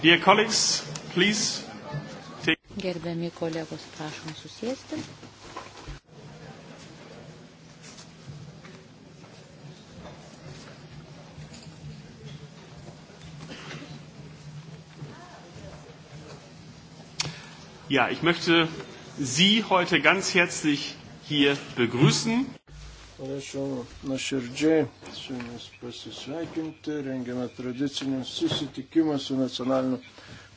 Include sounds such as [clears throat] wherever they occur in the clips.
Dear colleagues, please. Take... Gerbiami kolegos, prašom susėsti. Ja, ich möchte Sie heute ganz herzlich hier begrüßen. Norėčiau nuoširdžiai su jumis pasisveikinti. Rengiame tradicinį susitikimą su nacionaliniu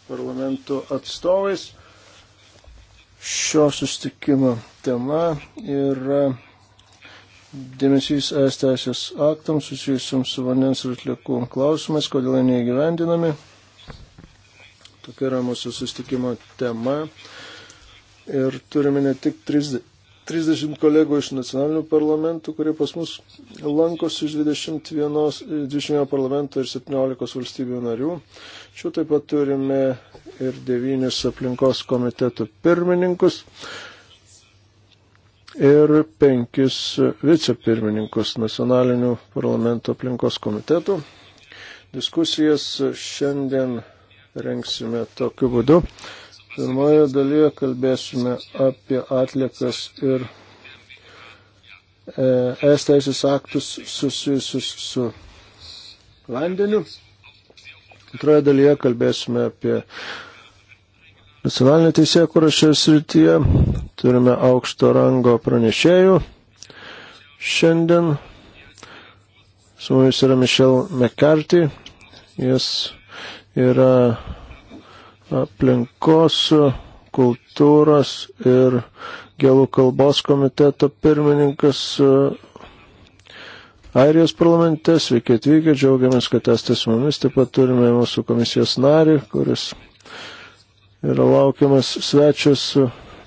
parlamentu atstovais. Šio susitikimo tema yra dėmesys ES teisės aktams susijusiam su vandens ir atliekų klausimais, kodėl jie neįgyvendinami. Tokia yra mūsų susitikimo tema. Ir turime ne tik 30 30 kolegų iš nacionalinių parlamentų, kurie pas mus lankosi iš 21, 21 parlamento ir 17 valstybių narių. Šiuo taip pat turime ir 9 aplinkos komitetų pirmininkus ir 5 vicepirmininkus nacionalinių parlamento aplinkos komitetų. Diskusijas šiandien rengsime tokiu būdu. Pirmojo dalyje kalbėsime apie atliekas ir e, es teisės aktus susijusius su vandeniu. Antroje dalyje kalbėsime apie nacionalinę teisėją, kur šioje srityje turime aukšto rango pranešėjų. Šiandien su mumis yra Michelle McCarthy. Jis yra aplinkos kultūros ir gėlų kalbos komiteto pirmininkas e, Airijos parlamente. Sveiki atvykę, džiaugiamės, kad esate su mumis. Taip pat turime mūsų komisijos narį, kuris yra laukiamas svečias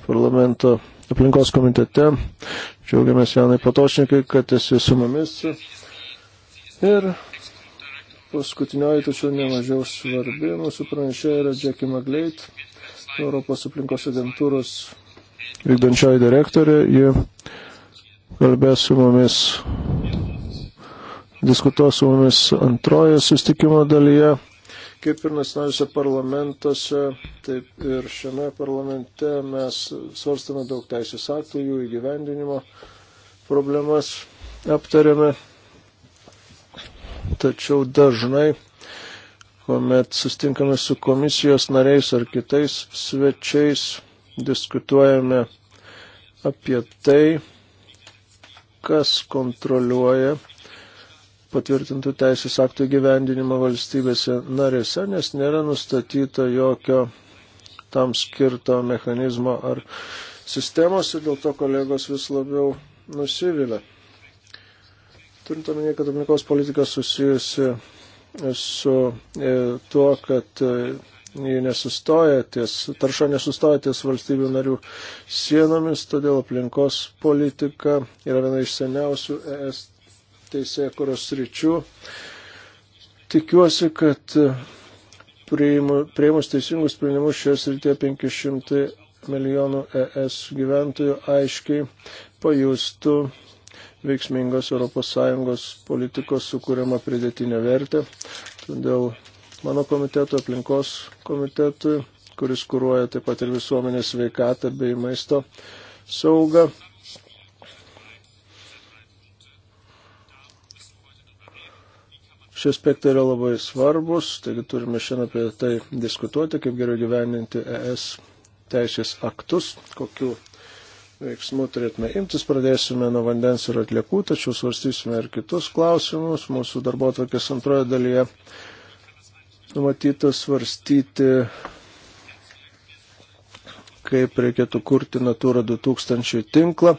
parlamento aplinkos komitete. Džiaugiamės, Janai Patošnikai, kad esi su mumis. Ir paskutinioji, tačiau nemažiau svarbi, mūsų pranešėja yra Jackie Magleit, Europos aplinkos agentūros vykdančioji direktorė. Ji kalbės su mumis, diskutuos su mumis antroje sustikimo dalyje. Kaip ir nacionaliniuose parlamentuose, taip ir šiame parlamente mes svarstame daug teisės aktų, jų įgyvendinimo problemas aptarėme tačiau dažnai, kuomet sustinkame su komisijos nariais ar kitais svečiais, diskutuojame apie tai, kas kontroliuoja patvirtintų teisės aktų gyvendinimą valstybėse narėse, nes nėra nustatyta jokio tam skirto mechanizmo ar sistemos ir dėl to kolegos vis labiau nusivylę. Turint omenyje, kad aplinkos politika susijusi su e, tuo, kad e, jie nesustoja ties, tarša nesustoja ties valstybių narių sienomis, todėl aplinkos politika yra viena iš seniausių ES teisėje kuros ryčių. Tikiuosi, kad e, prieimus teisingus sprendimus šioje srityje 500 milijonų ES gyventojų aiškiai pajustų veiksmingos ES politikos sukūriamą pridėtinę vertę. Todėl mano komiteto, aplinkos komitetui, kuris kūruoja taip pat ir visuomenės veikatą bei maisto saugą. Šie aspektai yra labai svarbus, taigi turime šiandien apie tai diskutuoti, kaip geriau gyveninti ES teisės aktus, kokiu veiksmų turėtume imtis. Pradėsime nuo vandens ir atliekų, tačiau svarstysime ir kitus klausimus. Mūsų darbo atvarkės antroje dalyje numatyta svarstyti, kaip reikėtų kurti Natūra 2000 tinklą.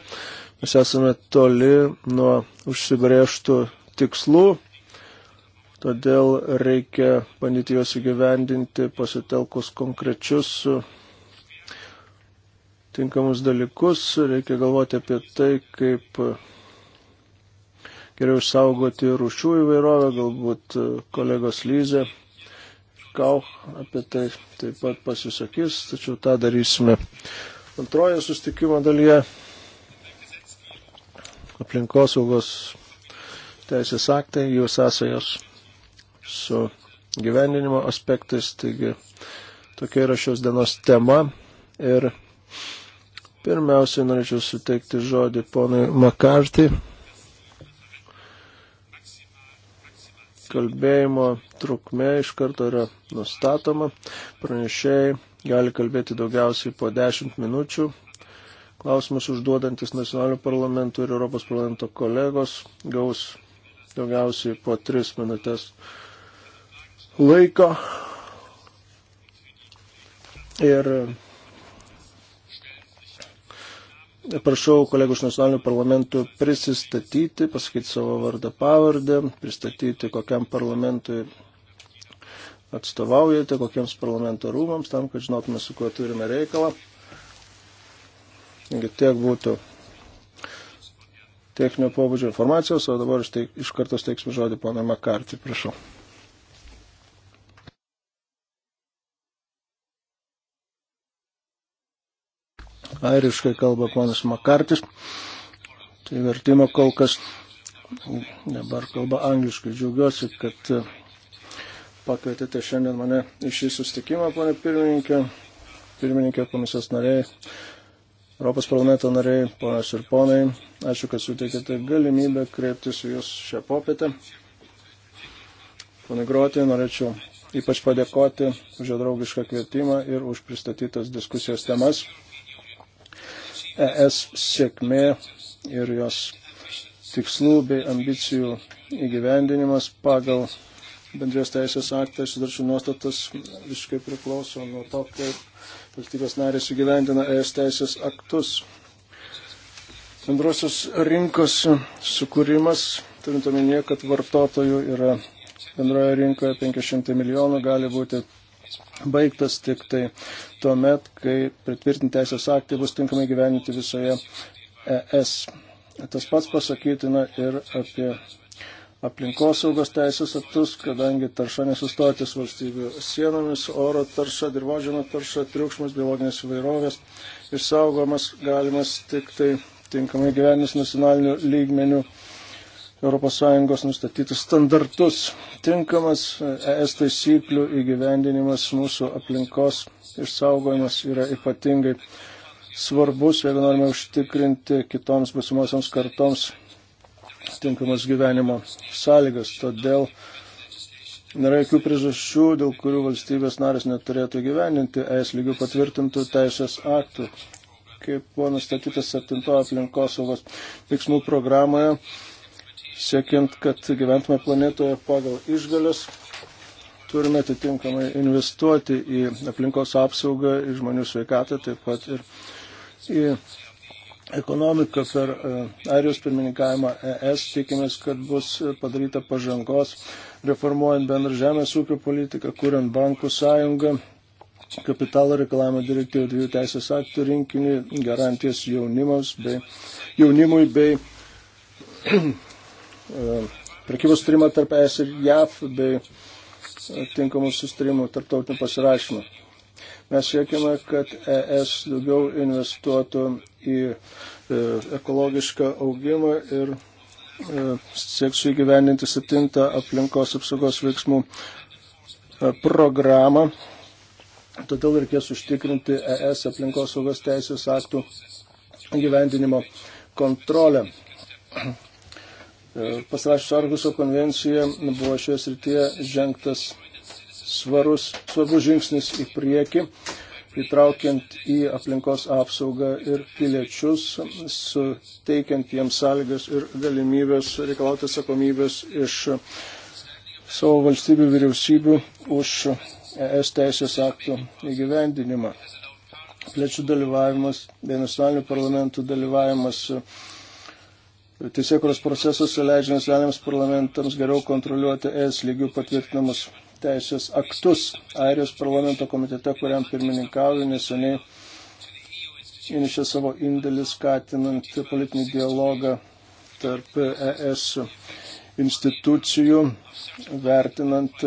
Mes esame toli nuo užsibrėžtų tikslų, todėl reikia bandyti juos įgyvendinti pasitelkus konkrečius tinkamus dalykus, reikia galvoti apie tai, kaip geriau išsaugoti rūšių įvairovę, galbūt kolegos Lyze Kau apie tai taip pat pasisakys, tačiau tą darysime antroje sustikimo dalyje aplinkosaugos teisės aktai, jų sąsajos su gyvendinimo aspektais, taigi tokia yra šios dienos tema ir Pirmiausiai norėčiau suteikti žodį ponui Makartį. Kalbėjimo trukmė iš karto yra nustatoma. Pranešėjai gali kalbėti daugiausiai po 10 minučių. Klausimus užduodantis nacionalinių parlamentų ir Europos parlamento kolegos gaus daugiausiai po 3 minutės laiko. Ir prašau kolegų iš nacionalinių parlamentų prisistatyti, pasakyti savo vardą pavardę, pristatyti kokiam parlamentui atstovaujate, kokiems parlamento rūmams, tam, kad žinotume, su kuo turime reikalą. Taigi tiek būtų techninio pobūdžio informacijos, o dabar iš, teik, iš karto steiksime žodį ponui Makartį, prašau. airiškai kalba ponas Makartis. Tai vertimo kol kas dabar kalba angliškai. Džiaugiuosi, kad e, pakvietėte šiandien mane į šį sustikimą, ponė pirmininkė, pirmininkė komisijos nariai, Europos parlamento nariai, ponas ir ponai. Ačiū, kad suteikėte galimybę kreiptis į jūs šią popietę. Pone Groti, norėčiau ypač padėkoti už jo draugišką kvietimą ir už pristatytas diskusijos temas. ES sėkmė ir jos tikslų bei ambicijų įgyvendinimas pagal bendrijos teisės aktą ir sudarčių nuostatas visiškai priklauso nuo to, kaip valstybės narės įgyvendina ES teisės aktus. Bendrosios rinkos sukūrimas, turint omenyje, kad vartotojų yra bendroje rinkoje 500 milijonų, gali būti baigtas tik tai tuo met, kai pritvirtinti teisės aktai bus tinkamai gyveninti visoje ES. Tas pats pasakytina ir apie aplinkosaugos teisės aktus, kadangi tarša nesustoja ties valstybių sienomis, oro tarša, dirbožėmio tarša, triukšmas, biologinės įvairovės išsaugomas galimas tik tai tinkamai gyvenis nacionaliniu lygmeniu ES nustatytus standartus. Tinkamas e, ES taisyklių įgyvendinimas mūsų aplinkos išsaugojimas yra ypatingai svarbus, jeigu norime užtikrinti kitoms busimosioms kartoms tinkamas gyvenimo sąlygas. Todėl nėra jokių priežasčių, dėl kurių valstybės narės neturėtų gyveninti ES lygių patvirtintų teisės aktų. Kaip buvo nustatytas 7 aplinkosaugos veiksmų programoje, siekiant, kad gyventume planetoje pagal išgalius, turime atitinkamai investuoti į aplinkos apsaugą, į žmonių sveikatą, taip pat ir į ekonomiką per e, Airijos pirmininkavimą ES. Tikimės, kad bus padaryta pažangos, reformuojant bendrą žemės ūkio politiką, kuriant bankų sąjungą, kapitalo reikalavimo direktyvų dviejų teisės aktų rinkinį, garantijas jaunimams bei jaunimui bei E, prekybos sutarimą tarp ES ir JAF bei tinkamų sustarimų tarptautinių pasirašymų. Mes siekiame, kad ES daugiau investuotų į e, ekologišką augimą ir e, sieksiu įgyveninti septintą aplinkos apsaugos veiksmų e, programą. Todėl reikės užtikrinti ES aplinkos saugos teisės aktų gyvendinimo kontrolę. Pasirašęs Arguso konvenciją buvo šioje srityje žengtas svarus, svarbus žingsnis į priekį, įtraukiant į aplinkos apsaugą ir piliečius, suteikiant jiems sąlygas ir galimybės reikalauti atsakomybės iš savo valstybių vyriausybių už ES teisės aktų įgyvendinimą. Plečių dalyvavimas, nacionalinių parlamentų dalyvavimas teisėkuros procesus leidžiamas lemiams parlamentams geriau kontroliuoti ES lygių patvirtinamus teisės aktus. Airijos parlamento komitete, kuriam pirmininkauju, neseniai įnešė savo indėlį skatinant politinį dialogą tarp ES institucijų, vertinant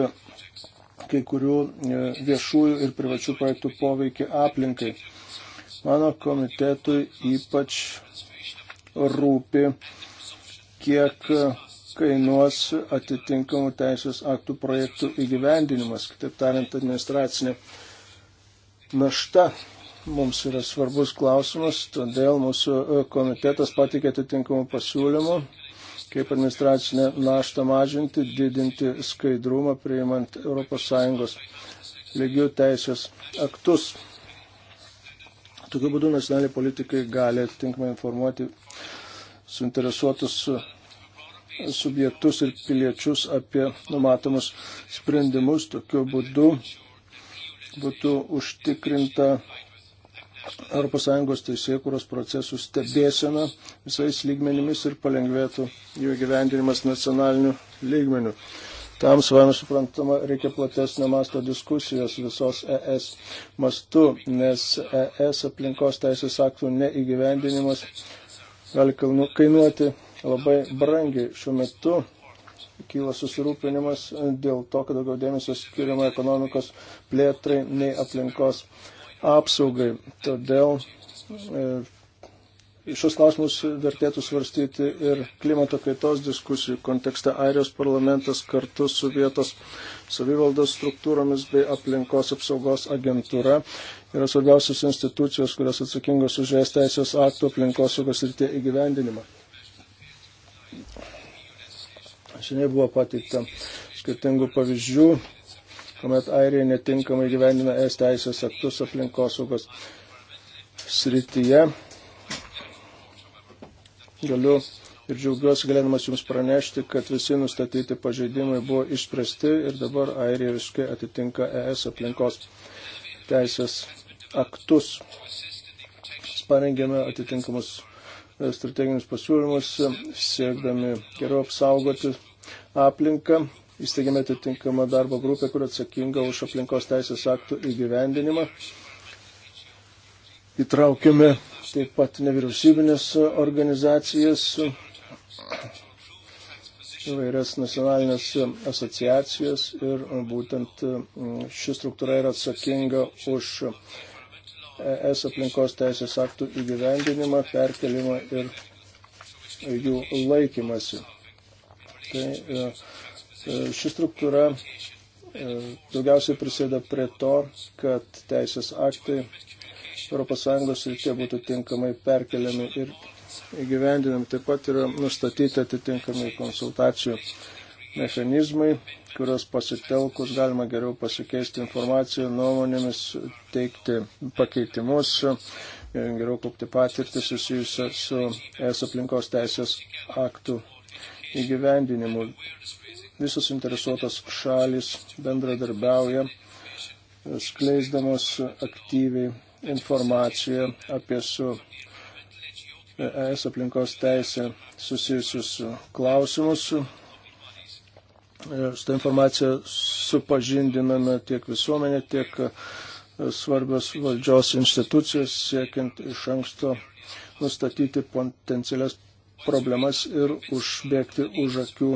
kai kurių e, viešųjų ir privačių projektų poveikį aplinkai. Mano komitetui ypač rūpi kiek kainuos atitinkamų teisės aktų projektų įgyvendinimas, kitaip tariant, administracinė našta. Mums yra svarbus klausimas, todėl mūsų komitetas patikė atitinkamų pasiūlymų, kaip administracinę naštą mažinti, didinti skaidrumą priimant ES lygių teisės aktus. Tokiu būdu nacionaliai politikai gali tinkamai informuoti suinteresuotus subjektus ir piliečius apie numatomus sprendimus. Tokiu būdu būtų užtikrinta ES teisėkuros procesų stebėsena visais lygmenimis ir palengvėtų jų gyvendinimas nacionaliniu lygmeniu. Tam, savame suprantama, reikia platesnio masto diskusijos visos ES mastu, nes ES aplinkos teisės aktų neįgyvendinimas gali kainuoti labai brangiai. Šiuo metu kyla susirūpinimas dėl to, kad daugiau dėmesio skiriama ekonomikos plėtrai nei aplinkos apsaugai. Todėl e, šios klausimus vertėtų svarstyti ir klimato kaitos diskusijų kontekste. Airijos parlamentas kartu su vietos savivaldos struktūromis bei aplinkos apsaugos agentūra yra svarbiausios institucijos, kurios atsakingos už jas teisės aktų aplinkos saugos ir tie įgyvendinimą. Šiandien buvo pateikta skirtingų pavyzdžių, kuomet Airija netinkamai gyvenina es teisės aktus aplinkosaugos srityje. Galiu ir džiaugiuosi galėdamas Jums pranešti, kad visi nustatyti pažeidimai buvo išspręsti ir dabar Airija visiškai atitinka ES aplinkos teisės aktus. Parengėme atitinkamus e, strateginius pasiūlymus, siekdami geriau apsaugoti aplinką. Įsteigėme atitinkamą darbo grupę, kur atsakinga už aplinkos teisės aktų įgyvendinimą. Įtraukėme taip pat nevyriausybinės organizacijas, įvairias nacionalinės asociacijas ir būtent mm, ši struktūra yra atsakinga už ES aplinkos teisės aktų įgyvendinimą, perkelimą ir jų laikymasi. Tai e, e, ši struktūra e, daugiausiai prisėda prie to, kad teisės aktai ES ir tie būtų tinkamai perkeliami ir įgyvendinami. Taip pat yra nustatyti atitinkami konsultacijų mechanizmai, kurios pasitelkus galima geriau pasikeisti informaciją, nuomonėmis, teikti pakeitimus, geriau kaupti patirtį susijusią su es aplinkos teisės aktų įgyvendinimu. Visos interesuotos šalis bendradarbiauja, skleisdamos aktyviai informaciją apie su e, ES aplinkos teisė susijusius klausimus. E, su tą informaciją supažindiname tiek visuomenė, tiek e, svarbios valdžios institucijos, siekiant iš anksto nustatyti potencialias problemas ir užbėgti už akių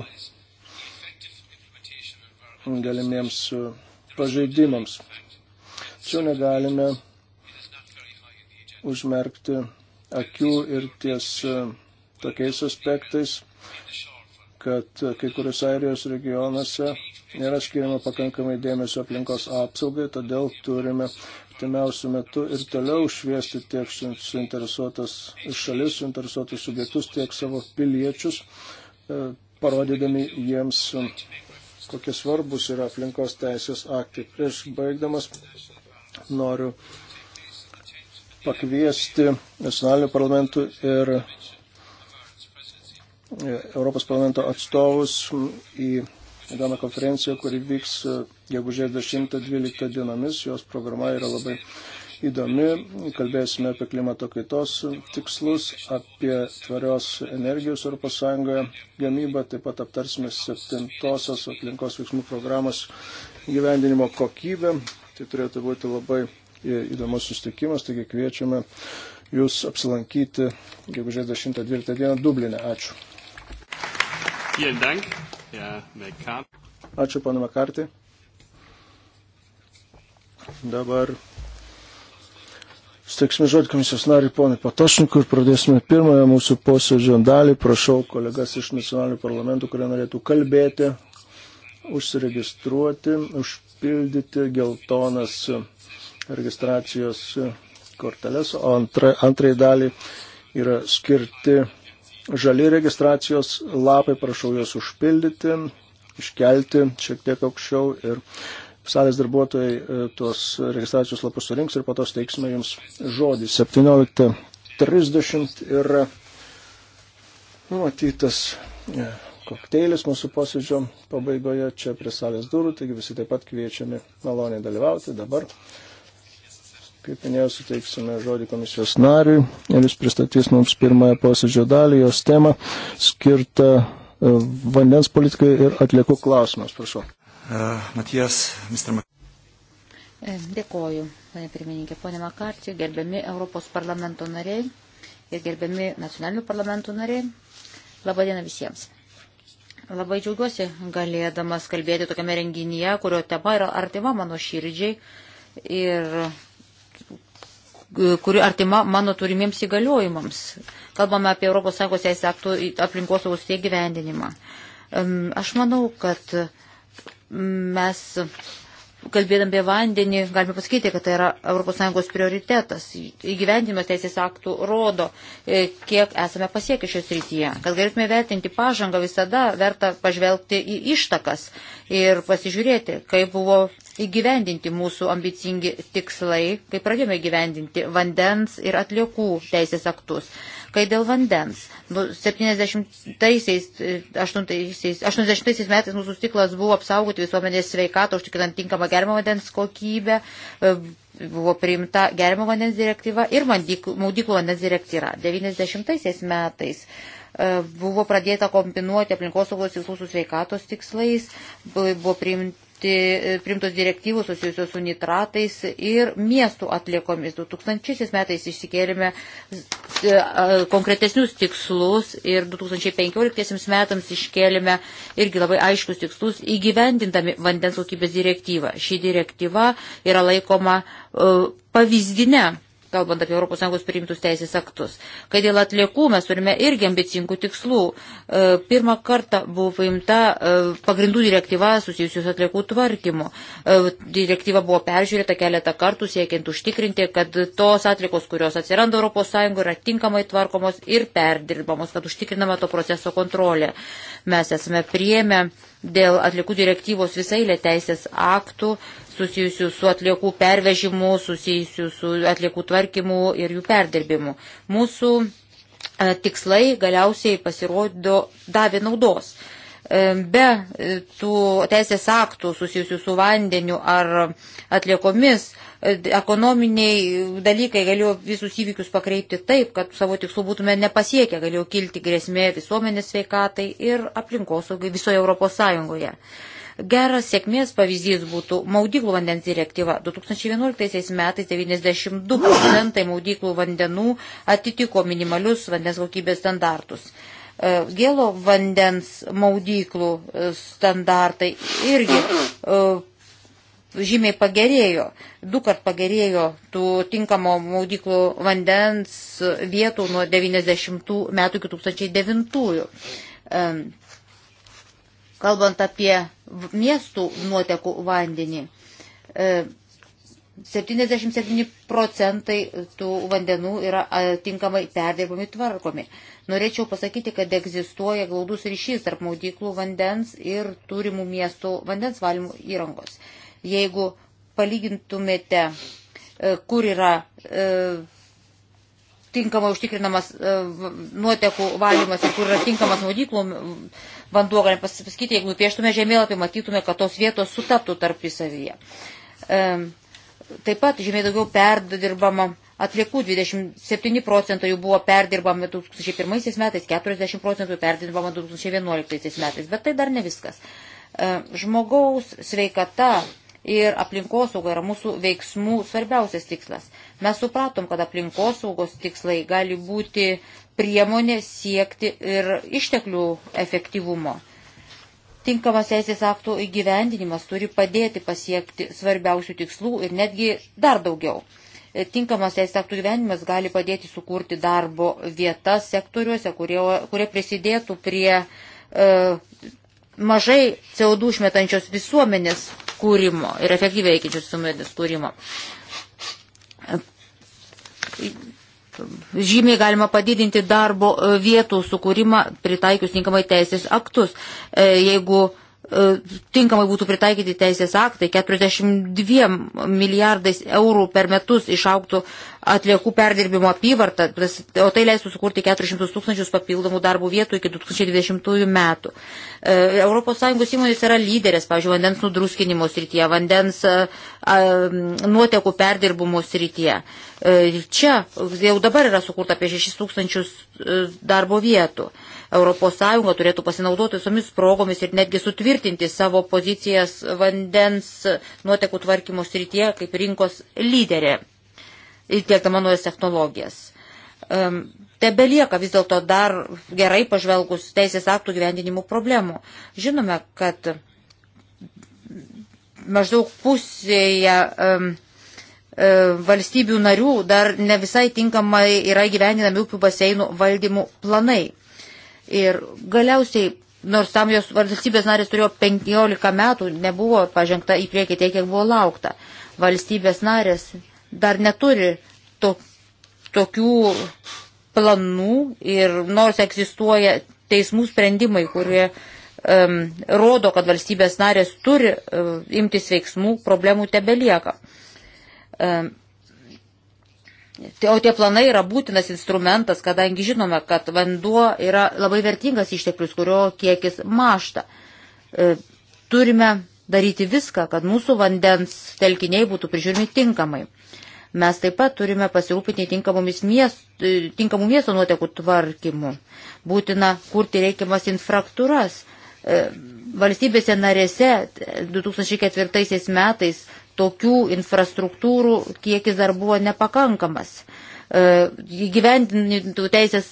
galimiems e, pažeidimams. Čia negalime užmerkti akių ir ties e, tokiais aspektais, kad e, kai kuriuose Airijos regionuose nėra skiriama pakankamai dėmesio aplinkos apsaugai, todėl turime artimiausių metų ir toliau šviesti tiek suinteresuotas šalis, suinteresuotus subjektus, tiek savo piliečius, e, parodydami jiems, e, kokie svarbus yra aplinkos teisės aktai. Prieš baigdamas noriu pakviesti nacionalinių parlamentų ir e, Europos parlamento atstovus į įdomią konferenciją, kuri vyks e, gegužės 10-12 dienomis. Jos programa yra labai įdomi. Kalbėsime apie klimato kaitos tikslus, apie tvarios energijos Europos Sąjungoje gamybą, taip pat aptarsime septintosios aplinkos veiksmų programos gyvendinimo kokybę. Tai turėtų būti labai įdomus sustikimas, taigi kviečiame Jūs apsilankyti gegužės 10-12 dieną Dublinė. Ačiū. Vielen Dank. Ačiū, pana Makartį. Dabar steiksime žodį komisijos nariui ponai Patošnikui ir pradėsime pirmąją mūsų posėdžio dalį. Prašau kolegas iš nacionalinių parlamentų, kurie norėtų kalbėti, užsiregistruoti, užpildyti geltonas registracijos korteles, o antra, antrai dalį yra skirti Žali registracijos lapai, prašau juos užpildyti, iškelti šiek tiek aukščiau ir salės darbuotojai e, tuos registracijos lapus surinks ir po to steiksime jums žodį. 17.30 yra numatytas e, kokteilis mūsų posėdžio pabaigoje čia prie salės durų, taigi visi taip pat kviečiami maloniai dalyvauti dabar. Kaip minėjau, suteiksime žodį komisijos nariui ir jis pristatys mums pirmąją posėdžio dalį, jos temą skirtą e, vandens politikai ir atliekų klausimas. Prašau. Uh, Matijas, Mr. Matijas. E, dėkoju, ponė pirmininkė, ponė Makartė, gerbiami Europos parlamento nariai ir gerbiami nacionalinių parlamentų nariai. Labadiena visiems. Labai džiaugiuosi galėdamas kalbėti tokiame renginyje, kurio tema yra artima mano širdžiai ir kuri artima mano turimiems įgaliojimams. Kalbame apie ES teisės aktų aplinkosaugos tie gyvendinimą. Aš manau, kad mm, mes kalbėdami apie vandenį, galime pasakyti, kad tai yra ES prioritetas. Įgyvendimas teisės aktų rodo, e, kiek esame pasiekę šios rytyje. Kad galėtume vertinti pažangą, visada verta pažvelgti į ištakas ir pasižiūrėti, kaip buvo įgyvendinti mūsų ambicingi tikslai, kai pradėjome įgyvendinti vandens ir atliekų teisės aktus. Kai dėl vandens, 70-aisiais nu, e, metais mūsų stiklas buvo apsaugoti visuomenės sveikatą, užtikrinant tinkamą gerimo vandens kokybę, e, buvo priimta gerimo vandens direktyva ir maudyklų vandens direktyva. 90-aisiais metais e, buvo pradėta kombinuoti aplinkosaugos tikslus su sveikatos tikslais, buvo priimta priimti, e, priimtos direktyvos susijusios su nitratais ir miestų atliekomis. 2000 metais išsikėlėme e, e, konkretesnius tikslus ir 2015 metams iškėlėme irgi labai aiškius tikslus įgyvendindami vandens kokybės direktyvą. Ši direktyva yra laikoma pavyzdinė kalbant apie ES priimtus teisės aktus. Kai dėl atliekų mes turime irgi ambicingų tikslų. E, pirmą kartą buvo imta e, pagrindų direktyva susijusius atliekų tvarkymu. E, direktyva buvo peržiūrėta keletą kartų, siekiant užtikrinti, kad tos atliekos, kurios atsiranda ES, yra tinkamai tvarkomos ir perdirbamos, kad užtikrinama to proceso kontrolė. Mes esame priėmę dėl atliekų direktyvos visai lė teisės aktų, susijusių su atliekų pervežimu, susijusių su atliekų tvarkymu ir jų perdirbimu. Mūsų e, tikslai galiausiai pasirodo davė naudos. E, be e, tų teisės aktų susijusių su vandeniu ar atliekomis, ekonominiai dalykai galėjo visus įvykius pakreipti taip, kad savo tikslų būtume nepasiekę, galėjo kilti grėsmė visuomenės sveikatai ir aplinkosaugai visoje Europos Sąjungoje. Uh, Geras sėkmės pavyzdys būtų maudyklų vandens direktyva. 2011 metais 92 procentai maudyklų vandenų atitiko minimalius vandens kokybės standartus. E, gėlo vandens maudyklų e, standartai irgi e, žymiai pagerėjo. Du kart pagerėjo tų tinkamo maudyklų vandens vietų nuo 90 metų iki 2009. Kalbant apie miestų nuotekų vandenį, 77 e, procentai tų vandenų yra tinkamai perdirbami tvarkomi. Norėčiau pasakyti, kad egzistuoja glaudus ryšys tarp maudyklų vandens ir turimų miestų vandens valymo įrangos. Jeigu palygintumėte, e, kur yra e, tinkamai užtikrinamas e, nuotekų valymas ir kur yra tinkamas maudyklų vanduo, galim pasakyti, jeigu nupieštume žemėlapį, matytume, kad tos vietos sutaptų tarpusavyje. E, taip pat žymiai daugiau perdirbama atliekų, 27 procentai jų buvo perdirbama 2001 metais, 40 procentų perdirbama 2011 metais, bet tai dar ne viskas. E, žmogaus sveikata ir aplinkosauga yra mūsų veiksmų svarbiausias tikslas. Mes supratom, kad aplinkosaugos tikslai gali būti priemonė siekti ir išteklių efektyvumo. Tinkamas teisės aktų įgyvendinimas turi padėti pasiekti svarbiausių tikslų ir netgi dar daugiau. Tinkamas teisės aktų gyvenimas gali padėti sukurti darbo vietas sektoriuose, kurie, kurie prisidėtų prie e, mažai CO2 išmetančios visuomenės kūrimo ir efektyviai veikiančios visuomenės kūrimo žymiai galima padidinti darbo e, vietų sukūrimą pritaikius tinkamai teisės aktus. E, jeigu E, tinkamai būtų pritaikyti teisės aktai, 42 milijardais eurų per metus išauktų atliekų perdirbimo apyvartą, o tai leistų sukurti 400 tūkstančius papildomų darbų vietų iki 2020 metų. ES įmonės yra lyderės, pavyzdžiui, vandens nudruskinimo srityje, vandens e, nuotekų perdirbimo srityje. E, čia jau dabar yra sukurta apie 6 tūkstančius darbo vietų ES turėtų pasinaudoti visomis progomis ir netgi sutvirtinti savo pozicijas vandens nuotekų tvarkymo srityje kaip rinkos lyderė įtiekdama naujas technologijas. Tebe lieka vis dėlto dar gerai pažvelgus teisės aktų gyvendinimų problemų. Žinome, kad maždaug pusėje um, valstybių narių dar ne visai tinkamai yra gyveninami upių baseinų valdymų planai. Ir galiausiai, nors tam jos valstybės narės turėjo 15 metų, nebuvo pažengta į priekį tiek, kiek buvo laukta. Valstybės narės dar neturi to, tokių planų ir nors egzistuoja teismų sprendimai, kurie um, rodo, kad valstybės narės turi um, imtis veiksmų, problemų tebelieka. Um, O tie planai yra būtinas instrumentas, kadangi žinome, kad vanduo yra labai vertingas išteklius, kurio kiekis mašta. E, turime daryti viską, kad mūsų vandens telkiniai būtų prižiūrimi tinkamai. Mes taip pat turime pasirūpinti miest, e, tinkamų miesto nuotekų tvarkymu. Būtina kurti reikiamas infrastruktūras. E, valstybėse narėse 2004 metais tokių infrastruktūrų kiekis dar buvo nepakankamas. E, įgyvendintų teisės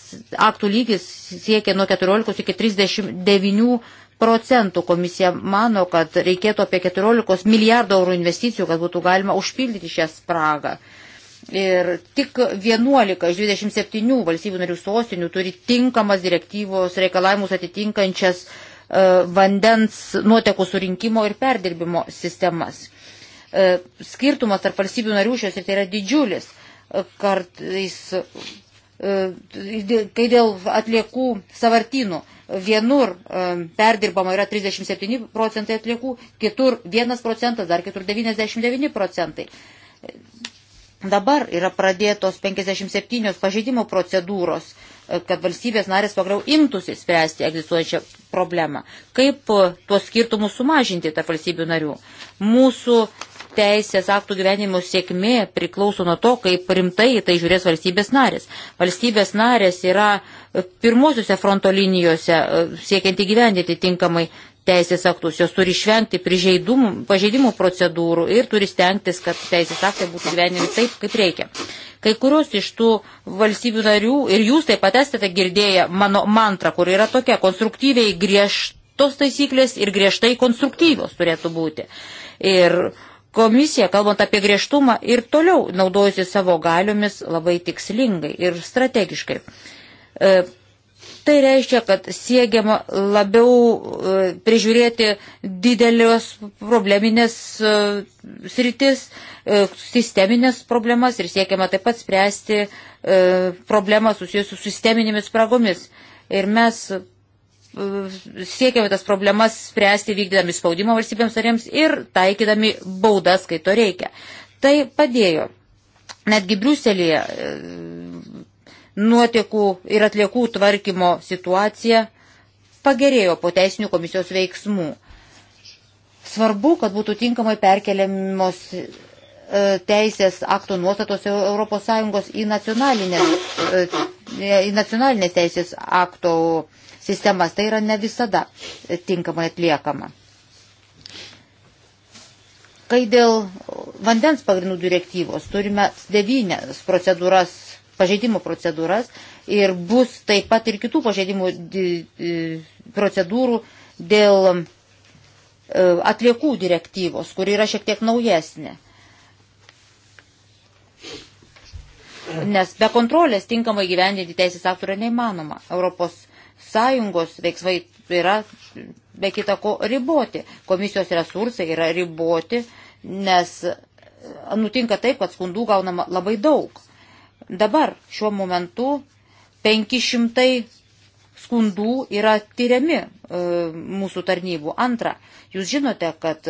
aktų lygis siekia nuo 14 iki 39 procentų. Komisija mano, kad reikėtų apie 14 milijardų eurų investicijų, kad būtų galima užpildyti šią spragą. Ir tik 11 iš 27 valstybių narių sostinių turi tinkamas direktyvos reikalavimus atitinkančias e, vandens nuotekų surinkimo ir perdirbimo sistemas. E, skirtumas tarp valstybių narių šios ir tai yra didžiulis. E, kartais, kai e, dėl atliekų savartinų vienur perdirbama yra 37 procentai atliekų, kitur 1 procentas, dar kitur 99 procentai. Dabar yra pradėtos 57 pažeidimo procedūros, kad valstybės narės pagaliau imtųsi spręsti egzistuojančią problemą. Kaip tuos skirtumus sumažinti tarp valstybių narių? Mūsų teisės aktų gyvenimo sėkmė priklauso nuo to, kaip rimtai tai žiūrės valstybės narės. Valstybės narės yra e, pirmosiuose fronto linijose e, siekiant įgyvendyti tinkamai teisės aktus, jos turi išvengti pažeidimų procedūrų ir turi stengtis, kad teisės aktai būtų gyvenimi taip, kaip reikia. Kai kurios iš tų valstybių narių, ir jūs taip pat esate girdėję mano mantrą, kur yra tokia konstruktyviai griežtos taisyklės ir griežtai konstruktyvios turėtų būti. Ir uh, Komisija, kalbant apie griežtumą, ir toliau naudojasi savo galiomis labai tikslingai ir strategiškai. E, tai reiškia, kad siekiama labiau e, prižiūrėti didelios probleminės e, sritis, e, sisteminės problemas ir siekiama taip pat spręsti e, problemą susijusiu su sisteminėmis spragomis. Ir mes siekiame tas problemas spręsti vykdydami spaudimą valstybėms narėms ir taikydami baudas, kai to reikia. Tai padėjo. Netgi Briuselėje e, nuotekų ir atliekų tvarkymo situacija pagerėjo po teisinių komisijos veiksmų. Svarbu, kad būtų tinkamai perkeliamos e, teisės akto nuostatos ES į nacionalinės, e, į nacionalinės teisės akto uh, sistemas. Tai yra ne visada tinkamai atliekama. Kai dėl vandens pagrindų direktyvos turime devynias procedūras, pažeidimo procedūras ir bus taip pat ir kitų pažeidimų procedūrų dėl e, atliekų direktyvos, kuri yra šiek tiek naujesnė. Nes be kontrolės tinkamai gyvendinti teisės aktų yra neįmanoma. Europos sąjungos veiksmai yra be kita ko riboti. Komisijos resursai yra riboti, nes e, nutinka taip, kad skundų gaunama labai daug. Dabar šiuo momentu 500 skundų yra tyriami e, mūsų tarnybų. Antra, jūs žinote, kad,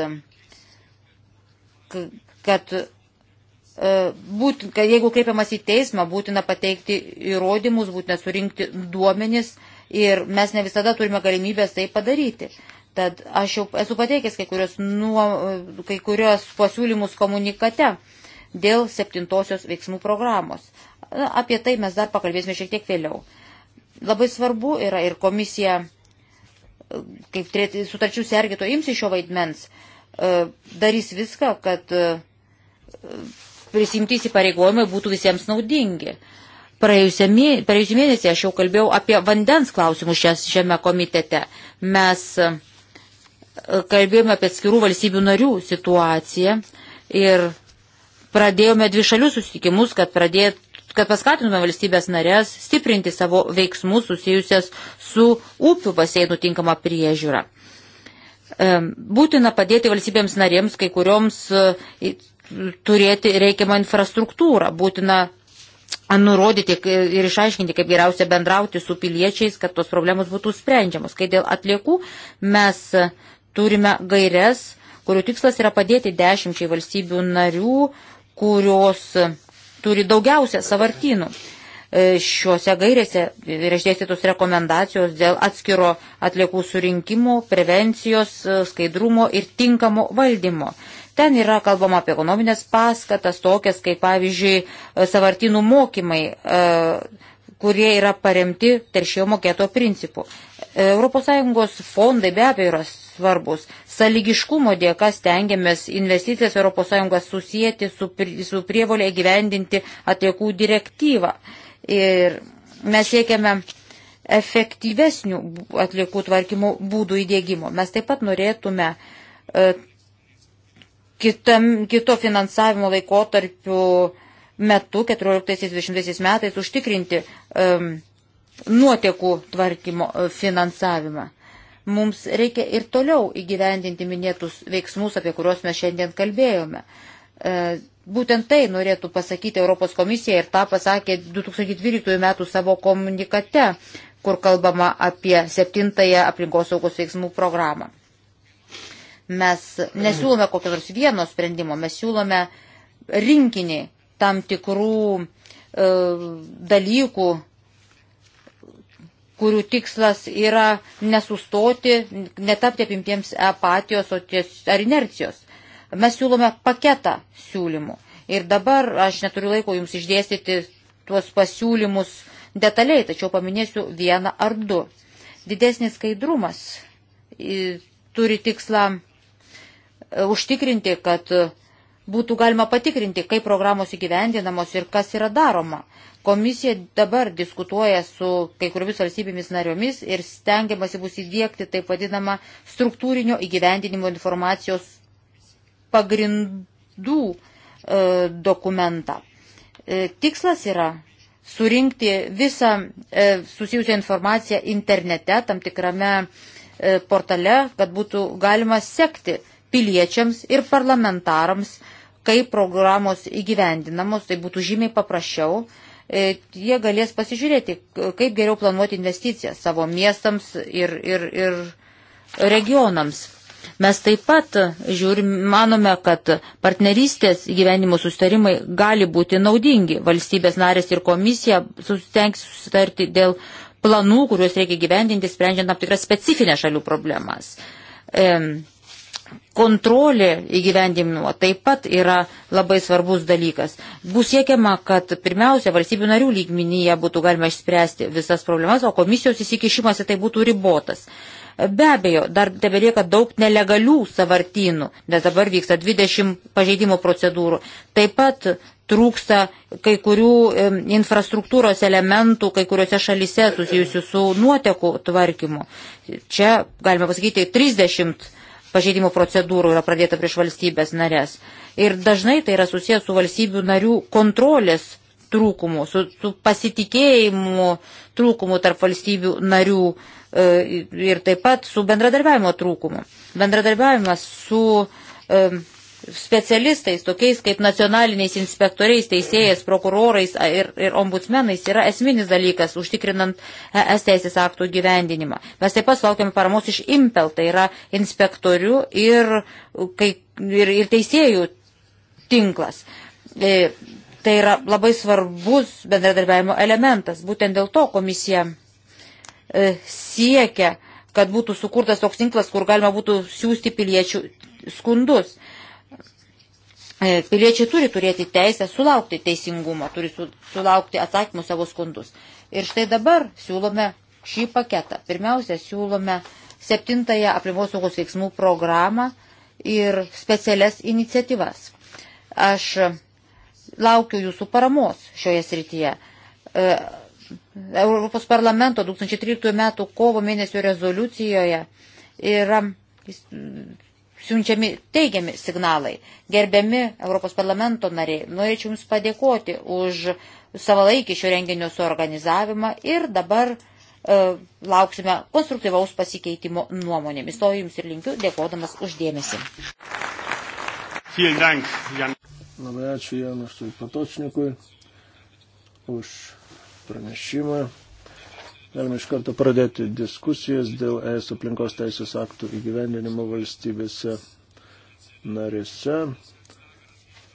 kad, e, būt, kad jeigu kreipiamas į teismą, būtina pateikti įrodymus, būtina surinkti duomenis, e, ir mes ne visada turime galimybės tai padaryti. Tad aš jau esu pateikęs kai kurios, nuo, kai kurios pasiūlymus komunikate dėl septintosios veiksmų programos. Na, apie tai mes dar pakalbėsime šiek tiek vėliau. Labai svarbu yra ir komisija, kaip turėti, sutarčių sergito imsi šio vaidmens, e, darys viską, kad e, prisimti įsipareigojimai būtų visiems naudingi. Praėjusią mėnesį aš jau kalbėjau apie vandens klausimus šiame komitete. Mes e, kalbėjome apie skirų valstybių narių situaciją ir pradėjome dvišalius susitikimus, kad, pradėt, kad paskatinume valstybės narės stiprinti savo veiksmus susijusias su upių baseinų tinkama priežiūra. E, būtina padėti valstybėms narėms, kai kurioms e, turėti reikiamą infrastruktūrą, būtina nurodyti ir išaiškinti, kaip geriausia bendrauti su piliečiais, kad tos problemos būtų sprendžiamos. Kai dėl atliekų mes turime gairias, kurių tikslas yra padėti dešimčiai valstybių narių, kurios turi daugiausia savartynų. E, šiuose gairėse yra išdėstytos rekomendacijos dėl atskiro atliekų surinkimo, prevencijos, e, skaidrumo ir tinkamo valdymo. Ten yra kalbama apie ekonominės paskatas, tokias kaip pavyzdžiui savartinų mokymai, e, kurie yra paremti teršėjo mokėto principu. ES fondai be abejo yra svarbus. Saligiškumo dėka stengiamės investicijas ES susijęti su, su prievolė gyvendinti atliekų direktyvą. Ir mes siekiame efektyvesnių atliekų tvarkymo būdų įdėgymo. Mes taip pat norėtume e, kitam, kito finansavimo laikotarpių metu, 14-20 metais, užtikrinti um, nuotekų tvarkymo e, finansavimą. Mums reikia ir toliau įgyvendinti minėtus veiksmus, apie kuriuos mes šiandien kalbėjome. E, būtent tai norėtų pasakyti Europos komisija ir tą pasakė 2012 metų savo komunikate, kur kalbama apie septintąją aplinkosaugos veiksmų programą. Mes nesiūlome kokio nors vieno sprendimo, mes siūlome rinkinį tam tikrų e, dalykų, kurių tikslas yra nesustoti, netapti apimtiems apatijos ties, ar inercijos. Mes siūlome paketą siūlymų. Ir dabar aš neturiu laiko jums išdėstyti tuos pasiūlymus detaliai, tačiau paminėsiu vieną ar du. Didesnis skaidrumas turi tikslą užtikrinti, kad būtų galima patikrinti, kaip programos įgyvendinamos ir kas yra daroma. Komisija dabar diskutuoja su kai kuriomis valstybėmis nariomis ir stengiamasi bus įdėkti taip vadinamą struktūrinio įgyvendinimo informacijos pagrindų e, dokumentą. E, tikslas yra surinkti visą e, susijusią informaciją internete, tam tikrame e, portale, kad būtų galima sekti piliečiams ir parlamentarams, kaip programos įgyvendinamos, tai būtų žymiai paprasčiau. E, jie galės pasižiūrėti, kaip geriau planuoti investicijas savo miestams ir, ir, ir regionams. Mes taip pat žiūrim, manome, kad partnerystės gyvenimo sustarimai gali būti naudingi. Valstybės narės ir komisija susitengs susitarti dėl planų, kuriuos reikia gyvendinti, sprendžiant tam tikras specifinės šalių problemas. E, kontrolė įgyvendinimo taip pat yra labai svarbus dalykas. Bus siekiama, kad pirmiausia valstybių narių lygminyje būtų galima išspręsti visas problemas, o komisijos įsikišimas į tai būtų ribotas. Be abejo, dar tebelieka daug nelegalių savartynų, nes dabar vyksta 20 pažeidimo procedūrų. Taip pat trūksta kai kurių infrastruktūros elementų, kai kuriuose šalise susijusių su nuotekų tvarkymu. Čia, galime pasakyti, 30 pažeidimo procedūrų yra pradėta prieš valstybės narės. Ir dažnai tai yra susijęs su valstybių narių kontrolės trūkumu, su, su pasitikėjimu trūkumu tarp valstybių narių e, ir taip pat su bendradarbiavimo trūkumu. Bendradarbiavimas su e, specialistais, tokiais kaip nacionaliniais inspektoriais, teisėjais, prokurorais ir, ir ombudsmenais yra esminis dalykas, užtikrinant ES teisės aktų gyvendinimą. Mes taip pat laukiame paramos iš Impel, tai yra inspektorių ir, kai, ir, ir teisėjų tinklas. E, tai yra labai svarbus bendradarbiavimo elementas. Būtent dėl to komisija e, siekia kad būtų sukurtas toks tinklas, kur galima būtų siūsti piliečių skundus. E, E, piliečiai turi turėti teisę sulaukti teisingumo, turi sulaukti atsakymų savo skundus. Ir štai dabar siūlome šį paketą. Pirmiausia, siūlome septintąją aplinkosaugos veiksmų programą ir specialias iniciatyvas. Aš laukiu jūsų paramos šioje srityje. E, Europos parlamento 2013 m. kovo mėnesio rezoliucijoje yra siunčiami teigiami signalai. Gerbiami Europos parlamento nariai, norėčiau Jums padėkoti už savalaikį šio renginio suorganizavimą ir dabar e, lauksime konstruktyvaus pasikeitimo nuomonėmis. To Jums ir linkiu, dėkodamas uždėmesi. Dank, Jan. Labai ačiū Janusui Patočnikui už pranešimą. Galime iš karto pradėti diskusijas dėl ES aplinkos teisės aktų įgyvendinimo valstybėse narėse.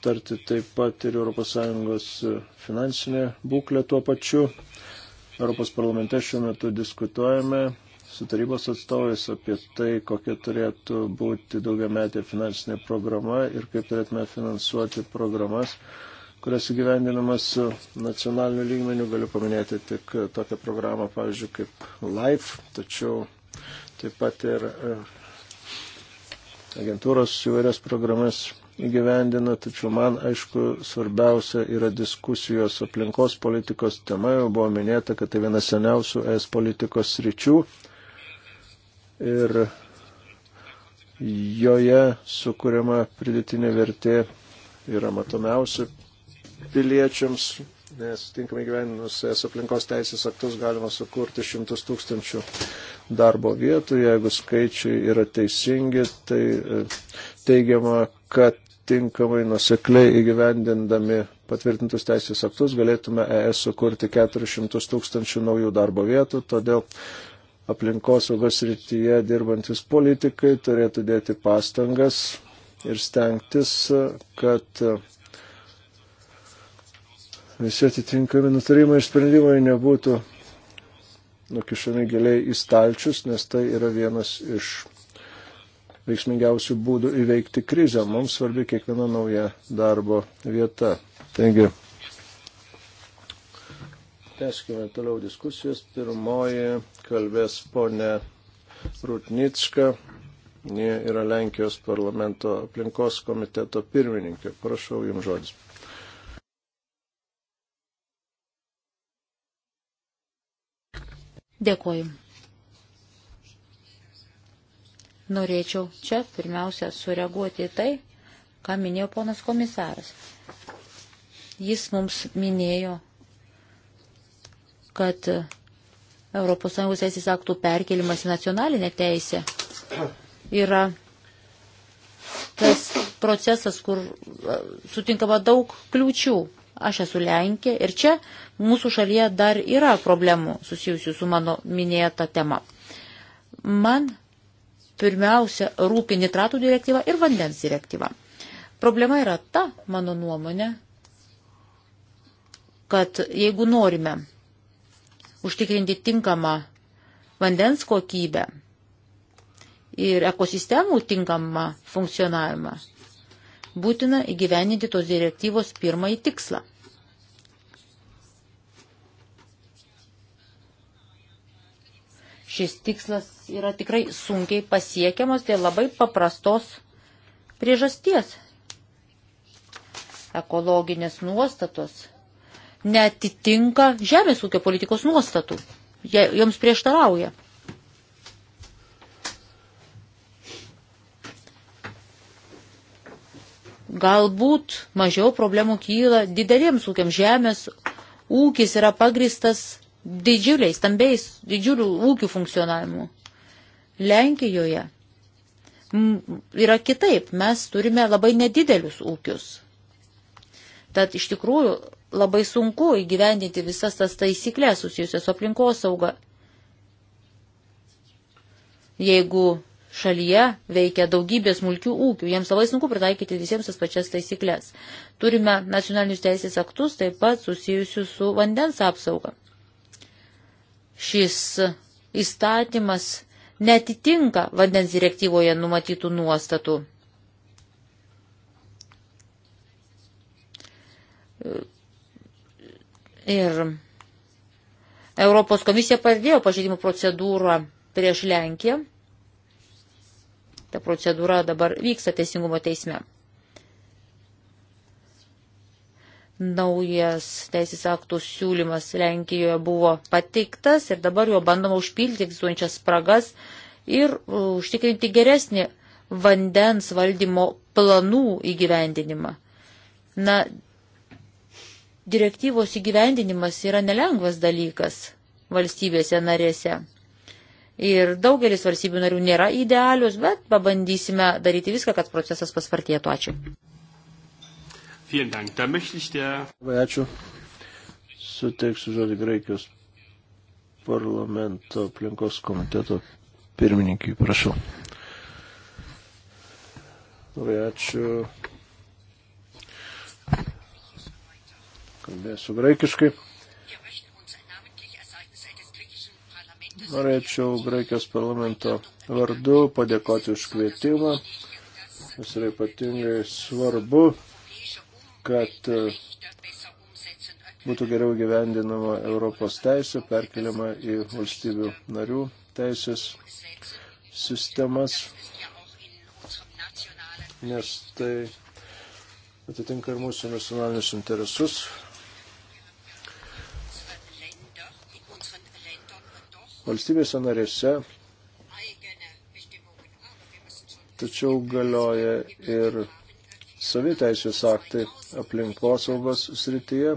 Tarti taip pat ir ES finansinė būklė tuo pačiu. Europos parlamente šiuo metu diskutuojame su tarybos atstovais apie tai, kokia turėtų būti daugiametė finansinė programa ir kaip turėtume finansuoti programas kurias įgyvendinamas nacionaliniu lygmeniu. Galiu paminėti tik tokią programą, pavyzdžiui, kaip LIFE, tačiau taip pat ir e, agentūros įvairias programas įgyvendina, tačiau man aišku svarbiausia yra diskusijos aplinkos politikos tema, jau buvo minėta, kad tai viena seniausių es politikos ryčių ir joje sukūriama pridėtinė vertė yra matomiausia piliečiams, nes tinkamai gyveninus es aplinkos teisės aktus galima sukurti šimtus tūkstančių darbo vietų. Jeigu skaičiai yra teisingi, tai e, teigiama, kad tinkamai nusekliai įgyvendindami patvirtintus teisės aktus galėtume ES sukurti 400 tūkstančių naujų darbo vietų, todėl aplinkosaugos rytyje dirbantis politikai turėtų dėti pastangas ir stengtis, kad visi atitinkami nutarimai ir sprendimai nebūtų nukišami giliai į stalčius, nes tai yra vienas iš veiksmingiausių būdų įveikti krizę. Mums svarbi kiekviena nauja darbo vieta. Taigi, teskime toliau diskusijas. Pirmoji kalbės ponė Rutnicka. Jie yra Lenkijos parlamento aplinkos komiteto pirmininkė. Prašau jums žodis. Dėkoju. Norėčiau čia pirmiausia sureaguoti į tai, ką minėjo ponas komisaras. Jis mums minėjo, kad ES teisės aktų perkelimas į nacionalinę teisę yra tas procesas, kur sutinkama daug kliūčių. Aš esu Lenkė ir čia mūsų šalyje dar yra problemų susijusių su mano minėta tema. Man pirmiausia rūpi nitratų direktyva ir vandens direktyva. Problema yra ta, mano nuomonė, kad jeigu norime užtikrinti tinkamą vandens kokybę ir ekosistemų tinkamą funkcionavimą, būtina įgyveninti tos direktyvos pirmąjį tikslą. Šis tikslas yra tikrai sunkiai pasiekiamas dėl tai labai paprastos priežasties. Ekologinės nuostatos netitinka žemės ūkio politikos nuostatų. Jie joms prieštarauja. galbūt mažiau problemų kyla dideliems ūkiams. Žemės ūkis yra pagristas didžiuliais, stambiais, didžiulių ūkių funkcionavimu. Lenkijoje yra kitaip, mes turime labai nedidelius ūkius. Tad iš tikrųjų labai sunku įgyvendinti visas tas taisyklės susijusias su aplinkosauga. Jeigu šalyje veikia daugybė smulkių ūkių, jiems labai sunku pritaikyti visiems tas pačias taisyklės. Turime nacionalinius teisės aktus taip pat susijusius su vandens apsauga šis įstatymas netitinka vandens direktyvoje numatytų nuostatų. Ir Europos komisija pradėjo pažeidimų procedūrą prieš Lenkiją. Ta procedūra dabar vyksta Teisingumo teisme. Naujas teisės aktų siūlymas Lenkijoje buvo pateiktas ir dabar jo bandoma užpildyti egzistuojančias spragas ir uh, užtikrinti geresnį vandens valdymo planų įgyvendinimą. Na, direktyvos įgyvendinimas yra nelengvas dalykas valstybėse narėse. Ir daugelis valstybių narių nėra idealius, bet pabandysime daryti viską, kad procesas paspartėtų. Ačiū. Vielen Dank. Da möchte ich der. Ačiū. Suteiksiu žodį Graikijos parlamento aplinkos komiteto pirmininkai. Prašau. Labai ačiū. Kalbėsiu graikiškai. Norėčiau Graikijos parlamento vardu padėkoti už kvietimą. Jis yra ypatingai svarbu kad e, būtų geriau gyvendinama Europos teisė, perkeliama į valstybių narių teisės sistemas, nes tai atitinka ir mūsų nacionalinius interesus. Valstybėse narėse tačiau galioja ir savi teisės aktai aplinkosaugos srityje.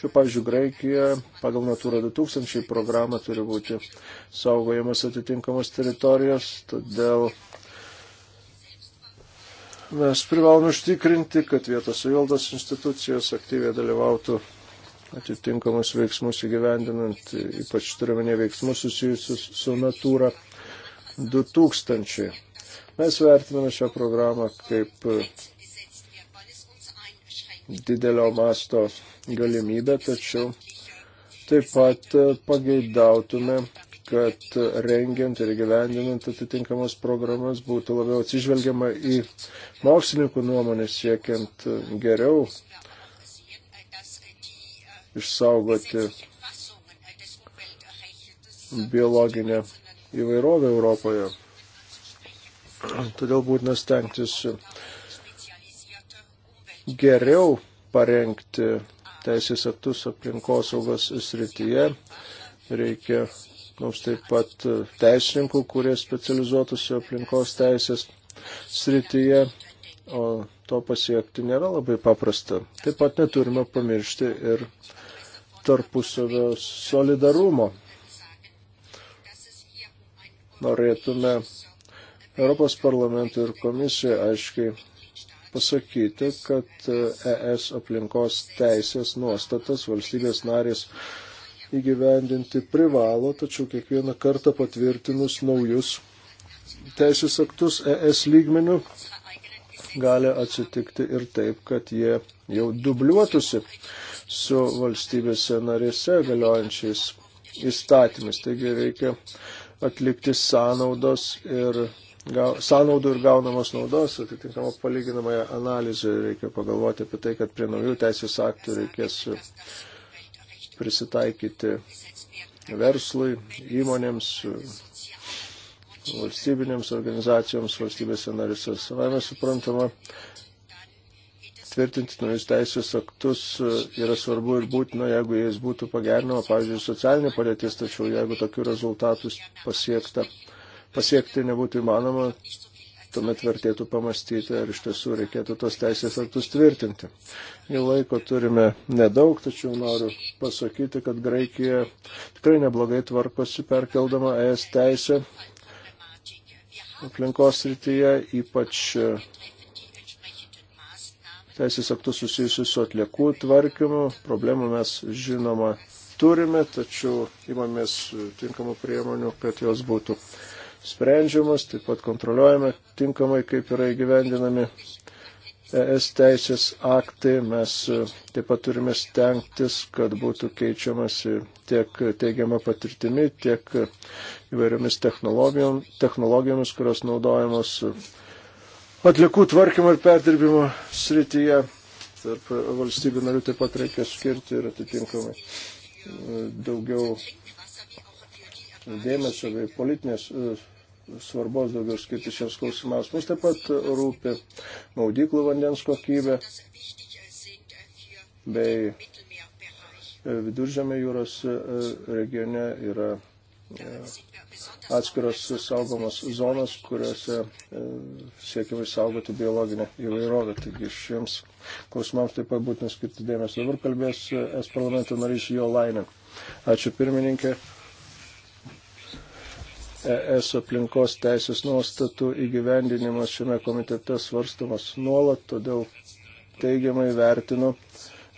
Šiuo pavyzdžiui, Graikija pagal Natūra 2000 programą turi būti saugojamas atitinkamos teritorijos, todėl mes privalome užtikrinti, kad vietos savivaldos institucijos aktyviai dalyvautų atitinkamus veiksmus įgyvendinant, ypač turime veiksmus susijusius su Natūra 2000. Mes vertiname šią programą kaip didelio masto galimybę, tačiau taip pat e, pageidautume, kad rengiant ir gyvendinant atitinkamas programas būtų labiau atsižvelgiama į mokslininkų nuomonę siekiant e, geriau išsaugoti biologinę įvairovę Europoje. Todėl būtina stengtis geriau parengti teisės aktus aplinkosaugos srityje. Reikia mums taip pat teisininkų, kurie specializuotųsi aplinkos teisės srityje, o to pasiekti nėra labai paprasta. Taip pat neturime pamiršti ir tarpusavio solidarumo. Norėtume Europos parlamentui ir komisijai aiškiai pasakyti, kad ES e aplinkos teisės nuostatas valstybės narės įgyvendinti privalo, tačiau kiekvieną kartą patvirtinus naujus teisės aktus ES lygmenių gali atsitikti ir taip, kad jie jau dubliuotųsi su valstybėse narėse galiojančiais įstatymais. Taigi reikia atlikti sąnaudos ir sąnaudų ir gaunamos naudos, atitinkamą palyginamąją analizę reikia pagalvoti apie tai, kad prie naujų teisės aktų reikės prisitaikyti verslui, įmonėms, valstybinėms organizacijoms, valstybėse narise. Savame suprantama, tvirtinti naujus teisės aktus yra svarbu ir būtina, jeigu jais būtų pagerinama, pavyzdžiui, socialinė padėtis, tačiau jeigu tokių rezultatų pasiekta pasiekti nebūtų įmanoma, tuomet vertėtų pamastyti, ar iš tiesų reikėtų tos teisės aktus tvirtinti. Jau laiko turime nedaug, tačiau noriu pasakyti, kad Graikija tikrai neblogai tvarkosi perkeldama ES teisę aplinkos rytyje, ypač e, teisės aktus susijusius su atliekų tvarkymu. Problemų mes žinoma turime, tačiau imamės e, tinkamų priemonių, kad jos būtų sprendžiamas, taip pat kontroliuojame tinkamai, kaip yra įgyvendinami ES teisės aktai. Mes e, taip pat turime stengtis, kad būtų keičiamasi tiek teigiama patirtimi, tiek įvairiomis technologijomis, kurios naudojamos atlikų tvarkymo ir perdirbimo srityje. Tarp valstybių narių taip pat reikia skirti ir atitinkamai e, daugiau dėmesio bei politinės e, svarbos daugiau skirti šiems klausimams. Mums taip pat rūpi maudyklų vandens kokybė bei e, viduržėmė jūros e, regione yra atskiros saugomos zonos, kuriuose siekiama išsaugoti biologinę įvairovę. Taigi šiems klausimams taip pat būtina skirti dėmesio. Dabar kalbės es parlamento narys Jo Lainė. Ačiū pirmininkė. ES aplinkos teisės nuostatų įgyvendinimas šiame komitete svarstamas nuolat, todėl teigiamai vertinu,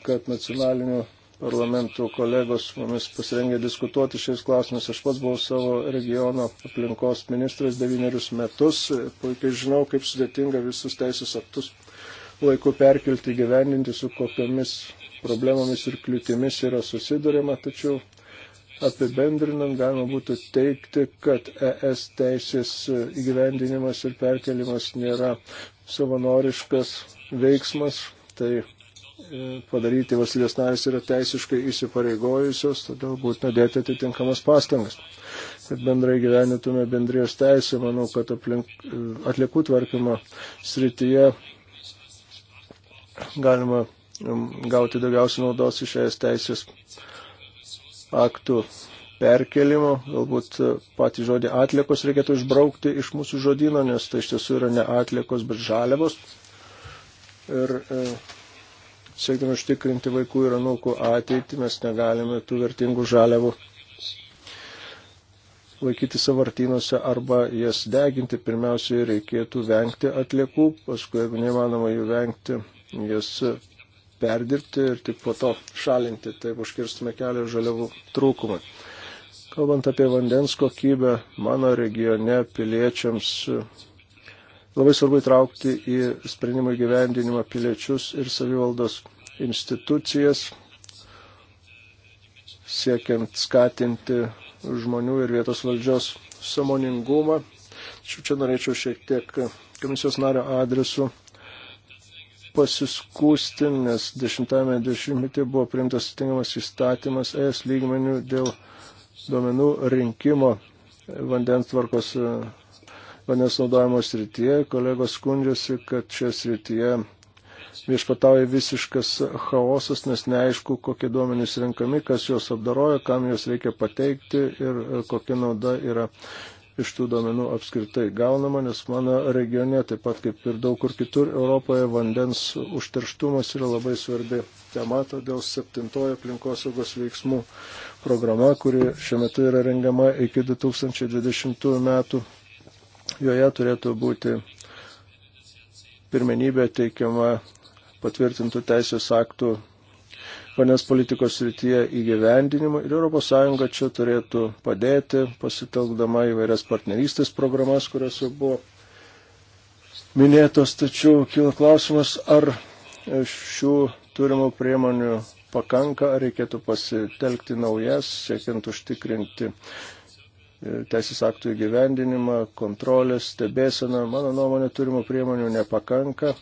kad nacionalinių parlamentų kolegos mumis pasirengė diskutuoti šiais klausimais. Aš pats buvau savo regiono aplinkos ministras devynerius metus, puikiai žinau, kaip sudėtinga visus teisės aktus laiku perkelti gyvendinti, su kokiamis problemomis ir kliūtimis yra susidurima, tačiau Apibendrinant galima būtų teikti, kad ES teisės įgyvendinimas ir perkelimas nėra savanoriškas veiksmas, tai e, padaryti valstybės narės yra teisiškai įsipareigojusios, todėl būtina dėti atitinkamas pastangas. Kad bendrai gyvenitume bendrijos teisę, manau, kad aplink, atliekų tvarkymo srityje galima gauti daugiausiai naudos iš es teisės aktų perkelimo, galbūt patį žodį atliekos reikėtų išbraukti iš mūsų žodino, nes tai iš tiesų yra ne atliekos, bet žaliavos. Ir e, siekdami užtikrinti vaikų ir anūkų ateitį, mes negalime tų vertingų žaliavų laikyti savartynuose arba jas deginti. Pirmiausiai reikėtų vengti atliekų, paskui, jeigu neįmanoma jų vengti, jas perdirbti ir tik po to šalinti, taip užkirstume kelią žaliavų trūkumui. Kalbant apie vandens kokybę, mano regione piliečiams labai svarbu įtraukti į sprendimų gyvendinimą piliečius ir savivaldos institucijas, siekiant skatinti žmonių ir vietos valdžios samoningumą. Šiuo čia norėčiau šiek tiek komisijos nario adresu pasiskūsti, nes 10-ame dešimtmetyje buvo priimtas atitinkamas įstatymas ES lygmenių dėl duomenų rinkimo vandens tvarkos e, vandens naudojimo srityje. Kolegos skundžiasi, kad čia srityje viešpatauja visiškas chaosas, nes neaišku, kokie duomenys renkami, kas juos apdaroja, kam juos reikia pateikti ir e, kokia nauda yra iš tų duomenų apskritai gaunama, nes mano regione, taip pat kaip ir daug kur kitur Europoje, vandens užterštumas yra labai svarbi tema, todėl septintoji aplinkosaugos veiksmų programa, kuri šiuo metu yra rengiama iki 2020 metų, joje turėtų būti pirmenybė teikiama patvirtintų teisės aktų vandens politikos srityje įgyvendinimą ir ES čia turėtų padėti, pasitelkdama įvairias partnerystės programas, kurios jau buvo minėtos, tačiau kyla klausimas, ar šių turimų priemonių pakanka, ar reikėtų pasitelkti naujas, siekiant užtikrinti e, teisės aktų įgyvendinimą, kontrolės, stebėseną. Mano nuomonė, turimų priemonių nepakanka,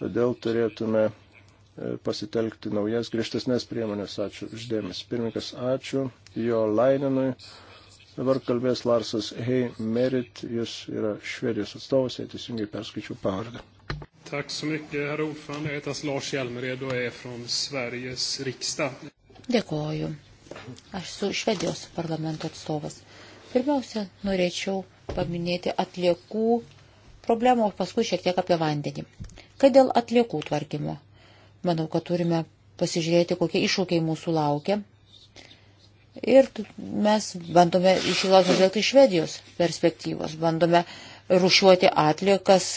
todėl turėtume pasitelkti naujas griežtesnės priemonės. Ačiū uždėmesi. Pirmininkas, ačiū jo Laininui. Dabar kalbės Larsas Hei Merit, jis yra švedijos atstovas, jei teisingai perskaičiau pavardę. Tack så mycket, herr ordförande. Jag heter Lars Hjälmered och är från Sveriges riksdag. Dėkoju. Aš su Švedijos parlamento atstovas. Pirmiausia, norėčiau paminėti atliekų problemą, o paskui šiek tiek apie vandenį. Kai dėl atliekų tvarkymo, Manau, kad turime pasižiūrėti, kokie iššūkiai mūsų laukia. Ir mes bandome iš įlausimus žvelgti iš Švedijos perspektyvos, bandome rušiuoti atliekas,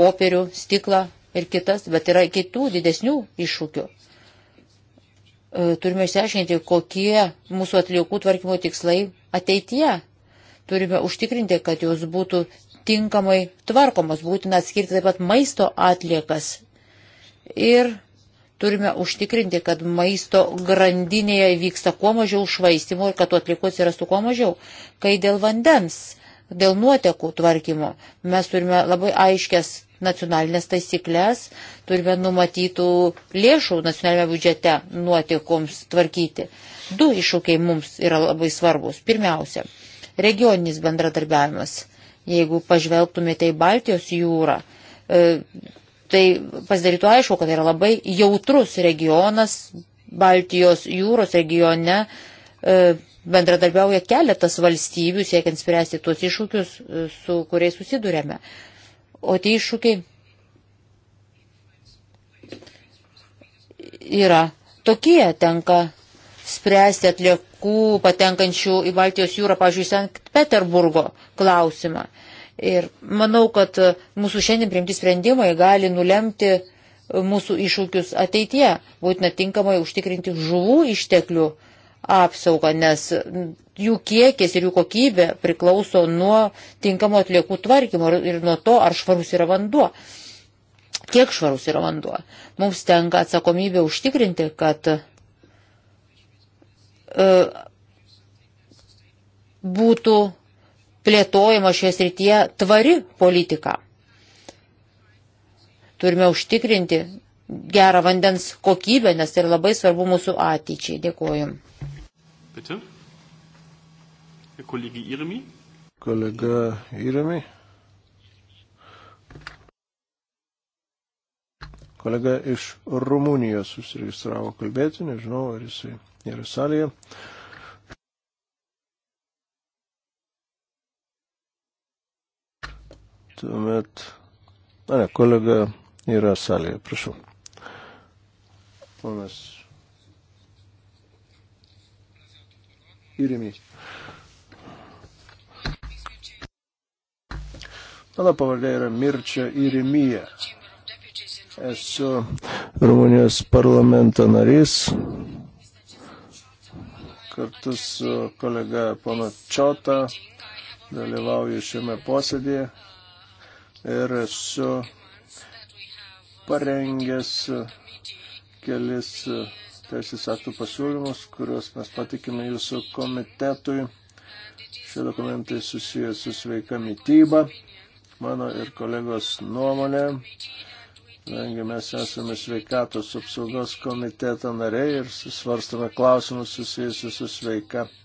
popierių, stiklą ir kitas, bet yra kitų didesnių iššūkių. E, turime išsiaiškinti, kokie mūsų atliekų tvarkymo tikslai ateityje. Turime užtikrinti, kad jos būtų tinkamai tvarkomos. Būtina atskirti taip pat maisto atliekas ir Turime užtikrinti, kad maisto grandinėje vyksta kuo mažiau švaistimo ir kad tų atlikų atsirastų kuo mažiau. Kai dėl vandens, dėl nuotekų tvarkymo mes turime labai aiškias nacionalinės taisyklės, turime numatytų lėšų nacionalinėme biudžete nuotikoms tvarkyti. Du iššūkiai mums yra labai svarbus. Pirmiausia, regioninis bendradarbiavimas. Jeigu pažvelgtumėte į Baltijos jūrą, e, tai pasidarytų aišku, kad tai yra labai jautrus regionas, Baltijos jūros regione e, bendradarbiauja keletas valstybių, siekiant spręsti tuos iššūkius, e, su kuriais susidurėme. O tie iššūkiai yra tokie, tenka spręsti atliekų patenkančių į Baltijos jūrą, pažiūrėjau, Sankt Peterburgo klausimą. E, Ir manau, kad mūsų šiandien priimti sprendimai gali nulemti mūsų iššūkius ateitie. Būtina tinkamai užtikrinti žuvų išteklių apsaugą, nes jų kiekis ir jų kokybė priklauso nuo tinkamo atliekų tvarkymo ir nuo to, ar švarus yra vanduo. Kiek švarus yra vanduo? Mums tenka atsakomybė užtikrinti, kad uh, būtų plėtojimo šioje srityje tvari politika. Turime užtikrinti gerą vandens kokybę, nes tai yra labai svarbu mūsų ateičiai. Dėkuoju. Bitte. Kollege Irmi. Kollege Irmi. Kolega iš Rumunijos susiregistravo kalbėti, nežinau, ar jisai yra salėje. Uh, Tuomet, a ne, kolega yra salėje, prašau. Ponas Irimys. Mano pavardė yra Mirčia Irimija. Esu Rumunijos parlamento narys. Kartu su kolega pono Čiota dalyvauju šiame posėdėje ir esu parengęs kelis teisės aktų pasiūlymus, kuriuos mes patikime jūsų komitetui. Šie dokumentai susiję su sveika mytyba. Mano ir kolegos nuomonė, kadangi mes esame sveikatos apsaugos komiteto nariai ir svarstame klausimus susijusius su sveika mytyba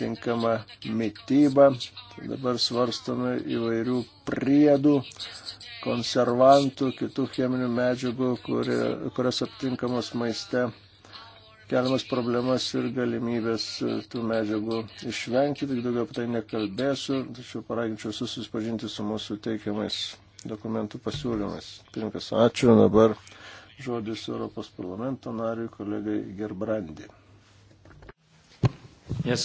tinkamą mytybą. Dabar svarstome įvairių priedų, konservantų, kitų cheminių medžiagų, kuri, kurias aptinkamos maiste keliamas problemas ir galimybės tų medžiagų išvengti, tik daugiau apie tai nekalbėsiu, tačiau paraginčiau susipažinti su mūsų teikiamais dokumentų pasiūlymais. Pirmkas, ačiū, dabar žodis Europos parlamento nariui kolegai Gerbrandi. Yes,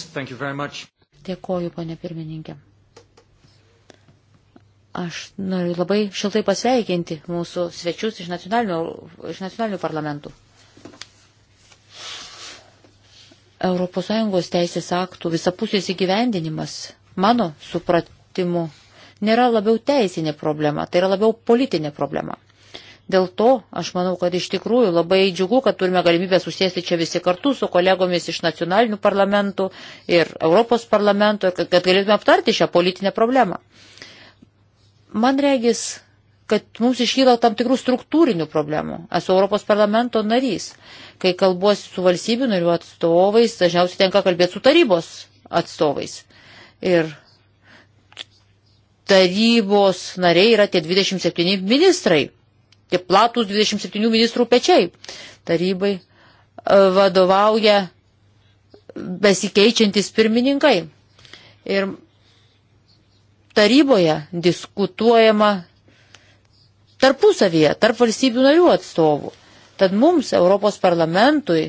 Dėkoju, ponė pirmininkė. Aš noriu labai šiltai pasveikinti mūsų svečius iš nacionalinių, iš nacionalinių parlamentų. ES teisės aktų visapusės įgyvendinimas, mano supratimu, nėra labiau teisinė problema, tai yra labiau politinė problema. Dėl to aš manau, kad iš tikrųjų labai džiugu, kad turime galimybę susėsti čia visi kartu su kolegomis iš nacionalinių parlamentų ir Europos parlamento, kad galėtume aptarti šią politinę problemą. Man regis, kad mums iškyla tam tikrų struktūrinių problemų. Esu Europos parlamento narys. Kai kalbuosi su valstybių narių atstovais, dažniausiai tenka kalbėti su tarybos atstovais. Ir tarybos nariai yra tie 27 ministrai tie platus 27 ministrų pečiai. Tarybai e, vadovauja besikeičiantis pirmininkai. Ir taryboje diskutuojama tarpusavyje, tarp valstybių narių atstovų. Tad mums, Europos parlamentui,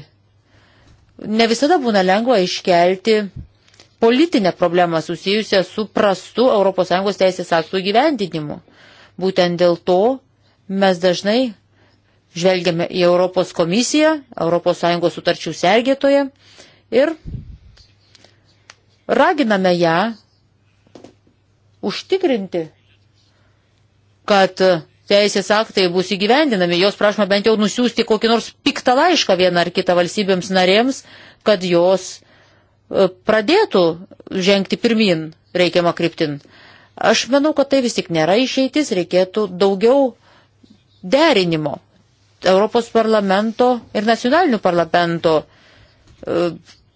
ne visada būna lengva iškelti politinę problemą susijusią su prastu ES teisės aktų gyvendinimu. Būtent dėl to Mes dažnai žvelgiame į Europos komisiją, ES sutarčių sergėtoje ir raginame ją užtikrinti, kad teisės aktai bus įgyvendinami, jos prašoma bent jau nusiųsti kokį nors piktą laišką vieną ar kitą valstybėms narėms, kad jos e, pradėtų žengti pirmin reikiamą kryptin. Aš manau, kad tai vis tik nėra išeitis, reikėtų daugiau derinimo Europos parlamento ir nacionalinių parlamento e,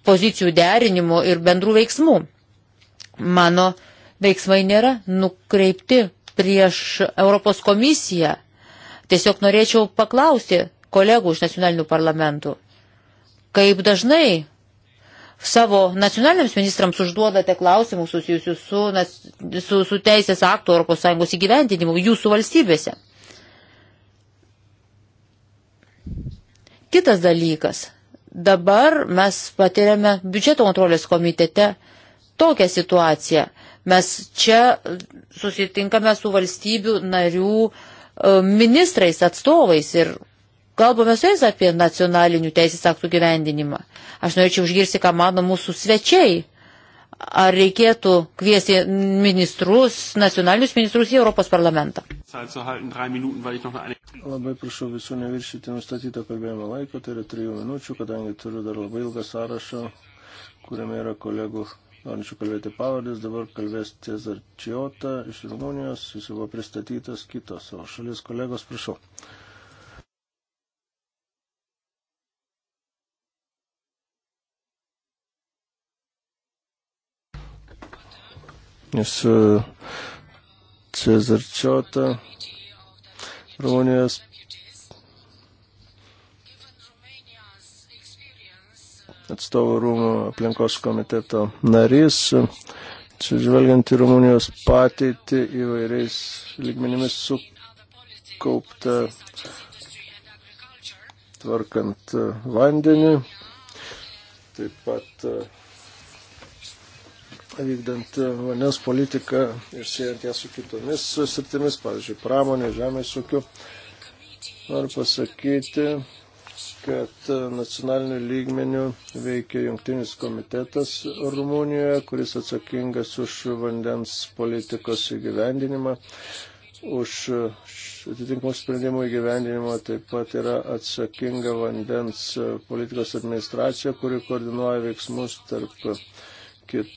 pozicijų derinimo ir bendrų veiksmų. Mano veiksmai nėra nukreipti prieš Europos komisiją. Tiesiog norėčiau paklausti kolegų iš nacionalinių parlamentų, kaip dažnai savo nacionaliniams ministrams užduodate klausimus susijusius su, su, su teisės aktų ES įgyvendinimu jūsų valstybėse. Kitas dalykas. Dabar mes patiriame biudžeto kontrolės komitete tokią situaciją. Mes čia susitinkame su valstybių narių e, ministrais, atstovais ir kalbame su jais apie nacionalinių teisės aktų gyvendinimą. Aš norėčiau užgirsti, ką mano mūsų svečiai Ar reikėtų kviesti ministrus, nacionalinius ministrus į Europos parlamentą? Labai prašau visų neviršyti nustatyto kalbėjimo laiko, tai yra trijų minučių, kadangi turiu dar labai ilgą sąrašą, kuriame yra kolegų norinčių kalbėti pavardės, dabar kalbės Cezar Čiota iš Rumunijos, jis jau buvo pristatytas kitos savo šalies kolegos, prašau. su e, Cezarčiota, Rumunijos atstovų rūmų aplinkos komiteto narys. Atsižvelgiant į Rumunijos patirtį įvairiais lygmenimis sukaupta tvarkant vandenį, taip pat uh, vykdant vandens politiką ir siejant ją su kitomis sritimis, pavyzdžiui, pramonė, žemės ūkiu. Noriu pasakyti, kad nacionaliniu lygmeniu veikia jungtinis komitetas Rumunijoje, kuris atsakingas už vandens politikos įgyvendinimą, už atitinkamų sprendimų įgyvendinimą taip pat yra atsakinga vandens politikos administracija, kuri koordinuoja veiksmus tarp kitų.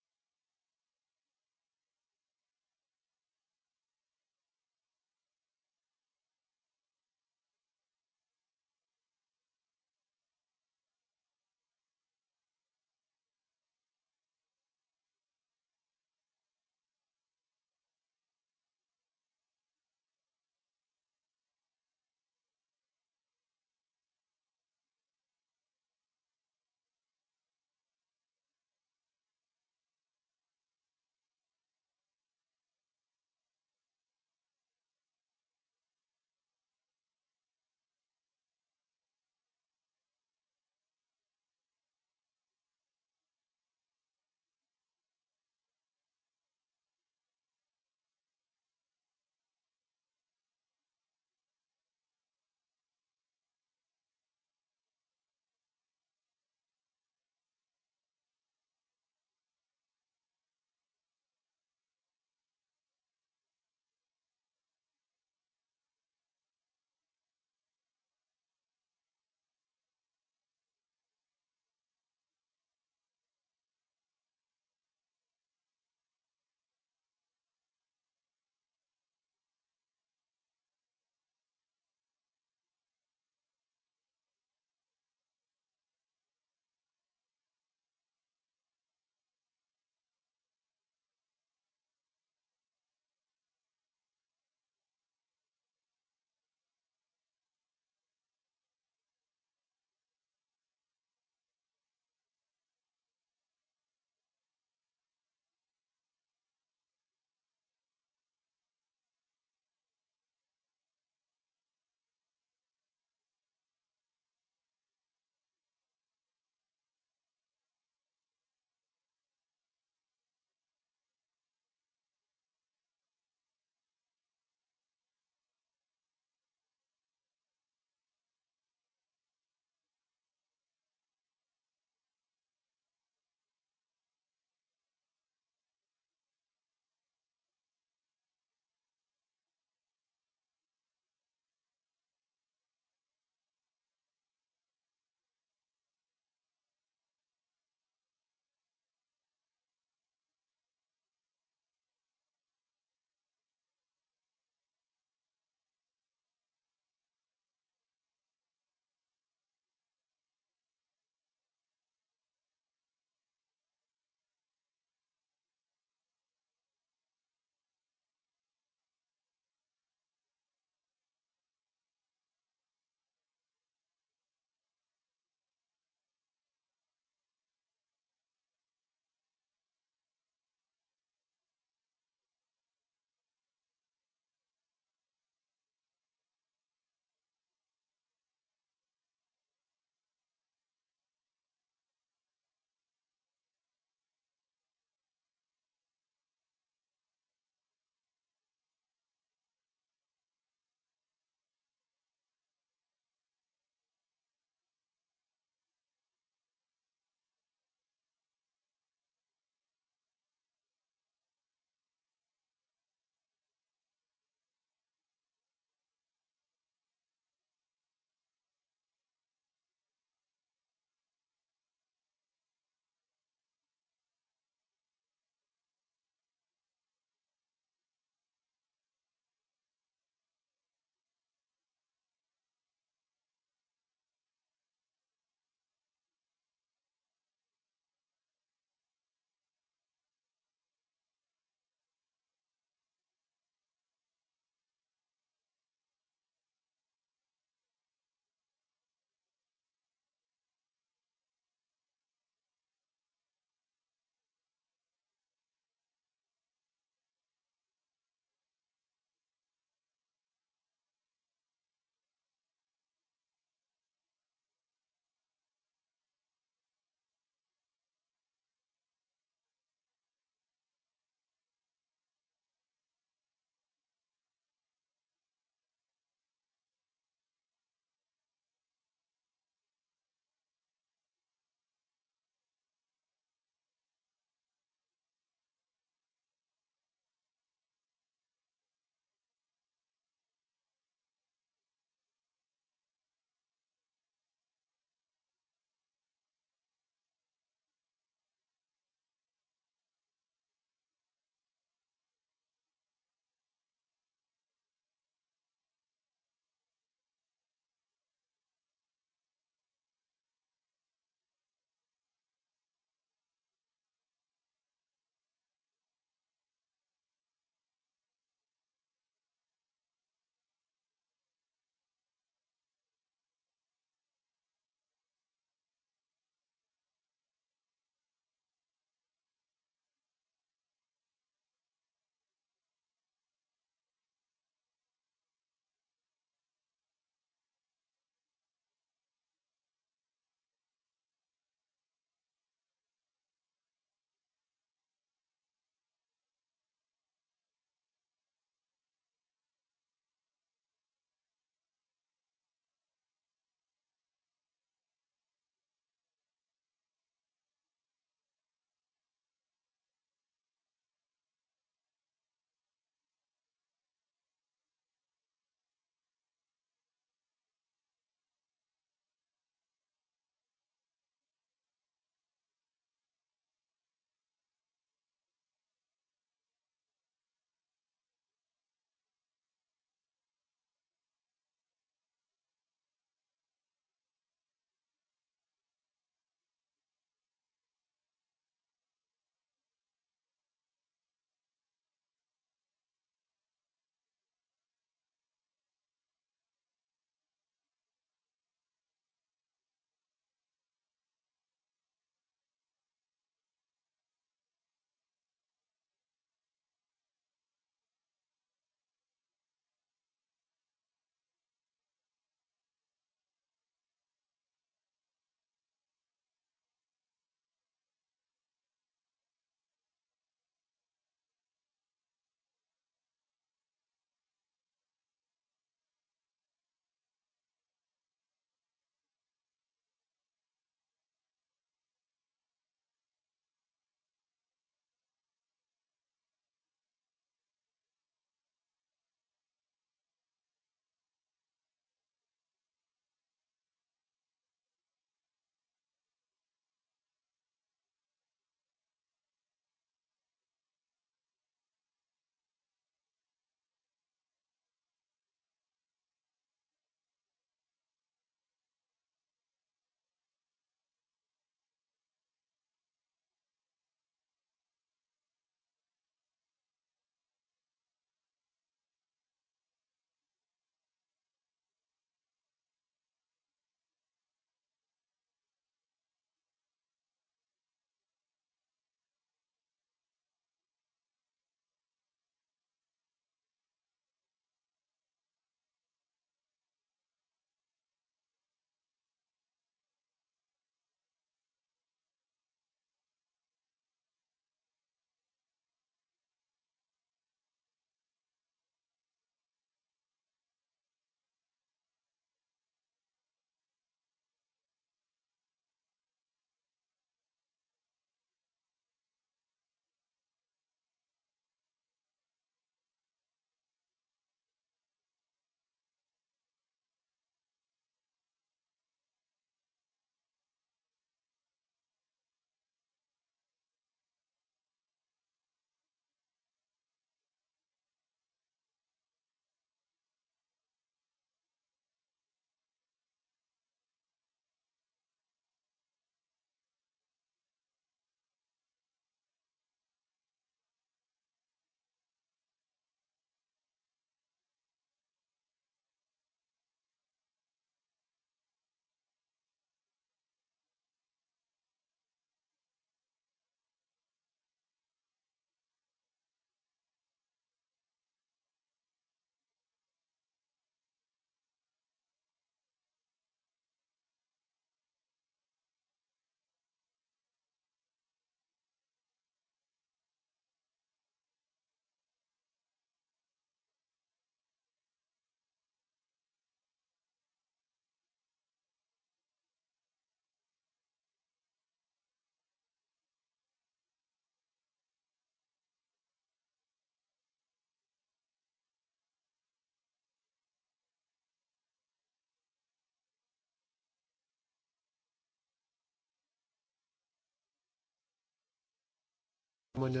įmonė,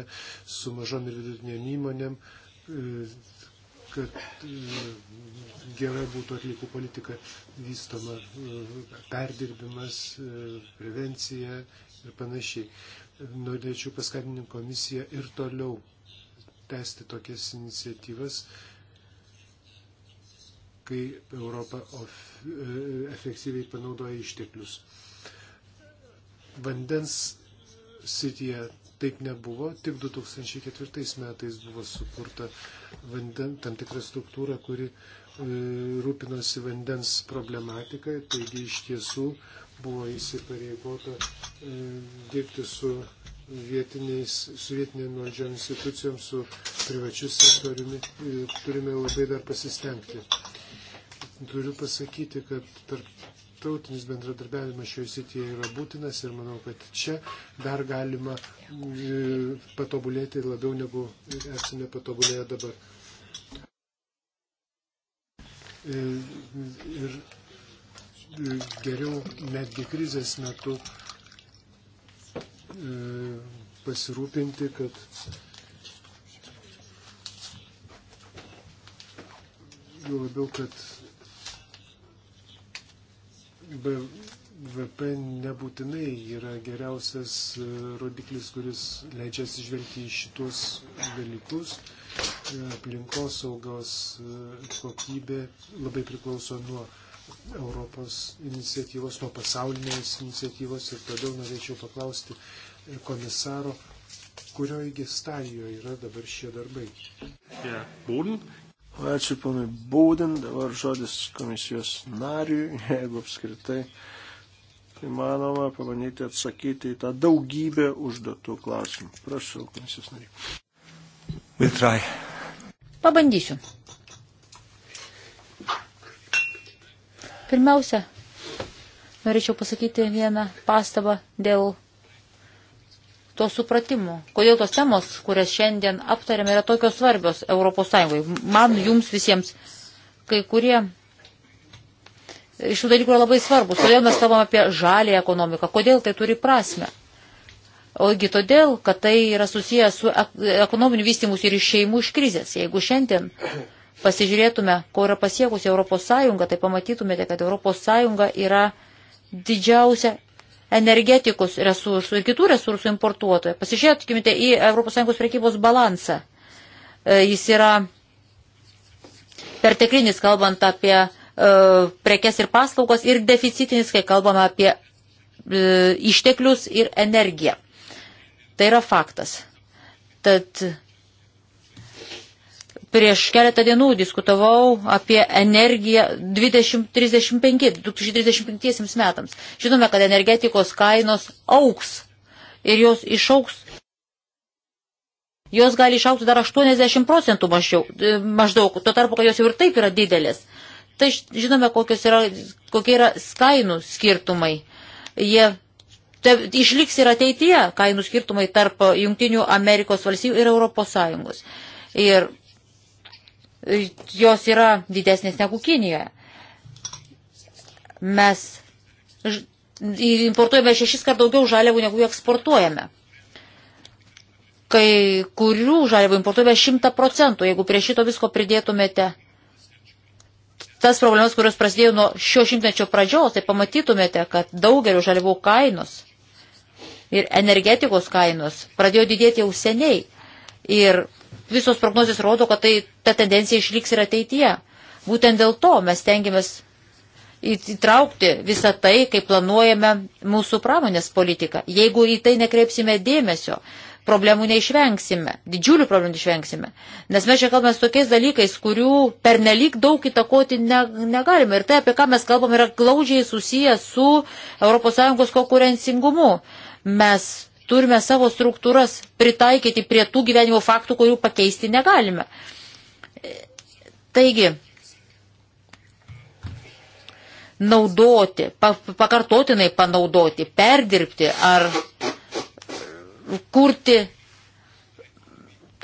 su mažom ir vidutinėm įmonėm, e, kad e, gera būtų atlikų politika vystoma, e, perdirbimas, prevencija ir panašiai. Norėčiau paskatinti komisiją ir toliau tęsti tokias iniciatyvas, kai Europa efektyviai panaudoja išteklius. Vandens sityje taip nebuvo. Tik 2004 metais buvo sukurta vanden, tam tikra struktūra, kuri e, rūpinosi vandens problematiką. Taigi iš tiesų buvo įsipareigota e, dirbti su, su vietinėm valdžio institucijom, su privačiu sektoriumi. E, turime labai dar pasistengti. Turiu pasakyti, kad tarp tarptautinis bendradarbiavimas šioje srityje yra būtinas ir manau, kad čia dar galima e, patobulėti labiau negu esame patobulėję dabar. E, ir e, geriau netgi krizės metu pasirūpinti, kad jau labiau, kad BVP nebūtinai yra geriausias e, rodiklis, kuris leidžia atsižvelgti į šitos dalykus. E, aplinkosaugos e, kokybė labai priklauso nuo Europos iniciatyvos, nuo pasaulinės iniciatyvos ir todėl norėčiau paklausti komisaro, kurioje stadijoje yra dabar šie darbai. Ja, Boden. Ačiū ponui Būdin, dabar žodis komisijos nariui, [laughs] jeigu apskritai įmanoma pabandyti atsakyti į tą daugybę užduotų klausimų. Prašau, komisijos nariai. We'll try. Pabandysiu. Pirmiausia, norėčiau pasakyti vieną pastabą dėl to supratimu. Kodėl tos temos, kurias šiandien aptarėme, yra tokios svarbios Europos Sąjungoje. Man, jums visiems, kai kurie iš tų dalykų yra labai svarbus. Kodėl mes kalbam apie žalį ekonomiką? Kodėl tai turi prasme? Ogi todėl, kad tai yra susijęs su ekonominiu vystimus ir iš šeimų iš krizės. Jeigu šiandien pasižiūrėtume, ko yra pasiekusi Europos Sąjunga, tai pamatytumėte, kad Europos Sąjunga yra didžiausia energetikos resursų ir kitų resursų importuotoja. Pasižiūrėkite į ES prekybos balansą. E, jis yra perteklinis, kalbant apie e, prekes ir paslaugas, ir deficitinis, kai kalbame apie e, išteklius ir energiją. Tai yra faktas. Tad Prieš keletą dienų diskutavau apie energiją 2035, 2035 metams. Žinome, kad energetikos kainos auks ir jos išauks. Jos gali išaukti dar 80 procentų mažiau, e, maždaug, tuo tarpu, kad jos jau ir taip yra didelės. Tai žinome, yra, kokie yra kainų skirtumai. Jie te, išliks ir ateityje kainų skirtumai tarp Junktinių Amerikos valstybių ir Europos Sąjungos. Ir jos yra didesnės negu Kinijoje. Mes importuojame šešis kart daugiau žaliavų, negu jų eksportuojame. Kai kurių žaliavų importuojame šimtą procentų, jeigu prie šito visko pridėtumėte tas problemas, kurios prasidėjo nuo šio šimtmečio pradžios, tai pamatytumėte, kad daugelių žaliavų kainos ir energetikos kainos pradėjo didėti jau seniai. Ir visos prognozijos rodo, kad tai, ta tendencija išliks ir ateityje. Būtent dėl to mes tengiamės įtraukti visą tai, kai planuojame mūsų pramonės politiką. Jeigu į tai nekreipsime dėmesio, problemų neišvengsime, didžiulių problemų neišvengsime. Nes mes čia kalbame su tokiais dalykais, kurių pernelyg daug įtakoti ne, negalime. Ir tai, apie ką mes kalbame, yra glaudžiai susijęs su ES konkurencingumu. Mes turime savo struktūras pritaikyti prie tų gyvenimo faktų, kurių pakeisti negalime. Taigi, naudoti, pa, pakartotinai panaudoti, perdirbti ar kurti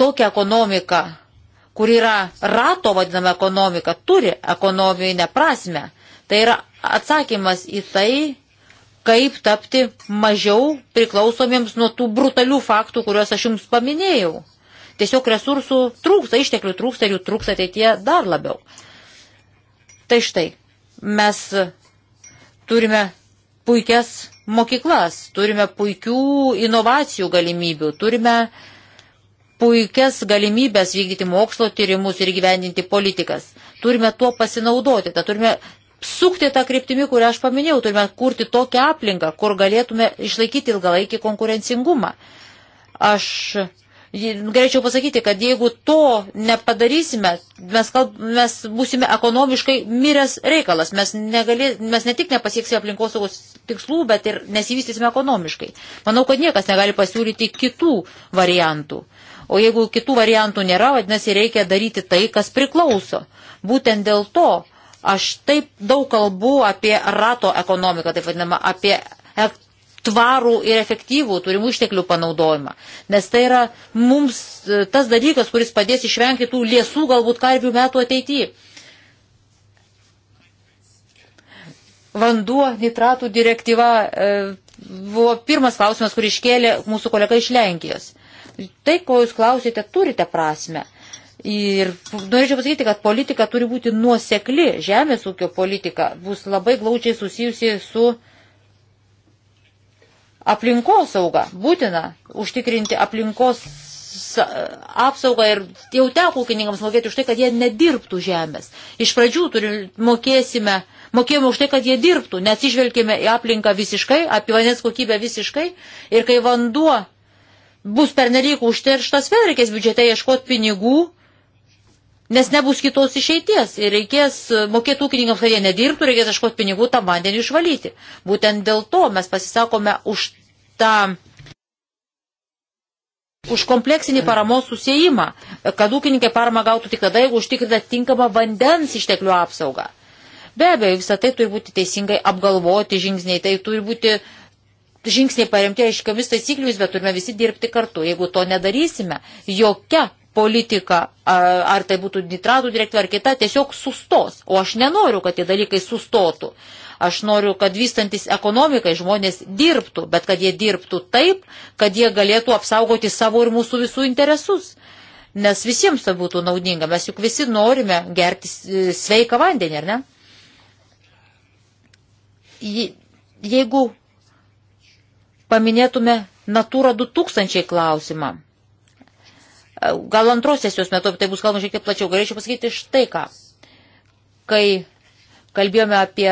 tokią ekonomiką, kuri yra rato vadinama ekonomika, turi ekonominę prasme. Tai yra atsakymas į tai, kaip tapti mažiau priklausomiems nuo tų brutalių faktų, kuriuos aš jums paminėjau. Tiesiog resursų trūksta, išteklių trūksta ir jų trūksta ateitie dar labiau. Tai štai, mes turime puikias mokyklas, turime puikių inovacijų galimybių, turime puikias galimybės vykdyti mokslo tyrimus ir gyvendinti politikas. Turime tuo pasinaudoti, tą turime sukti tą kryptimį, kurią aš paminėjau. Turime kurti tokią aplinką, kur galėtume išlaikyti ilgalaikį konkurencingumą. Aš galėčiau pasakyti, kad jeigu to nepadarysime, mes, kalb, mes būsime ekonomiškai miręs reikalas. Mes, negalė, mes ne tik nepasieksime aplinkosaugos tikslų, bet ir nesivystysime ekonomiškai. Manau, kad niekas negali pasiūlyti kitų variantų. O jeigu kitų variantų nėra, vadinasi, reikia daryti tai, kas priklauso. Būtent dėl to Aš taip daug kalbu apie rato ekonomiką, taip vadinamą, apie tvarų ir efektyvų turimų išteklių panaudojimą. Nes tai yra mums e, tas dalykas, kuris padės išvengti tų liesų galbūt karvių metų ateityje. Vanduo nitratų direktyva e, buvo pirmas klausimas, kurį iškėlė mūsų kolega iš Lenkijos. Tai, ko jūs klausėte, turite prasme. Ir norėčiau pasakyti, kad politika turi būti nuosekli. Žemės ūkio politika bus labai glaučiai susijusi su aplinkos sauga. Būtina užtikrinti aplinkos apsaugą ir jau teko ūkininkams mokėti už tai, kad jie nedirbtų žemės. Iš pradžių turi, mokėsime, mokėjome už tai, kad jie dirbtų, neatsižvelgėme į aplinką visiškai, apie vandens kokybę visiškai ir kai vanduo bus pernelyg užterštas, vėl reikės biudžete ieškoti pinigų, Nes nebus kitos išeities ir reikės e, mokėti ūkininkams, kad jie nedirbtų, reikės iškoti pinigų tą vandenį išvalyti. Būtent dėl to mes pasisakome už tą už kompleksinį paramos susijimą, kad ūkininkai paramą gautų tik tada, jeigu užtikrina tinkamą vandens išteklių apsaugą. Be abejo, visą tai turi būti teisingai apgalvoti žingsniai, tai turi būti žingsniai paremti aiškiomis taisyklėmis, bet turime visi dirbti kartu. Jeigu to nedarysime, jokia politika, ar tai būtų nitratų direktyva ar kita, tiesiog sustos. O aš nenoriu, kad tie dalykai sustotų. Aš noriu, kad vystantis ekonomikai žmonės dirbtų, bet kad jie dirbtų taip, kad jie galėtų apsaugoti savo ir mūsų visų interesus. Nes visiems tai būtų naudinga. Mes juk visi norime gerti e, sveiką vandenį, ar ne? Je, jeigu paminėtume Natūra 2000 klausimą, Gal antros sesijos metu tai bus kalbama šiek tiek plačiau. Galėčiau pasakyti štai ką. Kai kalbėjome apie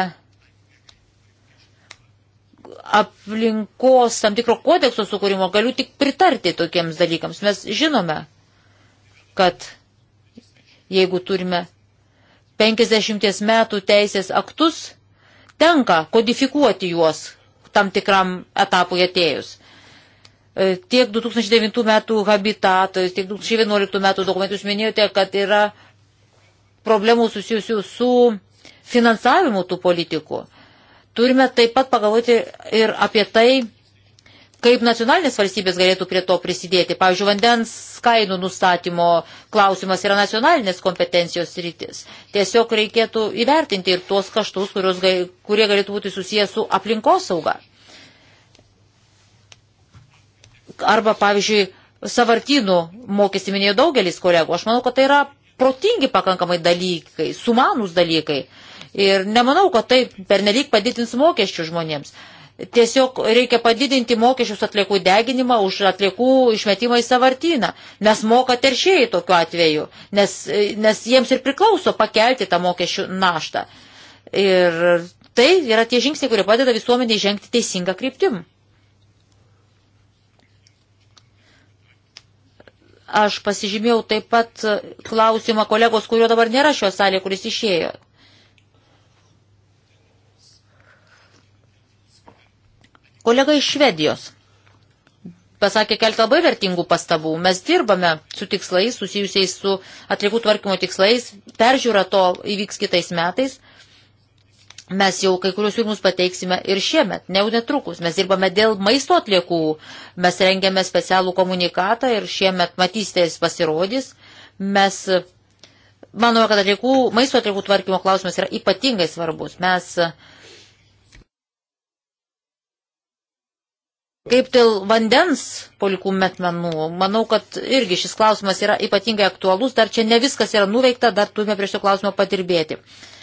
aplinkos tam tikro kodekso sukūrimo, galiu tik pritarti tokiems dalykams. Mes žinome, kad jeigu turime 50 metų teisės aktus, tenka kodifikuoti juos tam tikram etapui atėjus. E, tiek 2009 metų habitatas, e, tiek 2011 metų dokumentus minėjote, kad yra problemų susijusių su finansavimu tų politikų. Turime taip pat pagalvoti ir apie tai, kaip nacionalinės valstybės galėtų prie to prisidėti. Pavyzdžiui, vandens kainų nustatymo klausimas yra nacionalinės kompetencijos rytis. Tiesiog reikėtų įvertinti ir tuos kaštus, kurios, kurie galėtų būti susijęs su aplinkosauga arba, pavyzdžiui, savartynų mokestį minėjo daugelis kolegų. Aš manau, kad tai yra protingi pakankamai dalykai, sumanus dalykai. Ir nemanau, kad tai pernelyg padidins mokesčių žmonėms. Tiesiog reikia padidinti mokesčius atliekų deginimą už atliekų išmetimą į savartyną, nes moka teršėjai tokiu atveju, nes, nes jiems ir priklauso pakelti tą mokesčių naštą. Ir tai yra tie žingsniai, kurie padeda visuomeniai žengti teisingą kryptimą. Aš pasižymėjau taip pat klausimą kolegos, kurio dabar nėra šio salė, kuris išėjo. Kolega iš Švedijos pasakė keletą labai vertingų pastabų. Mes dirbame su tikslais, susijusiais su atliekų tvarkymo tikslais. Peržiūra to įvyks kitais metais. Mes jau kai kurios siūlymus pateiksime ir šiemet, ne jau netrukus. Mes dirbame dėl maisto atliekų, mes rengiame specialų komunikatą ir šiemet matysite jis pasirodys. Mes manome, kad atliekų, maisto atliekų tvarkymo klausimas yra ypatingai svarbus. Mes Kaip dėl vandens polikų metmenų, manau, kad irgi šis klausimas yra ypatingai aktualus, dar čia ne viskas yra nuveikta, dar turime prie šio klausimo padirbėti. Uh,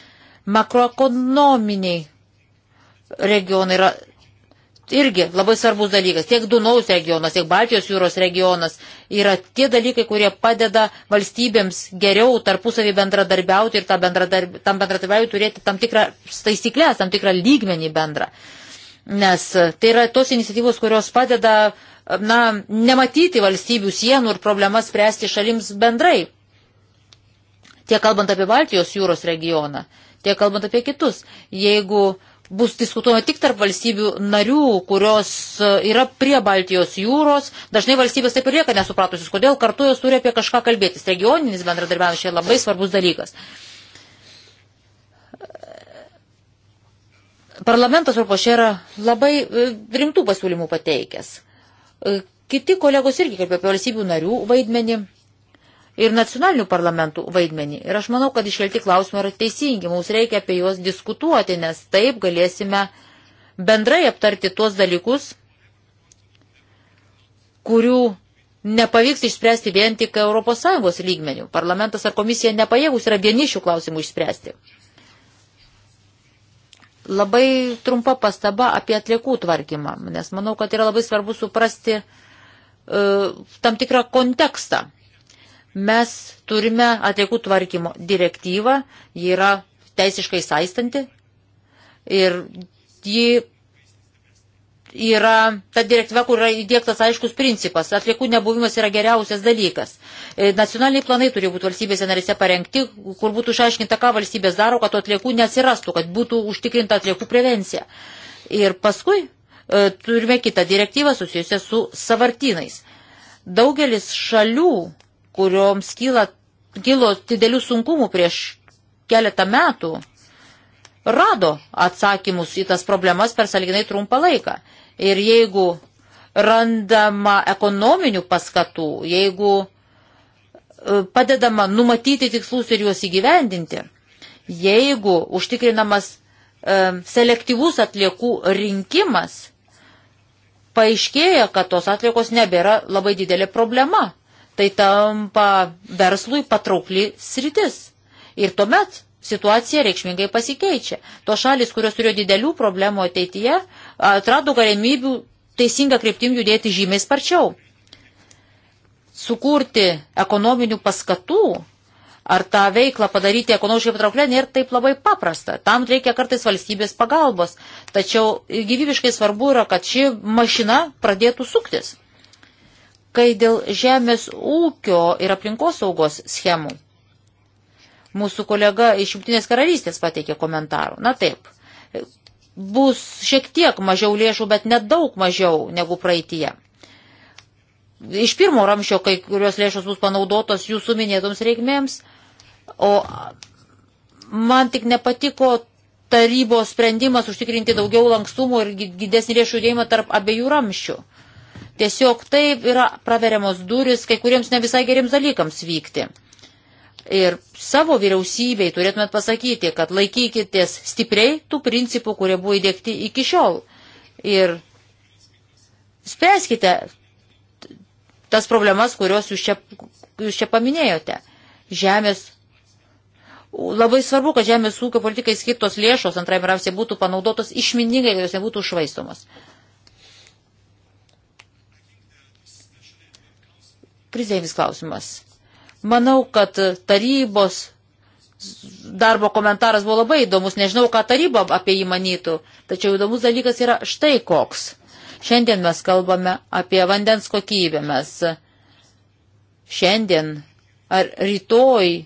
Makroekonominiai regionai yra irgi labai svarbus dalykas. Tiek Dunaus regionas, tiek Baltijos jūros regionas yra tie dalykai, kurie padeda valstybėms geriau tarpusavį bendradarbiauti ir bendradarb... tam bendradarbiauti turėti tam tikrą taisyklės, tam tikrą lygmenį bendrą. Nes e, tai yra tos iniciatyvos, kurios padeda e, na, nematyti valstybių sienų ir problemas spręsti šalims bendrai. Tiek kalbant apie Baltijos jūros regioną. Uh, tiek kalbant apie kitus. Jeigu bus diskutuojama tik tarp valstybių narių, kurios e, yra prie Baltijos jūros, dažnai valstybės taip ir lieka nesupratusius, kodėl kartu jos turi apie kažką kalbėtis. Regioninis bendradarbiavimas čia labai svarbus dalykas. Parlamentas Europos čia yra labai e, rimtų pasiūlymų pateikęs. E, kiti kolegos irgi kalbėjo apie valstybių narių vaidmenį ir nacionalinių parlamentų vaidmenį. Ir aš manau, kad iškelti klausimai yra teisingi, mums reikia apie juos diskutuoti, nes taip galėsime bendrai aptarti tuos dalykus, kurių nepavyks išspręsti vien tik ES lygmenių. Parlamentas ar komisija nepajėgus yra vieni šių klausimų išspręsti. Labai trumpa pastaba apie atliekų tvarkymą, nes manau, kad yra labai svarbu suprasti uh, tam tikrą kontekstą Mes turime atliekų tvarkymo direktyvą, ji yra teisiškai saistanti ir ji yra ta direktyva, kur yra įdėktas aiškus principas. Atliekų nebuvimas yra geriausias dalykas. E, nacionaliniai planai turi būti valstybėse narėse parengti, kur būtų išaiškinta, ką valstybės daro, kad atliekų neatsirastų, kad būtų užtikrinta atliekų prevencija. Ir paskui e, turime kitą direktyvą susijusią su savartynais. Daugelis šalių kurioms kyla, kilo didelių sunkumų prieš keletą metų, rado atsakymus į tas problemas per saliginai trumpą laiką. Ir jeigu randama ekonominių paskatų, jeigu e, padedama numatyti tikslus ir juos įgyvendinti, jeigu užtikrinamas e, selektyvus atliekų rinkimas, paaiškėja, kad tos atliekos nebėra labai didelė problema tai tampa verslui patraukli sritis. Ir tuomet situacija reikšmingai pasikeičia. To šalis, kurios turėjo didelių problemų ateityje, atrado galimybių teisingą kryptim judėti žymiai sparčiau. Sukurti ekonominių paskatų ar tą veiklą padaryti ekonomiškai patrauklę nėra taip labai paprasta. Tam reikia kartais valstybės pagalbos. Tačiau gyvybiškai svarbu yra, kad ši mašina pradėtų suktis kai dėl žemės ūkio ir aplinkosaugos schemų. Mūsų kolega iš Jungtinės karalystės pateikė komentarų. Na taip, bus šiek tiek mažiau lėšų, bet nedaug mažiau negu praeitie. Iš pirmo ramšio kai kurios lėšos bus panaudotos jūsų minėtoms reikmėms, o man tik nepatiko tarybos sprendimas užtikrinti daugiau lankstumo ir didesnį lėšų judėjimą tarp abiejų ramščių. Tiesiog taip yra praveriamos duris kai kuriems ne visai geriems dalykams vykti. Ir savo vyriausybei turėtumėt pasakyti, kad laikykitės stipriai tų principų, kurie buvo įdėkti iki šiol. Ir spręskite tas problemas, kurios jūs čia, jūs čia paminėjote. Žemės Labai svarbu, kad žemės ūkio politikai skirtos lėšos antrajame ramsėje būtų panaudotos išmintingai, kad jos nebūtų užvaistomos. Krizėjimis klausimas. Manau, kad tarybos darbo komentaras buvo labai įdomus. Nežinau, ką taryba apie jį manytų, tačiau įdomus dalykas yra štai koks. Šiandien mes kalbame apie vandens kokybę. Mes šiandien ar rytoj e,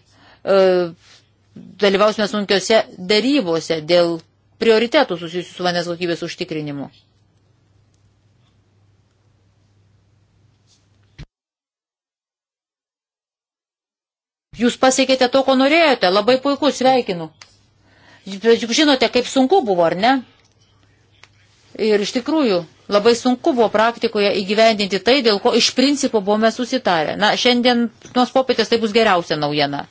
dalyvausime sunkiose darybose dėl prioritetų susijusių su vandens kokybės užtikrinimu. Jūs pasiekėte to, ko norėjote. Labai puiku, sveikinu. Juk žinote, kaip sunku buvo, ar ne? Ir iš tikrųjų, labai sunku buvo praktikoje įgyvendinti tai, dėl ko iš principo buvome susitarę. Na, šiandien nuos popietės tai bus geriausia naujiena.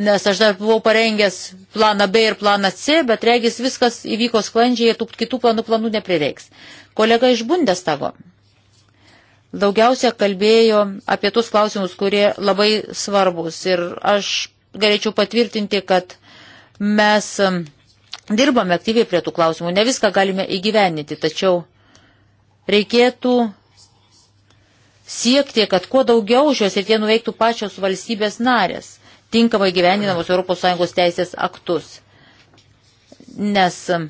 Nes aš dar buvau parengęs planą B ir planą C, bet regis viskas įvyko sklandžiai, tų kitų planų planų neprireiks. Kolega iš Bundestago daugiausia kalbėjo apie tuos klausimus, kurie labai svarbus. Ir aš galėčiau patvirtinti, kad mes um, dirbame aktyviai prie tų klausimų. Ne viską galime įgyveninti, tačiau reikėtų siekti, kad kuo daugiau šios ir tie nuveiktų pačios valstybės narės, tinkamai gyveninamos ES teisės aktus. Nes um,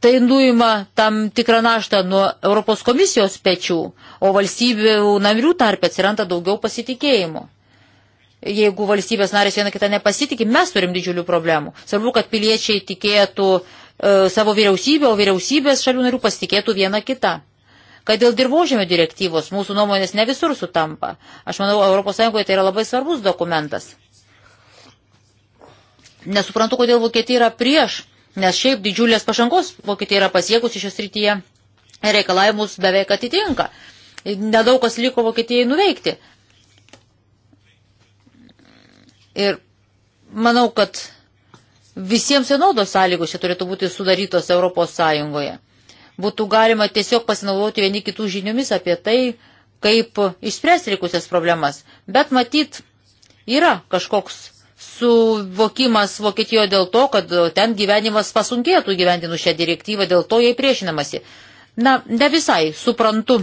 Tai nuima tam tikrą naštą nuo Europos komisijos pečių, o valstybių narių tarpė atsiranda daugiau pasitikėjimo. Jeigu valstybės narės viena kitą nepasitikė, mes turim didžiulių problemų. Svarbu, kad piliečiai tikėtų e, savo vyriausybę, o vyriausybės šalių narių pasitikėtų viena kita kad dėl dirbožėmio direktyvos mūsų nuomonės ne visur sutampa. Aš manau, ES tai yra labai svarbus dokumentas. Nesuprantu, kodėl Vokietija yra prieš Nes šiaip didžiulės pažangos Vokietija yra pasiekusi šios rytyje reikalavimus beveik atitinka. Nedaug kas liko Vokietijai nuveikti. Ir manau, kad visiems vienodos sąlygos čia turėtų būti sudarytos Europos Sąjungoje. Būtų galima tiesiog pasinaudoti vieni kitų žiniomis apie tai, kaip išspręsti likusias problemas. Bet matyt, yra kažkoks suvokimas Vokietijoje dėl to, kad ten gyvenimas pasunkėtų gyvendinų šią direktyvą, dėl to jai priešinamasi. Na, ne visai suprantu,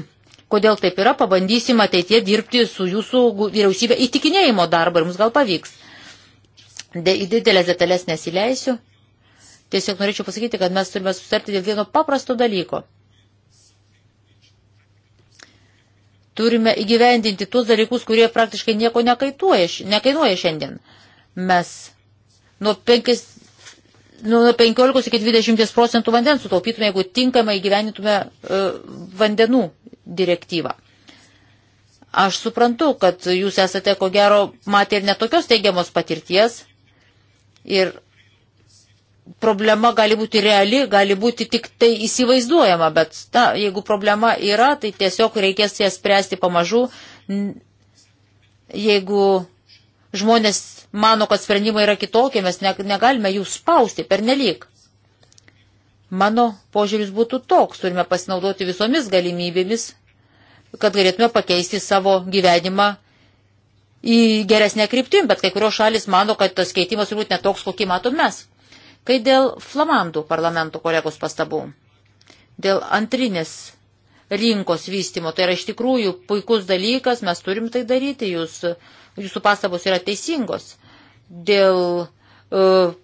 kodėl taip yra, pabandysim ateitie dirbti su jūsų vyriausybė įtikinėjimo darbą ir mums gal pavyks. De, į didelės detalės nesileisiu. Tiesiog norėčiau pasakyti, kad mes turime susitarti dėl vieno paprasto dalyko. Turime įgyvendinti tuos dalykus, kurie praktiškai nieko nekainuoja šiandien. Mes nuo 5 nu, 15 iki 20 procentų vandens sutaupytume, jeigu tinkamai gyvenytume uh, vandenų direktyvą. Aš suprantu, kad jūs esate ko gero matę ir netokios teigiamos patirties ir problema gali būti reali, gali būti tik tai įsivaizduojama, bet ta, jeigu problema yra, tai tiesiog reikės ją spręsti pamažu. Jeigu žmonės mano, kad sprendimai yra kitokie, mes negalime jų spausti per nelik. Mano požiūris būtų toks, turime pasinaudoti visomis galimybėmis, kad galėtume pakeisti savo gyvenimą į geresnę kryptim, bet kai kurios šalis mano, kad tas keitimas turbūt netoks, kokį matom mes. Kai dėl flamandų parlamento kolegos pastabų, dėl antrinės rinkos vystimo. Tai yra iš tikrųjų puikus dalykas, mes turim tai daryti, jūs, jūsų pastabos yra teisingos dėl e,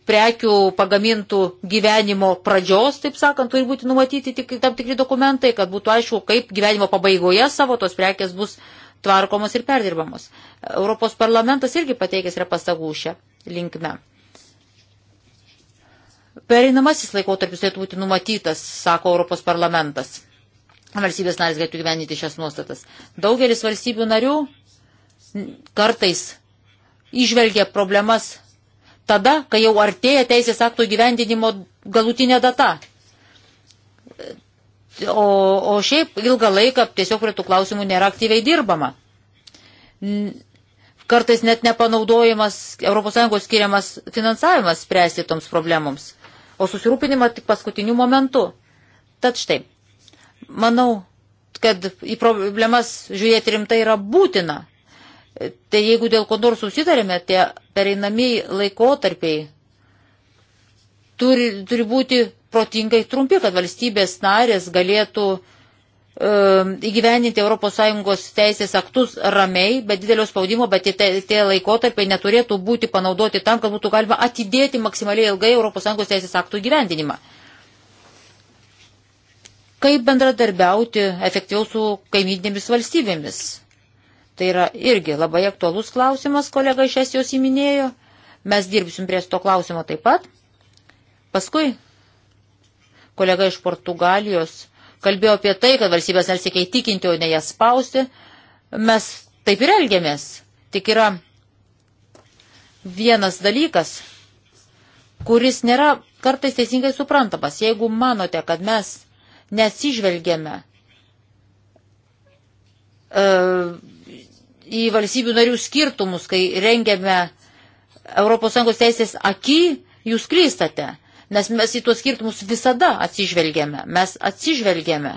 prekių pagamintų gyvenimo pradžios, taip sakant, turi būti numatyti tik tam tikri dokumentai, kad būtų aišku, kaip gyvenimo pabaigoje savo tos prekės bus tvarkomos ir perdirbamos. Europos parlamentas irgi pateikęs yra pastagų šią linkme. Pereinamasis laikotarpis turėtų būti numatytas, sako Europos parlamentas. Valstybės narės galėtų gyveninti šias nuostatas. Daugelis valstybių narių kartais išvelgia problemas tada, kai jau artėja teisės aktų gyvendinimo galutinė data. O, o šiaip ilgą laiką tiesiog prie tų klausimų nėra aktyviai dirbama. Kartais net nepanaudojamas ES skiriamas finansavimas spręsti toms problemoms, o susirūpinimą tik paskutiniu momentu. Tad štai, manau, kad į problemas žiūrėti rimtai yra būtina. Tai jeigu dėl ko nors susitarėme, tie pereinami laikotarpiai turi, turi būti protingai trumpi, kad valstybės narės galėtų e, um, įgyveninti ES teisės aktus ramiai, be didelio spaudimo, bet tie, tie laikotarpiai neturėtų būti panaudoti tam, kad būtų galima atidėti maksimaliai ilgai ES teisės aktų įgyvendinimą. Kaip bendradarbiauti efektyviau su kaiminėmis valstybėmis? Tai yra irgi labai aktualus klausimas, kolega iš Esijos įminėjo. Mes dirbsim prie to klausimo taip pat. Paskui kolega iš Portugalijos kalbėjo apie tai, kad valstybės nelsikia įtikinti, o ne jas spausti. Mes taip ir elgiamės. Tik yra vienas dalykas, kuris nėra kartais teisingai suprantamas. Jeigu manote, kad mes nesižvelgiame e, į valstybių narių skirtumus, kai rengiame ES teisės akį, jūs klystate, nes mes į tuos skirtumus visada atsižvelgiame, mes atsižvelgiame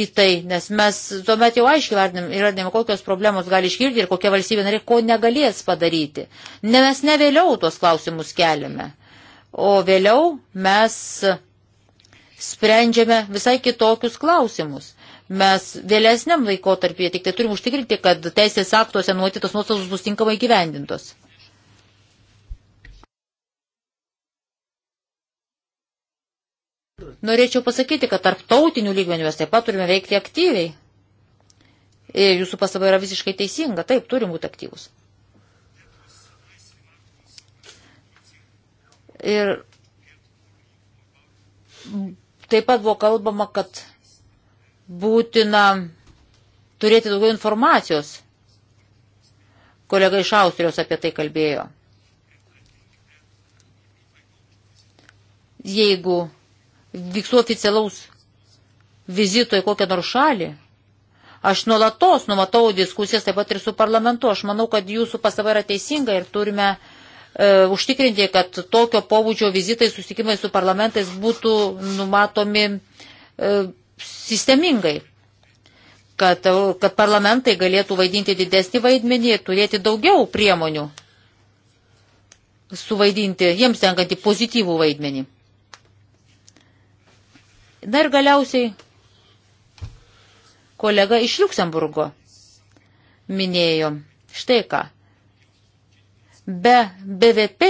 į tai, nes mes tuomet jau aiškiai vardinam, įvardinam, kokios problemos gali iškilti ir kokia valstybė narė ko negalės padaryti. Ne, mes ne vėliau tuos klausimus keliame, o vėliau mes sprendžiame visai kitokius klausimus mes vėlesniam laikotarpyje tik tai turim užtikrinti, kad teisės aktuose nuotytos nuostatos bus tinkamai gyvendintos. Norėčiau pasakyti, kad tarptautinių lygmenių mes taip pat turime veikti aktyviai. Ir jūsų pasaba yra visiškai teisinga, taip, turim būti aktyvus. Ir taip pat buvo kalbama, kad būtina turėti daugiau informacijos. Kolega iš Austrijos apie tai kalbėjo. Jeigu vyks oficialaus vizito į kokią nors šalį, aš nuolatos numatau diskusijas taip pat ir su parlamentu. Aš manau, kad jūsų pastaba yra teisinga ir turime e, užtikrinti, kad tokio pobūdžio vizitai, susitikimai su parlamentais būtų numatomi e, sistemingai, kad, kad parlamentai galėtų vaidinti didesnį vaidmenį ir turėti daugiau priemonių suvaidinti jiems tenkantį pozityvų vaidmenį. Na ir galiausiai kolega iš Luksemburgo minėjo štai ką. Be BVP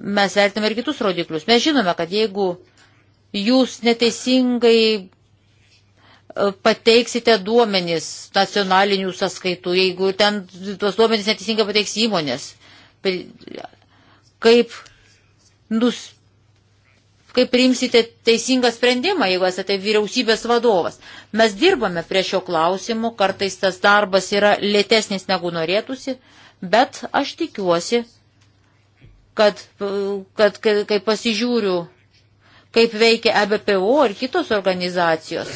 mes vertiname ir kitus rodiklius. Mes žinome, kad jeigu jūs neteisingai e, pateiksite duomenis nacionalinių sąskaitų, jeigu ten tuos duomenis neteisingai pateiks įmonės. Kaip, nus, kaip priimsite teisingą sprendimą, jeigu esate vyriausybės vadovas. Mes dirbame prie šio klausimo, kartais tas darbas yra lėtesnis negu norėtųsi, bet aš tikiuosi, kad, kad kai, kai pasižiūriu kaip veikia EBPO ir kitos organizacijos.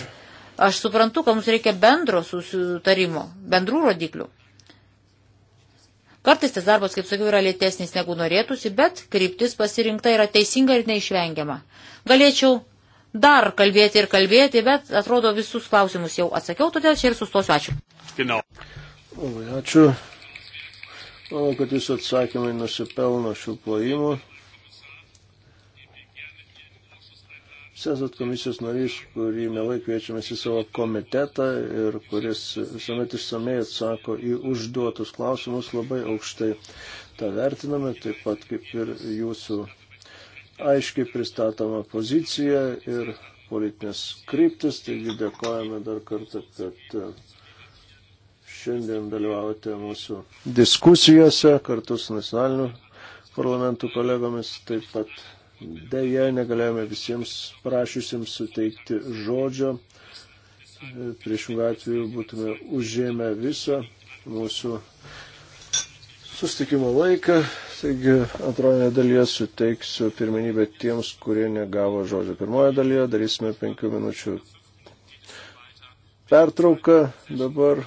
Aš suprantu, kad mums reikia bendro susitarimo, bendrų rodiklių. Kartais tas darbas, kaip sakiau, yra lėtesnis negu norėtųsi, bet kryptis pasirinkta yra teisinga ir neišvengiama. Galėčiau dar kalbėti ir kalbėti, bet atrodo visus klausimus jau atsakiau, todėl čia ir sustosiu. Ačiū. Genau. Ačiū. Manau, kad jūsų atsakymai nusipelno šių plojimų. Sesat komisijos narys, kurį mielai kviečiamės į savo komitetą ir kuris visuomet išsamei atsako į užduotus klausimus, labai aukštai tą vertiname, taip pat kaip ir jūsų aiškiai pristatoma pozicija ir politinės kryptis, taigi dėkojame dar kartą, kad e, šiandien dalyvavote mūsų diskusijose kartu su nacionaliniu parlamentų kolegomis, taip pat Deja, negalėjome visiems prašysiems suteikti žodžio. Priešingų atveju būtume užėmę visą mūsų sustikimo laiką. Taigi antroje dalyje suteiksiu pirmenybę tiems, kurie negavo žodžio. Pirmoje dalyje darysime penkių minučių pertrauką. Dabar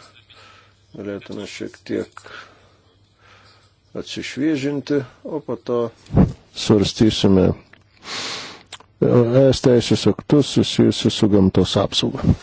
galėtume šiek tiek atsišviežinti, o po to svarstysime ES teisės aktus susijusius su gamtos apsauga.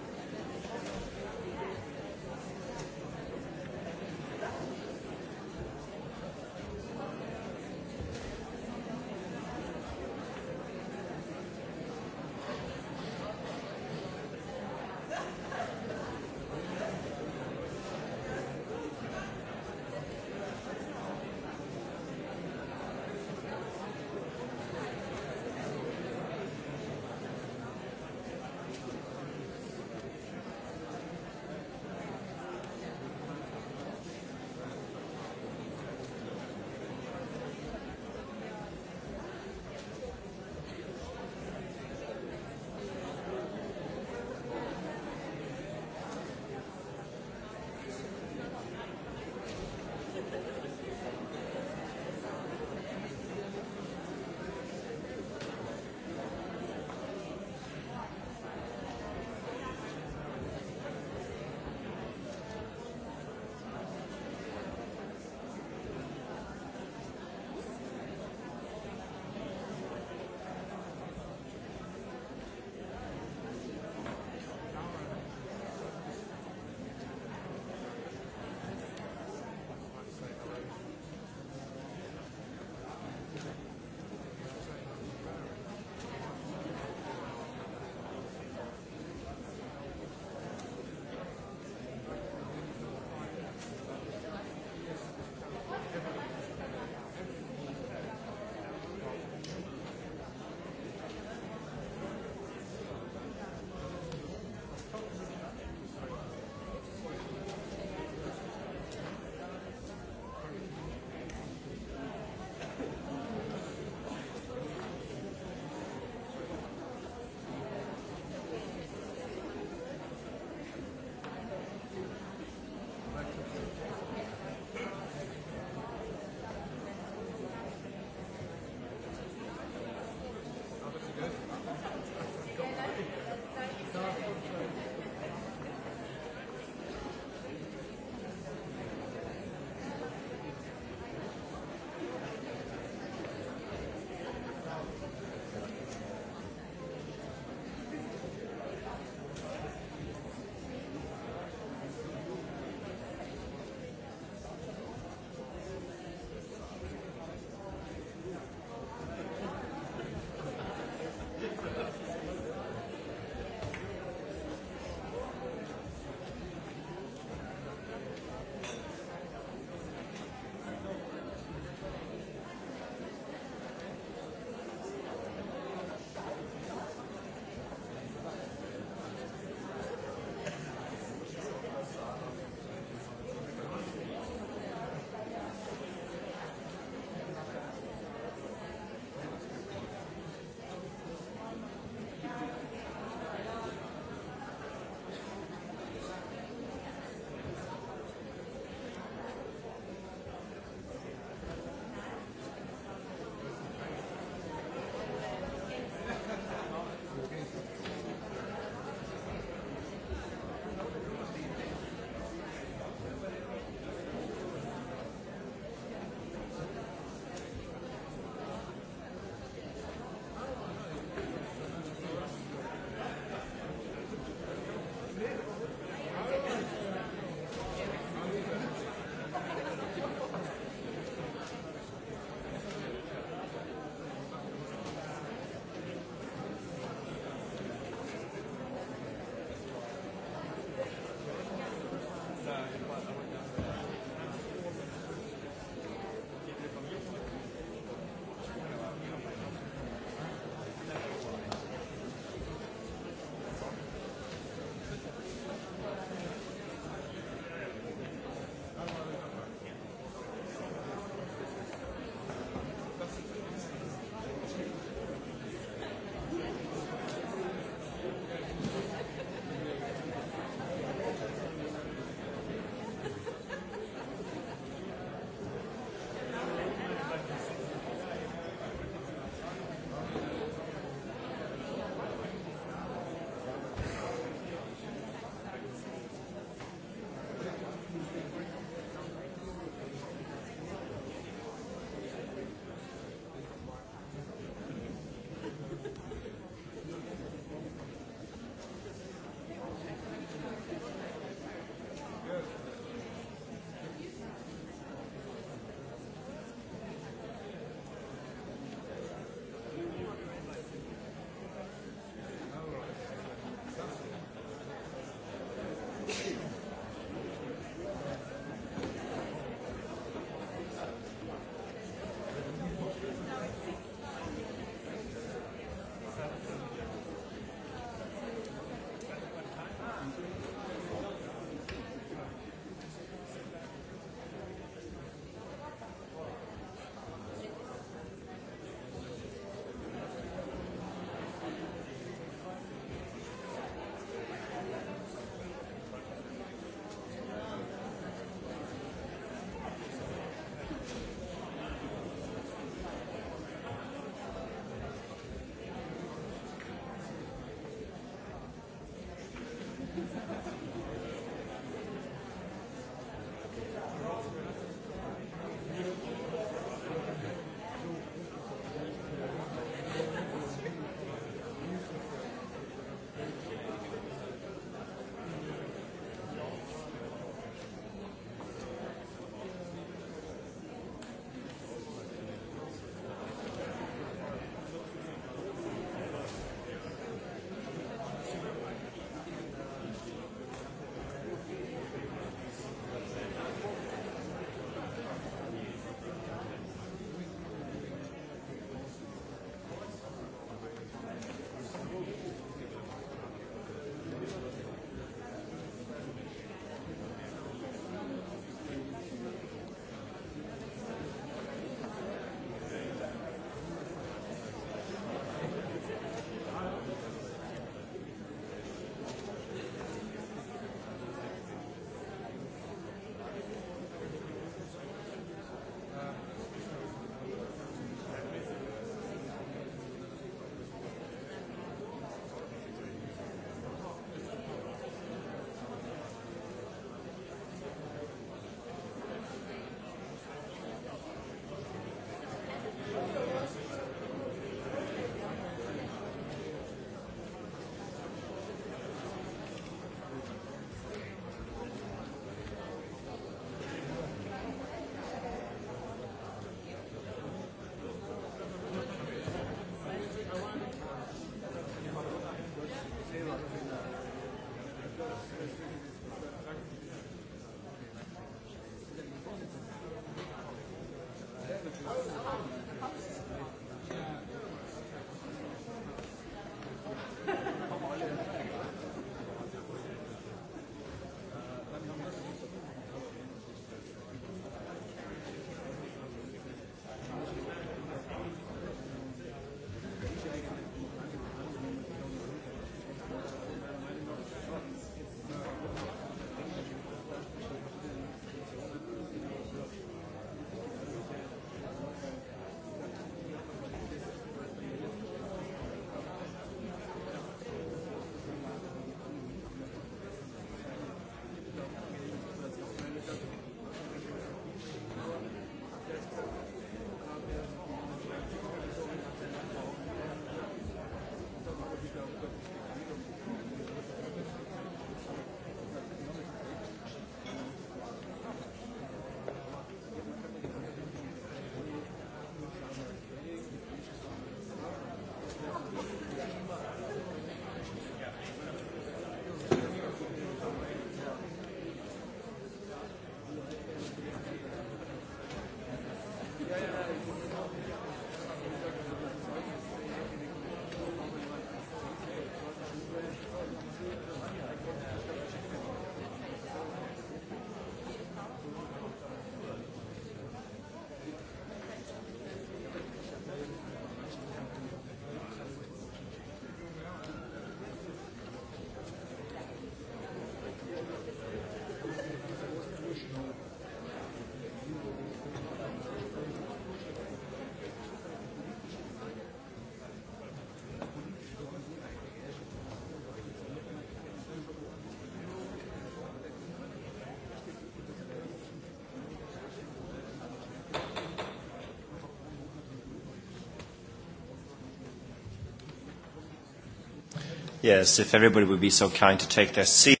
Yes, if everybody would be so kind to take their seat.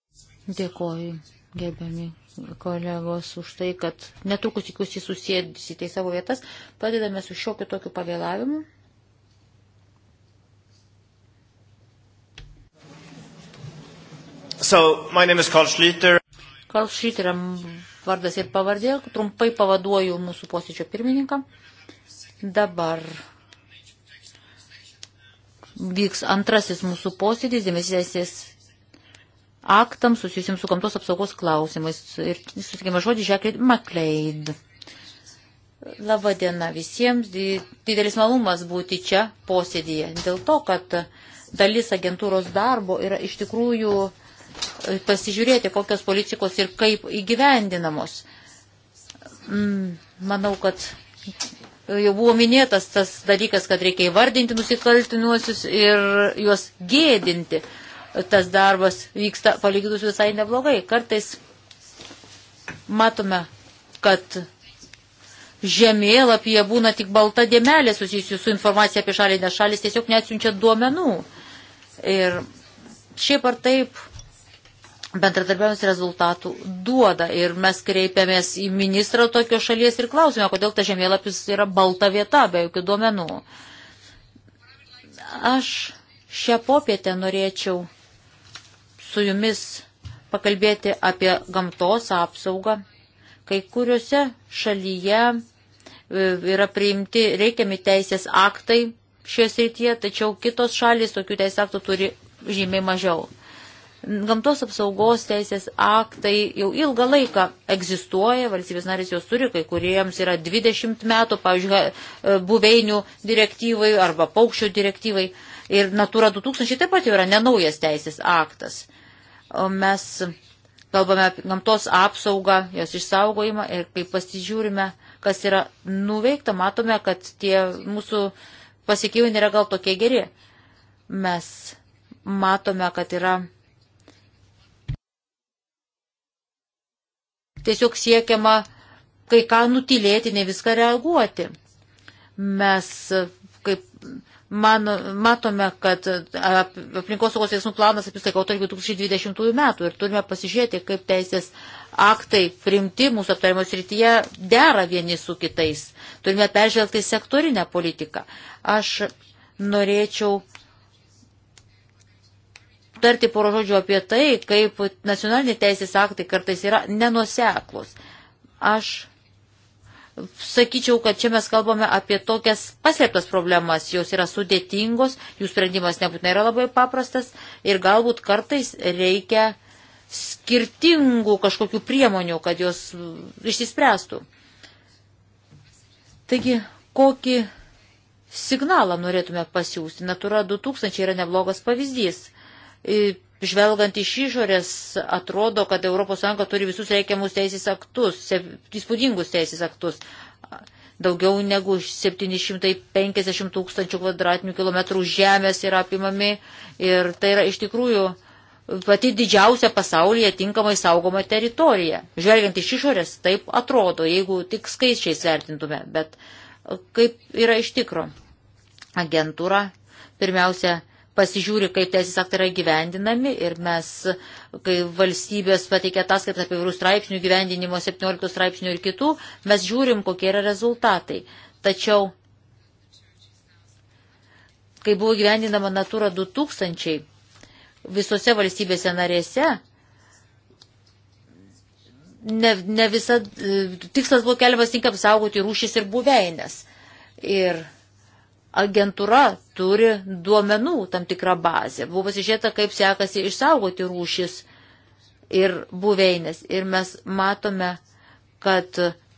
Dėkoju, gerbiami kolegos, už tai, kad netrukus tikiuosi susėdysite į savo vietas. Padedame su šiokiu tokiu pavėlavimu. So, my name is Karl Schlitter. Karl Schlitter vardas ir pavardė. Trumpai pavaduoju mūsų posėdžio pirmininką. Dabar vyks antrasis mūsų posėdis, dėmesys aktams susijusim su gamtos apsaugos klausimais. Ir susikime žodį Žekrit Makleid. Labadiena visiems. Didelis malumas būti čia posėdėje. Dėl to, kad dalis agentūros darbo yra iš tikrųjų e, pasižiūrėti, kokios politikos ir kaip įgyvendinamos. Mm, manau, kad jau buvo minėtas tas dalykas, kad reikia įvardinti nusikaltinuosius ir juos gėdinti. Tas darbas vyksta palyginus visai neblogai. Kartais matome, kad žemėlapyje būna tik balta dėmelė susijusi su informacija apie šalį, nes šalis tiesiog neatsiunčia duomenų. Ir šiaip ar taip bendradarbiavimas rezultatų duoda. Ir mes kreipiamės į ministrą tokio šalies ir klausime, kodėl ta žemėlapis yra balta vieta, be jokių duomenų. Aš šią popietę norėčiau su jumis pakalbėti apie gamtos apsaugą. Kai kuriuose šalyje e, yra priimti reikiami teisės aktai šioje srityje, tačiau kitos šalis tokių teisės aktų turi žymiai mažiau. Gamtos apsaugos teisės aktai jau ilgą laiką egzistuoja, valstybės narės jos turi, kai kuriems yra 20 metų, pavyzdžiui, e, buveinių direktyvai arba paukščių direktyvai. Ir Natura 2000 taip pat jau yra nenaujas teisės aktas. O mes kalbame apie gamtos apsaugą, jos išsaugojimą ir kai pasižiūrime, kas yra nuveikta, matome, kad tie mūsų pasiekimai nėra gal tokie geri. Mes matome, kad yra tiesiog siekiama kai ką nutilėti, ne viską reaguoti. Mes kaip man, matome, kad aplinkosaugos veiksmų planas apiskai autorių 2020 metų ir turime pasižiūrėti, kaip teisės aktai primti mūsų aptariamos rytyje dera vieni su kitais. Turime peržvelgti sektorinę politiką. Aš norėčiau tarti poro žodžių apie tai, kaip nacionaliniai teisės aktai kartais yra nenuseklus. Aš sakyčiau, kad čia mes kalbame apie tokias paslėptas problemas, jos yra sudėtingos, jų sprendimas nebūtinai yra labai paprastas ir galbūt kartais reikia skirtingų kažkokių priemonių, kad jos išsispręstų. Taigi, kokį signalą norėtume pasiūsti? Natura 2000 yra neblogas pavyzdys žvelgant iš išorės, atrodo, kad ES turi visus reikiamus teisės aktus, įspūdingus teisės aktus. Daugiau negu 750 tūkstančių kvadratinių kilometrų žemės yra apimami ir tai yra iš tikrųjų pati didžiausia pasaulyje tinkamai saugoma teritorija. Žvelgiant iš išorės, taip atrodo, jeigu tik skaičiais vertintume, bet kaip yra iš tikro. Agentūra pirmiausia pasižiūri, kaip teisės aktai yra gyvendinami ir mes, kai valstybės pateikia ataskaitą apie vairių straipsnių gyvendinimo, 17 straipsnių ir kitų, mes žiūrim, kokie yra rezultatai. Tačiau, kai buvo gyvendinama Natura 2000, visose valstybėse narėse, ne, ne visad, e, tikslas buvo keliamas tik apsaugoti rūšis ir buveinės. Ir agentūra turi duomenų tam tikrą bazę. Buvo pasižiūrėta, kaip sekasi išsaugoti rūšis ir buveinės. Ir mes matome, kad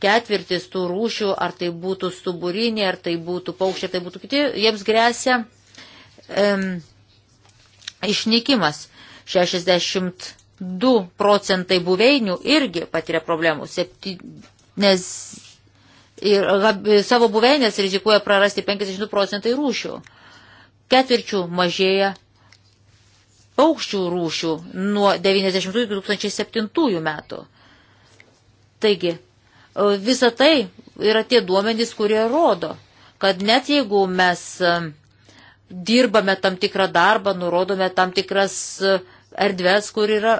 ketvirtis tų rūšių, ar tai būtų stuburiniai, ar tai būtų paukščiai, ar tai būtų kiti, jiems grėsia um, e, išnykimas. 62 procentai buveinių irgi patiria problemų. 7, nes ir savo buveinės rizikuoja prarasti 52 procentai rūšių. Ketvirčių mažėja paukščių rūšių nuo 90-2007 metų. Taigi, e, visa tai yra tie duomenys, kurie rodo, kad net jeigu mes e, dirbame tam tikrą darbą, nurodome tam tikras e, erdves, kur yra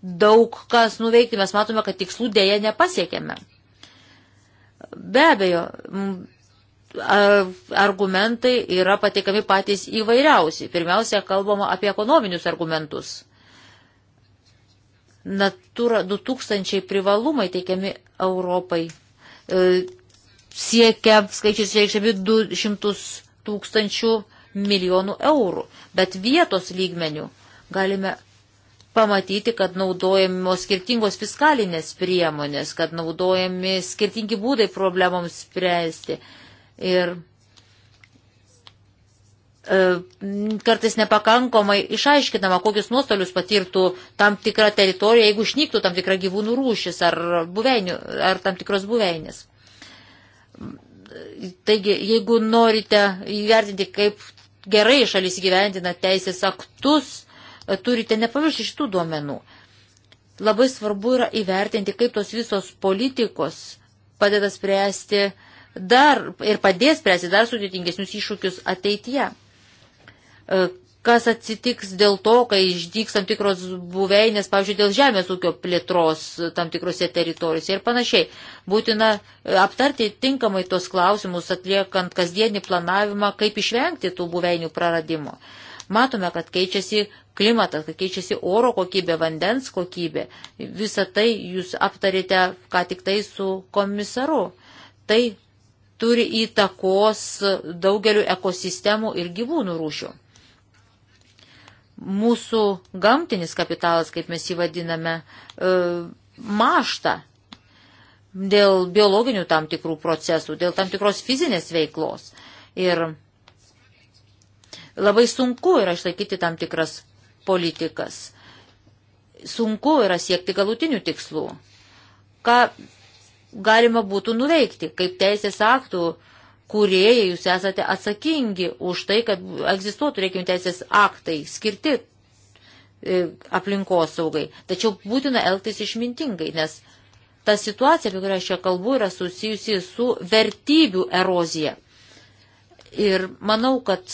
daug kas nuveikti, mes matome, kad tikslų dėja nepasiekėme. Be abejo, argumentai yra pateikami patys įvairiausi. Pirmiausia, kalbama apie ekonominius argumentus. Natura 2000 privalumai teikiami Europai e, siekia skaičius reikšami 200 tūkstančių milijonų eurų, bet vietos lygmenių galime pamatyti, kad naudojamos skirtingos fiskalinės priemonės, kad naudojami skirtingi būdai problemoms spręsti. Ir e, kartais nepakankamai išaiškinama, kokius nuostolius patirtų tam tikra teritorija, jeigu išnyktų tam tikra gyvūnų rūšis ar, buveinių, ar tam tikros buveinės. Taigi, jeigu norite įvertinti, kaip gerai šalis gyvendina teisės aktus, turite nepamiršti šitų duomenų. Labai svarbu yra įvertinti, kaip tos visos politikos padeda spręsti dar ir padės spręsti dar sudėtingesnius iššūkius ateityje. E, kas atsitiks dėl to, kai išdyks tam tikros buveinės, pavyzdžiui, dėl žemės ūkio plėtros tam tikrose teritorijose ir panašiai. Būtina e, aptarti tinkamai tos klausimus, atliekant kasdienį planavimą, kaip išvengti tų buveinių praradimo. Matome, kad keičiasi klimatas, kad keičiasi oro kokybė, vandens kokybė. Visą tai jūs aptarėte ką tik tai su komisaru. Tai turi įtakos daugeliu ekosistemų ir gyvūnų rūšių. Mūsų gamtinis kapitalas, kaip mes jį vadiname, e, mašta dėl biologinių tam tikrų procesų, dėl tam tikros fizinės veiklos. Ir labai sunku yra išlaikyti tam tikras politikas. Sunku yra siekti galutinių tikslų. Ką galima būtų nuveikti, kaip teisės aktų kurieji jūs esate atsakingi už tai, kad egzistuotų reikiami teisės aktai skirti e, aplinkosaugai. Tačiau būtina elgtis išmintingai, nes ta situacija, apie kurią aš čia kalbu, yra susijusi su vertybių erozija. Ir manau, kad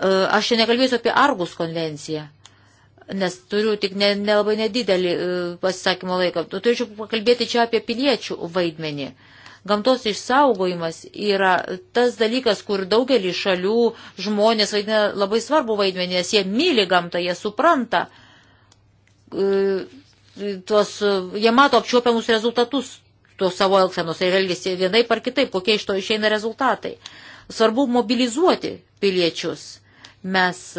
Aš čia nekalbėsiu apie Argus konvenciją, nes turiu tik nelabai ne, ne nedidelį e, pasisakymo laiką. Turėčiau pakalbėti čia apie piliečių vaidmenį. Gamtos išsaugojimas yra tas dalykas, kur daugelį šalių žmonės vaidina labai svarbu vaidmenį, nes jie myli gamtą, jie supranta, e, tuos, jie mato apčiuopiamus rezultatus tuos savo elgsenos ir elgesi vienai par kitaip, kokie iš to išeina rezultatai. Svarbu mobilizuoti piliečius. Mes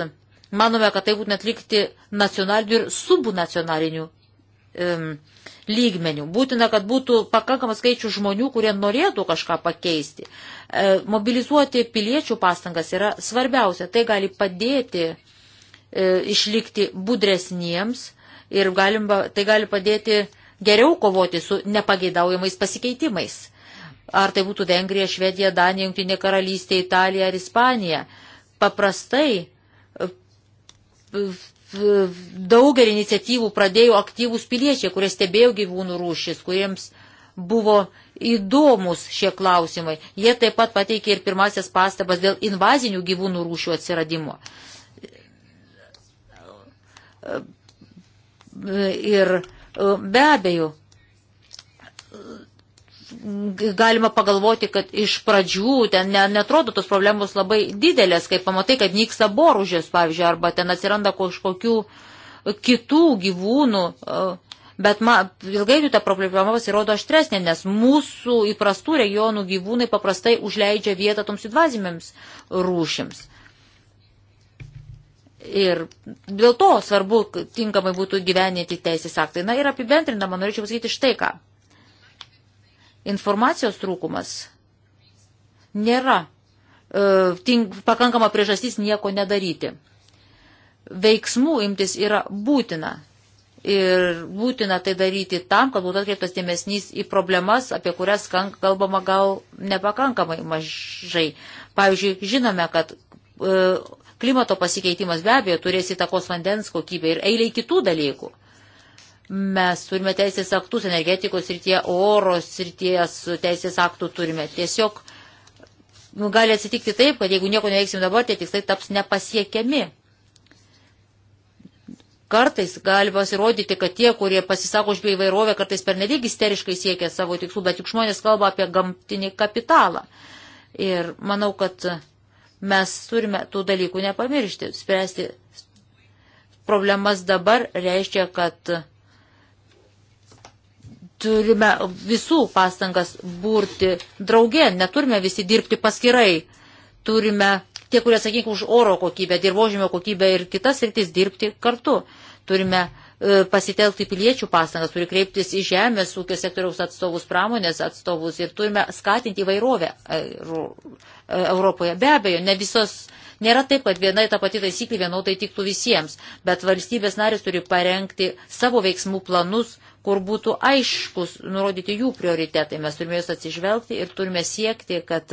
manome, kad tai būtina atlikti nacionaliniu ir subnacionaliniu um, lygmenių. Būtina, kad būtų pakankamas skaičių žmonių, kurie norėtų kažką pakeisti. E, mobilizuoti piliečių pastangas yra svarbiausia. Tai gali padėti e, išlikti budresniems ir galima, tai gali padėti geriau kovoti su nepageidaujamais pasikeitimais. Ar tai būtų Vengrija, Švedija, Danija, Junktinė karalystė, Italija ar Ispanija. E, Paprastai e, daugelį iniciatyvų pradėjo aktyvūs piliečiai, kurie stebėjo gyvūnų rūšis, kuriems buvo įdomus šie klausimai. Jie taip pat pateikė ir pirmasias pastabas dėl invazinių gyvūnų rūšių atsiradimo. E, e, ir be abejo, galima pagalvoti, kad iš pradžių ten ne, netrodo tos problemos labai didelės, kai pamatai, kad nyksta boružės, pavyzdžiui, arba ten atsiranda kažkokių kitų gyvūnų. E, bet ma, ilgainiui ta problema pasirodo aštresnė, nes mūsų įprastų regionų gyvūnai paprastai užleidžia vietą toms invazimėms rūšims. Ir dėl to svarbu tinkamai būtų gyveninti teisės aktai. Na ir apibendrindama norėčiau pasakyti štai ką informacijos trūkumas nėra e, tink, pakankama priežastis nieko nedaryti. Veiksmų imtis yra būtina. Ir būtina tai daryti tam, kad būtų atkreiptas dėmesys į problemas, apie kurias kalbama gal nepakankamai mažai. Pavyzdžiui, žinome, kad e, klimato pasikeitimas be abejo turės įtakos vandens kokybę ir eiliai kitų dalykų. E, Mes turime teisės aktus energetikos rytyje, oros ryties teisės aktų turime. Tiesiog nu, gali atsitikti taip, kad jeigu nieko neveiksim dabar, tie tikslai taps nepasiekiami. Kartais gali pasirodyti, kad tie, kurie pasisako už įvairovę, kartais pernelyg isteriškai siekia savo tikslų, bet juk žmonės kalba apie gamtinį kapitalą. Ir manau, kad mes turime tų dalykų nepamiršti. Spręsti problemas dabar reiškia, kad turime visų pastangas būrti draugė, neturime visi dirbti paskirai. Turime tie, kurie atsakingi už oro kokybę, dirbožėmio kokybę ir kitas rytis dirbti kartu. Turime e, pasitelkti piliečių pastangas, turi kreiptis į žemės ūkio sektoriaus atstovus, pramonės atstovus ir turime skatinti įvairovę e, e, Europoje. Be abejo, ne visos Nėra taip, kad viena ir ta pati taisyklė vienodai tiktų visiems, bet valstybės narės turi parengti savo veiksmų planus, kur būtų aiškus nurodyti jų prioritetai. Mes turime juos atsižvelgti ir turime siekti, kad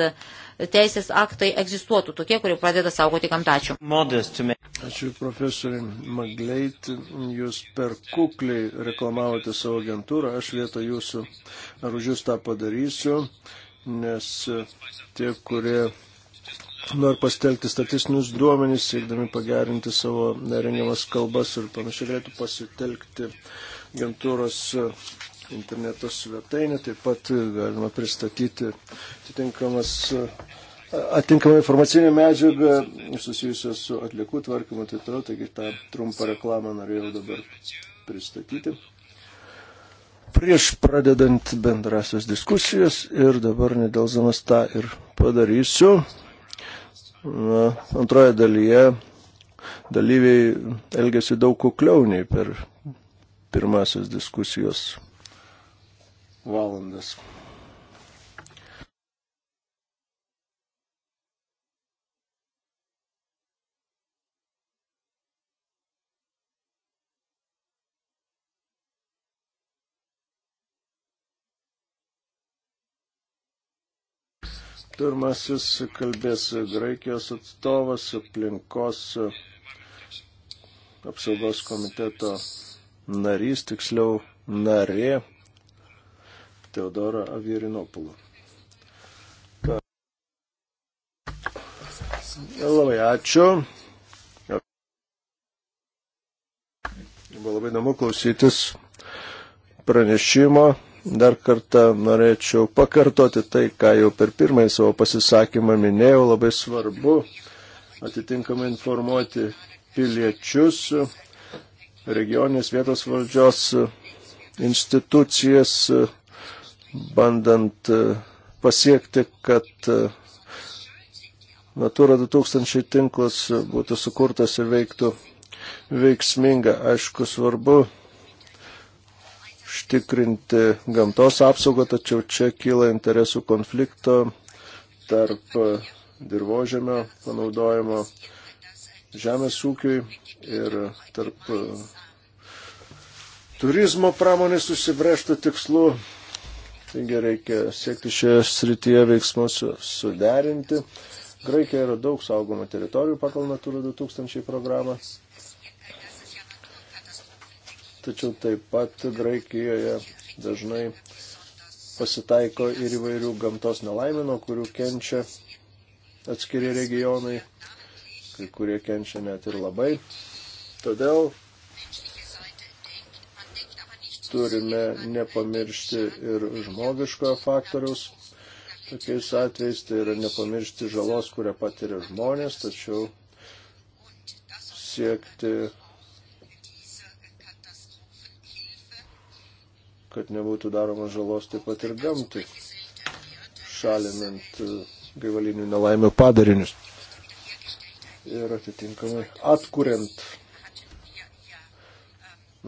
teisės aktai egzistuotų tokie, kurie pradeda saugoti gamtačių. Ačiū profesorė Magleit, jūs per kukliai reklamavote savo agentūrą, aš vietoj jūsų, ar už jūs tą padarysiu, nes tie, kurie nori pastelti statistinius duomenys, siekdami pagerinti savo rengiamas kalbas ir panašiai galėtų pasitelkti agentūros e, interneto svetainę, taip pat e, galima pristatyti atitinkamas e, atitinkamą informacinę medžiagą susijusią su atliekų tvarkymu ir taip toliau, taigi tą trumpą reklamą norėjau dabar pristatyti. Prieš pradedant bendrasios diskusijos ir dabar nedelzamas tą ir padarysiu. Na, antroje dalyje dalyviai elgėsi daug kukliau nei per pirmasis diskusijos valandas. Pirmasis kalbės Graikijos atstovas aplinkos apsaugos komiteto narys, tiksliau narė Teodora Avirinopulų. Labai ačiū. Buvo labai įdomu klausytis pranešimo Dar kartą norėčiau pakartoti tai, ką jau per pirmąjį savo pasisakymą minėjau, labai svarbu atitinkamai informuoti piliečius, regioninės vietos valdžios institucijas, bandant e, pasiekti, kad e, Natura 2000 tinklas būtų sukurtas ir veiktų veiksminga. Aišku, svarbu užtikrinti gamtos apsaugą, tačiau čia kyla interesų konflikto tarp e, dirbožėmio panaudojimo žemės ūkiui ir tarp e, turizmo pramonės susibrėžtų tikslų. Taigi reikia siekti šioje srityje veiksmus suderinti. Graikija yra daug saugomų teritorijų pagal Natūra 2000 programą tačiau taip pat Graikijoje dažnai pasitaiko ir įvairių gamtos nelaimino, kurių kenčia atskiri regionai, kai kurie kenčia net ir labai. Todėl turime nepamiršti ir žmogiškojo faktoriaus. Tokiais atvejais tai yra nepamiršti žalos, kurią patiria žmonės, tačiau siekti kad nebūtų daroma žalos taip pat ir gamtai, šalinant e, gaivalinių nelaimių padarinius ir atitinkamai atkuriant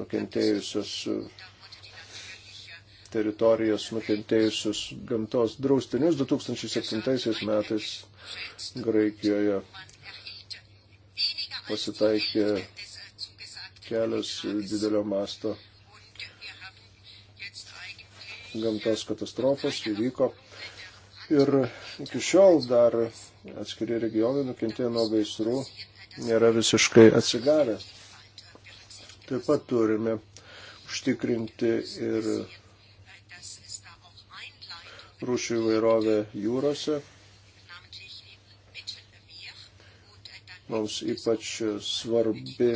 nukentėjusios e, teritorijas, nukentėjusius gamtos draustinius 2007 metais Graikijoje pasitaikė kelios didelio masto gamtos katastrofos įvyko. Ir iki šiol dar atskiri regionai nukentėjo nuo gaisrų, nėra visiškai atsigavę. Taip pat turime užtikrinti ir rūšių įvairovę jūrose. Mums ypač svarbi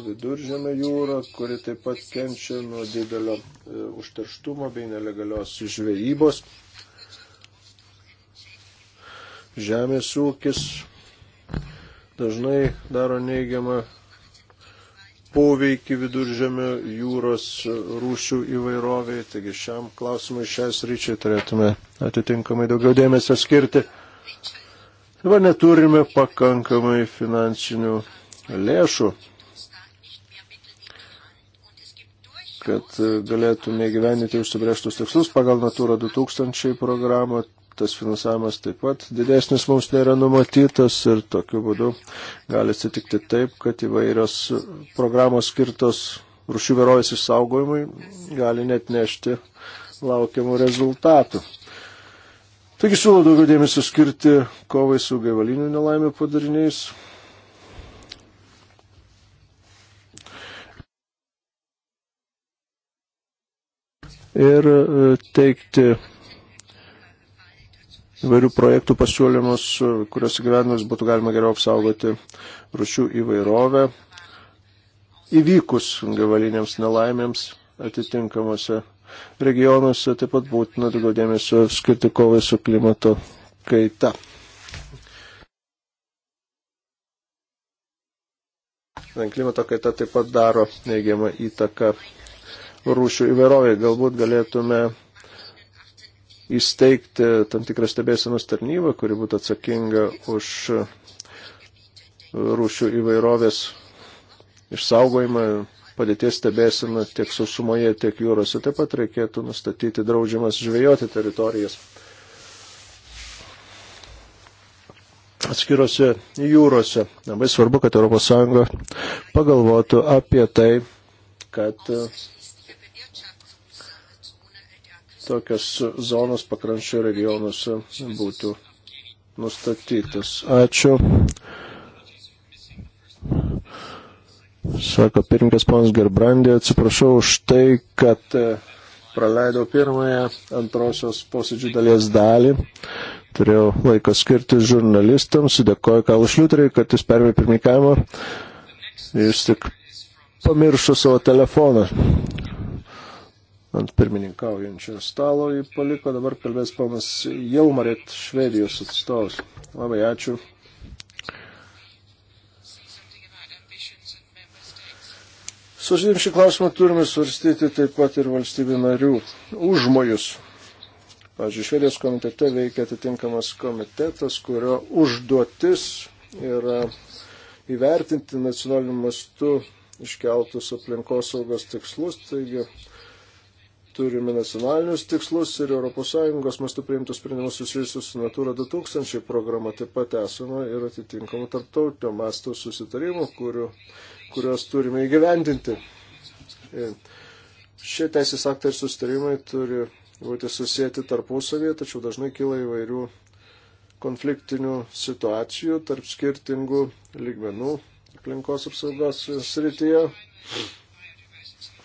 viduržėme jūra, kuri taip pat kenčia nuo didelio e, užterštumo bei nelegalios žvejybos. Žemės ūkis dažnai daro neigiamą poveikį viduržėmio jūros rūšių įvairoviai, taigi šiam klausimui šias ryčiai turėtume atitinkamai daugiau dėmesio skirti. Dabar neturime pakankamai finansinių lėšų kad e, galėtume gyveninti užsibrėžtus tikslus pagal Natūra 2000 programą. Tas finansavimas taip pat didesnis mums nėra numatytas ir tokiu būdu gali atsitikti taip, kad įvairios programos skirtos rušių vėrovės išsaugojimui gali net nešti laukiamų rezultatų. Taigi siūlau daugiau dėmesio skirti kovai su gaivalinių nelaimių padariniais, ir e, teikti įvairių projektų pasiūlymus, e, kurios gyvenimas būtų galima geriau apsaugoti rušių įvairovę. Įvykus gavaliniams nelaimėms atitinkamuose regionuose taip pat būtina daugiau dėmesio skirti kovai su klimato kaita. Klimato kaita taip pat daro neigiamą įtaką rūšių įvairovė. Galbūt galėtume įsteigti tam tikrą stebėsenos tarnybą, kuri būtų atsakinga už rūšių įvairovės išsaugojimą, padėties stebėseną tiek sausumoje, tiek jūrose. Taip pat reikėtų nustatyti draudžiamas žvejoti teritorijas. Atskirose jūrose. Labai svarbu, kad ES pagalvotų apie tai, kad tokios zonos pakrančio regionuose būtų nustatytas. Ačiū. Sako pirmininkas ponas Gerbrandė, atsiprašau už tai, kad e, praleidau pirmąją antrosios posėdžių dalies dalį. Turėjau laiko skirti žurnalistams, dėkoju Kalus Liuteriai, kad jis permė pirmininkavimą. Jis tik pamiršo savo telefoną ant pirmininkaujančio stalo jį paliko. Dabar kalbės panas Jelmaret, Švedijos atstovas. Labai ačiū. Svarstydami šį klausimą turime svarstyti taip pat ir valstybių narių užmojus. Pavyzdžiui, Švedijos komitete veikia atitinkamas komitetas, kurio užduotis yra įvertinti nacionaliniu mastu iškeltus aplinkosaugos tikslus. Taigi, turime nacionalinius tikslus ir ES mastu priimtus sprendimus susijusius su Natura 2000 programa taip pat esama ir atitinkamų tarptautinio masto susitarimų, kuriu, kuriuos turime įgyvendinti. Ir šie teisės aktai ir susitarimai turi būti susijęti tarpusavėje, tačiau dažnai kyla įvairių konfliktinių situacijų tarp skirtingų lygmenų aplinkos apsaugos srityje.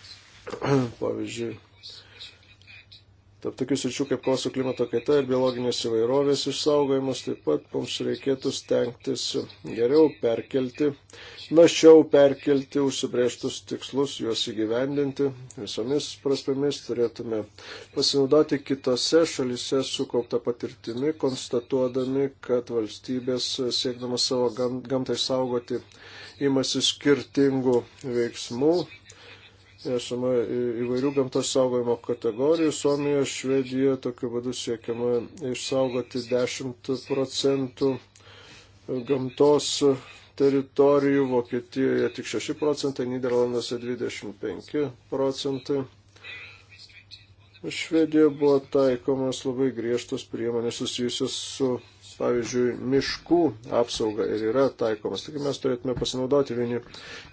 [clears throat] Pavyzdžiui, Tarp tokių sričių kaip kosų klimato kaita ir biologinės įvairovės išsaugojimas taip pat mums reikėtų stengtis geriau perkelti, našiau perkelti užsibrėžtus tikslus, juos įgyvendinti. Visomis prasmėmis turėtume pasinaudoti kitose šalise sukauptą patirtimi, konstatuodami, kad valstybės siekdamas savo gamtą išsaugoti imasi skirtingų veiksmų esama įvairių gamtos saugojimo kategorijų. Suomijoje, Švedijoje tokiu būdu siekiama išsaugoti 10 procentų gamtos teritorijų, Vokietijoje tik 6 procentai, Niderlanduose 25 procentai. Švedijoje buvo taikomas labai griežtos priemonės susijusios su pavyzdžiui, miškų apsauga ir yra taikomas. Taigi mes turėtume pasinaudoti vieni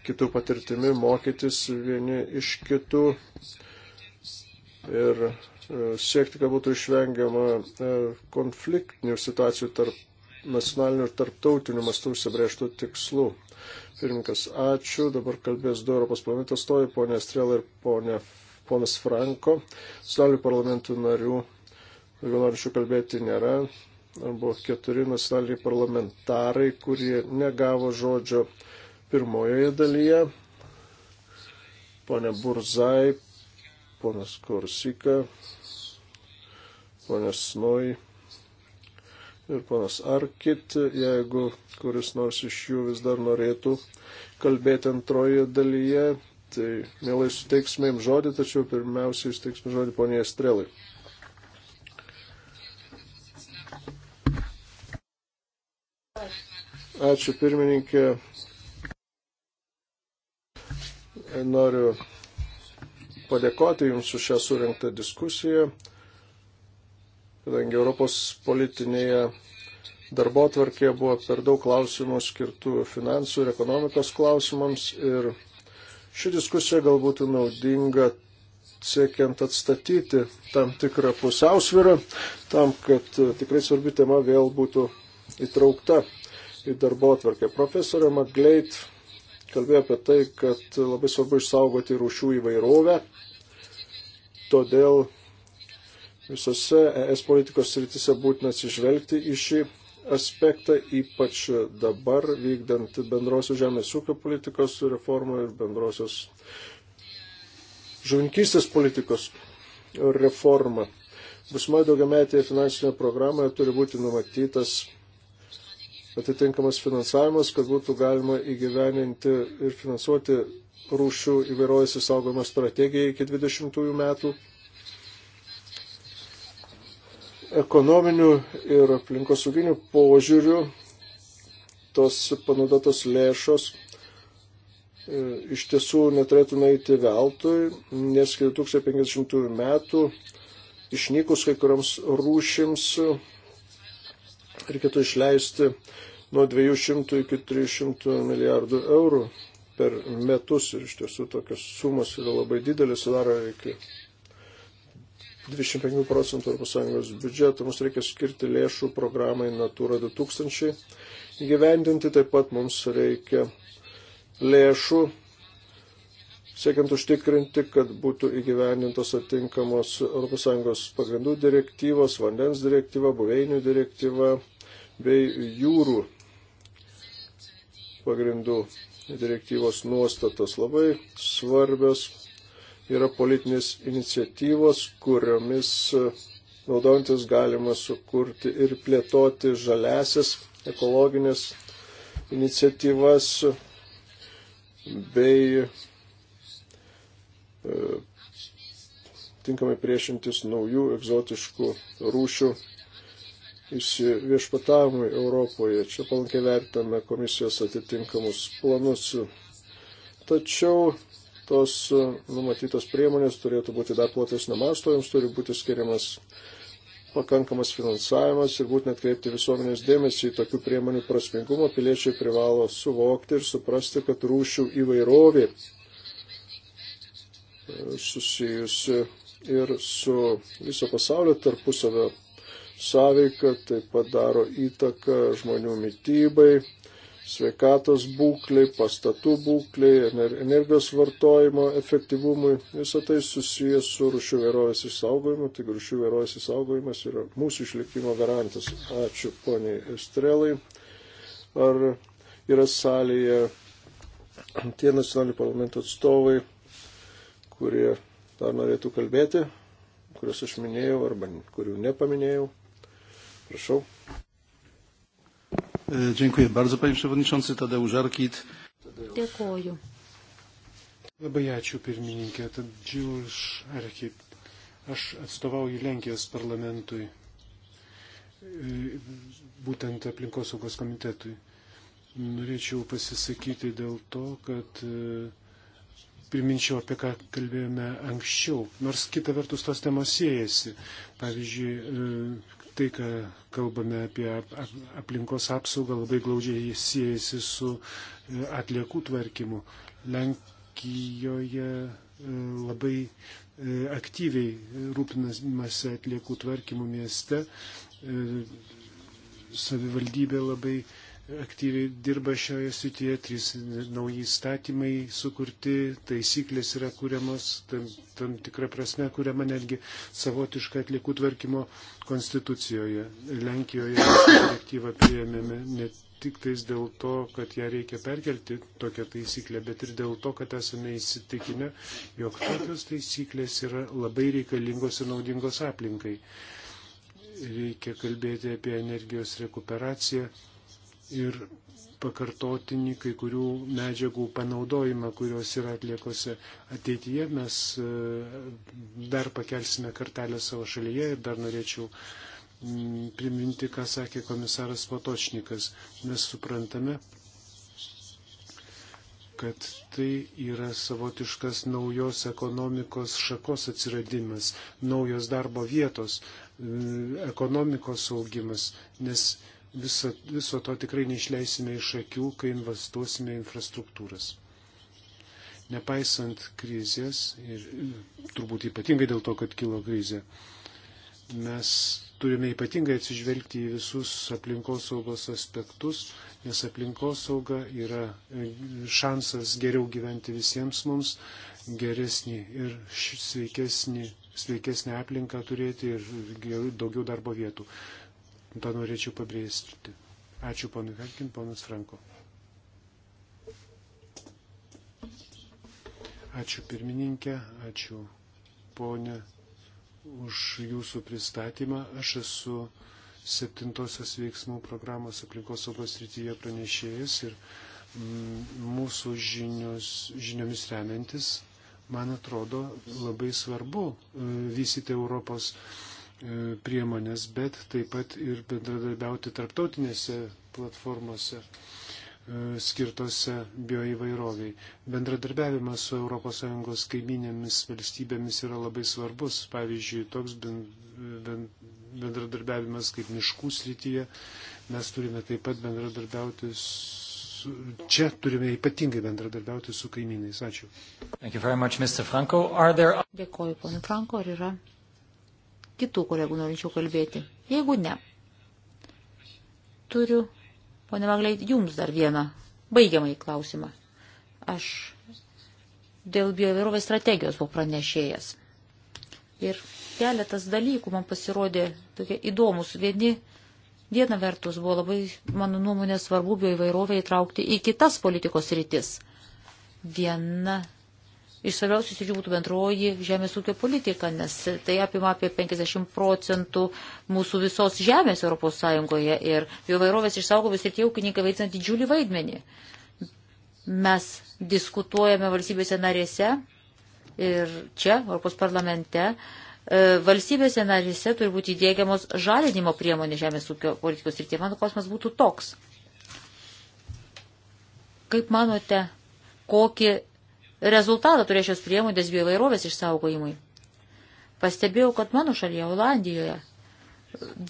kitų patirtimi, mokytis vieni iš kitų ir e, siekti, kad būtų išvengiama e, konfliktinių situacijų tarp nacionalinių ir tarptautinių mastų užsibrėžtų tikslų. Pirmininkas, ačiū. Dabar kalbės du Europos parlamento stovai, ponė Strela ir ponė, ponas Franko, nacionalinių parlamentų narių Jeigu norinčių kalbėti nėra, buvo keturi nacionaliniai parlamentarai, kurie negavo žodžio pirmojoje dalyje. Pone Burzai, ponas Korsika, ponas Snoj ir ponas Arkit, jeigu kuris nors iš jų vis dar norėtų kalbėti antrojoje dalyje, tai mielai suteiksime jums žodį, tačiau pirmiausiai suteiksime žodį poniai Estrelai. Ačiū pirmininkė. Noriu padėkoti Jums už šią surinktą diskusiją, kadangi Europos politinėje darbo tvarkėje buvo per daug klausimų skirtų finansų ir ekonomikos klausimams ir ši diskusija galbūt naudinga siekiant atstatyti tam tikrą pusiausvyrą, tam, kad tikrai svarbi tema vėl būtų įtraukta į darbo atvarkę. Profesorė Magleit kalbėjo apie tai, kad labai svarbu išsaugoti rūšių įvairovę, todėl visose ES politikos sritise būtina atsižvelgti į šį aspektą, ypač dabar vykdant bendrosios žemės ūkio politikos reformą ir bendrosios žuvinkystės politikos reformą. Busmoje daugiametėje finansinėje programoje turi būti numatytas atitinkamas finansavimas, kad būtų galima įgyveninti ir finansuoti rūšių įvairovės išsaugojimo strategiją iki 20 metų. Ekonominių ir aplinkosauginių požiūrių tos panaudotos lėšos e, iš tiesų neturėtų nueiti veltui, nes iki 2050 metų išnykus kai kuriams rūšims reikėtų išleisti nuo 200 iki 300 milijardų eurų per metus ir iš tiesų tokios sumos yra labai didelis, sudaro iki 25 procentų ES biudžeto. Mums reikia skirti lėšų programai Natura 2000 įgyvendinti, taip pat mums reikia lėšų siekiant užtikrinti, kad būtų įgyvendintos atitinkamos ES pagrindų direktyvos, vandens direktyva, buveinių direktyva, bei jūrų pagrindų direktyvos nuostatos labai svarbios yra politinės iniciatyvos, kuriomis e, naudojantis galima sukurti ir plėtoti žaliasias ekologinės iniciatyvas bei e, tinkamai priešintis naujų egzotiškų rūšių išviešpatavimui Europoje. Čia palankiai vertiname komisijos atitinkamus planus. Tačiau tos numatytos priemonės turėtų būti dar platesnio masto, joms turi būti skiriamas pakankamas finansavimas ir būtent atkreipti visuomenės dėmesį į tokių priemonių prasmingumą. Piliečiai privalo suvokti ir suprasti, kad rūšių įvairovė susijusi ir su viso pasaulio tarpusavio sąveiką, taip pat daro įtaką žmonių mytybai, sveikatos būkliai, pastatų būkliai, energijos vartojimo efektyvumui. Visą tai susijęs su rušių vėrovės išsaugojimu, tik rušių vėrovės išsaugojimas yra mūsų išlikimo garantas. Ačiū poniai Estrelai. Ar yra salėje tie nacionalinių parlamento atstovai, kurie dar norėtų kalbėti, kuriuos aš minėjau arba kurių nepaminėjau? Prašau. E, dziękuję bardzo, panie przewodniczący Tadeusz Arkit. Dėkoju. Labai ačiū pirmininkė Tadžiūš Arkit. Aš atstovauju Lenkijos parlamentui, e, būtent aplinkosaugos komitetui. Norėčiau pasisakyti dėl to, kad e, priminčiau, apie ką kalbėjome anksčiau, nors kita vertus tos temos siejasi. Pavyzdžiui, tai, ką kalbame apie aplinkos apsaugą, labai glaudžiai siejasi su e, atliekų tvarkymu. Lenkijoje e, labai e, aktyviai rūpinamasi atliekų tvarkymu mieste. Savivaldybė labai aktyviai dirba šioje srityje, trys nauji įstatymai sukurti, taisyklės yra kūriamos, tam, tam tikra prasme kūriama netgi savotiška atlikų tvarkymo konstitucijoje. Lenkijoje direktyvą priėmėme ne tik tais dėl to, kad ją reikia perkelti tokią taisyklę, bet ir dėl to, kad esame įsitikinę, jog tokios taisyklės yra labai reikalingos ir naudingos aplinkai. Reikia kalbėti apie energijos rekuperaciją ir pakartotinį kai kurių medžiagų panaudojimą, kurios yra atliekose. Ateityje mes e, dar pakelsime kartelę savo šalyje ir dar norėčiau mm, priminti, ką sakė komisaras Potočnikas. Mes suprantame, kad tai yra savotiškas naujos ekonomikos šakos atsiradimas, naujos darbo vietos, e, ekonomikos augimas, nes viso, viso to tikrai neišleisime iš akių, kai investuosime į infrastruktūras. Nepaisant krizės, ir turbūt ypatingai dėl to, kad kilo krizė, mes turime ypatingai atsižvelgti į visus aplinkosaugos aspektus, nes aplinkosauga yra e, šansas geriau gyventi visiems mums, geresnį ir sveikesnį, sveikesnį aplinką turėti ir daugiau darbo vietų. Tą norėčiau pabrėžti. Ačiū ponui Harkin, ponas Franko. Ačiū pirmininkė, ačiū ponė už jūsų pristatymą. Aš esu septintosios veiksmų programos aplinkos saugos rytyje pranešėjas ir mm, mūsų žinios, žiniomis remiantis, man atrodo, labai svarbu e, vystyti Europos E, priemonės, bet taip pat ir bendradarbiauti tarptautinėse platformose e, skirtose bioįvairoviai. Bendradarbiavimas su ES kaiminėmis valstybėmis yra labai svarbus. Pavyzdžiui, toks bendradarbiavimas kaip miškų srityje. Mes turime taip pat bendradarbiauti su. Čia turime ypatingai bendradarbiauti su kaimynais. Ačiū. Much, there... Dėkoju, ponai Franko. Ar yra kitų kolegų norinčių kalbėti. Jeigu ne, turiu, ponė Magleit, jums dar vieną baigiamąjį klausimą. Aš dėl bioverovės strategijos buvau pranešėjas. Ir keletas dalykų man pasirodė tokie įdomus. Vieni, viena vertus buvo labai, mano nuomonė, svarbu bioįvairovę įtraukti į kitas politikos rytis. Viena iš svarbiausių sričių būtų bendroji žemės ūkio politika, nes tai apima apie 50 procentų mūsų visos žemės ES ir bioįvairovės išsaugomis ir tie ūkininkai vaidina didžiulį vaidmenį. Mes diskutuojame valstybėse narėse ir čia, Europos parlamente, e, valstybėse narėse turi būti įdėgiamos žalinimo priemonės žemės ūkio politikos ir tie mano klausimas būtų toks. Kaip manote, kokį rezultatą turės šios priemonės bio įvairovės išsaugojimui. Pastebėjau, kad mano šalyje, Olandijoje,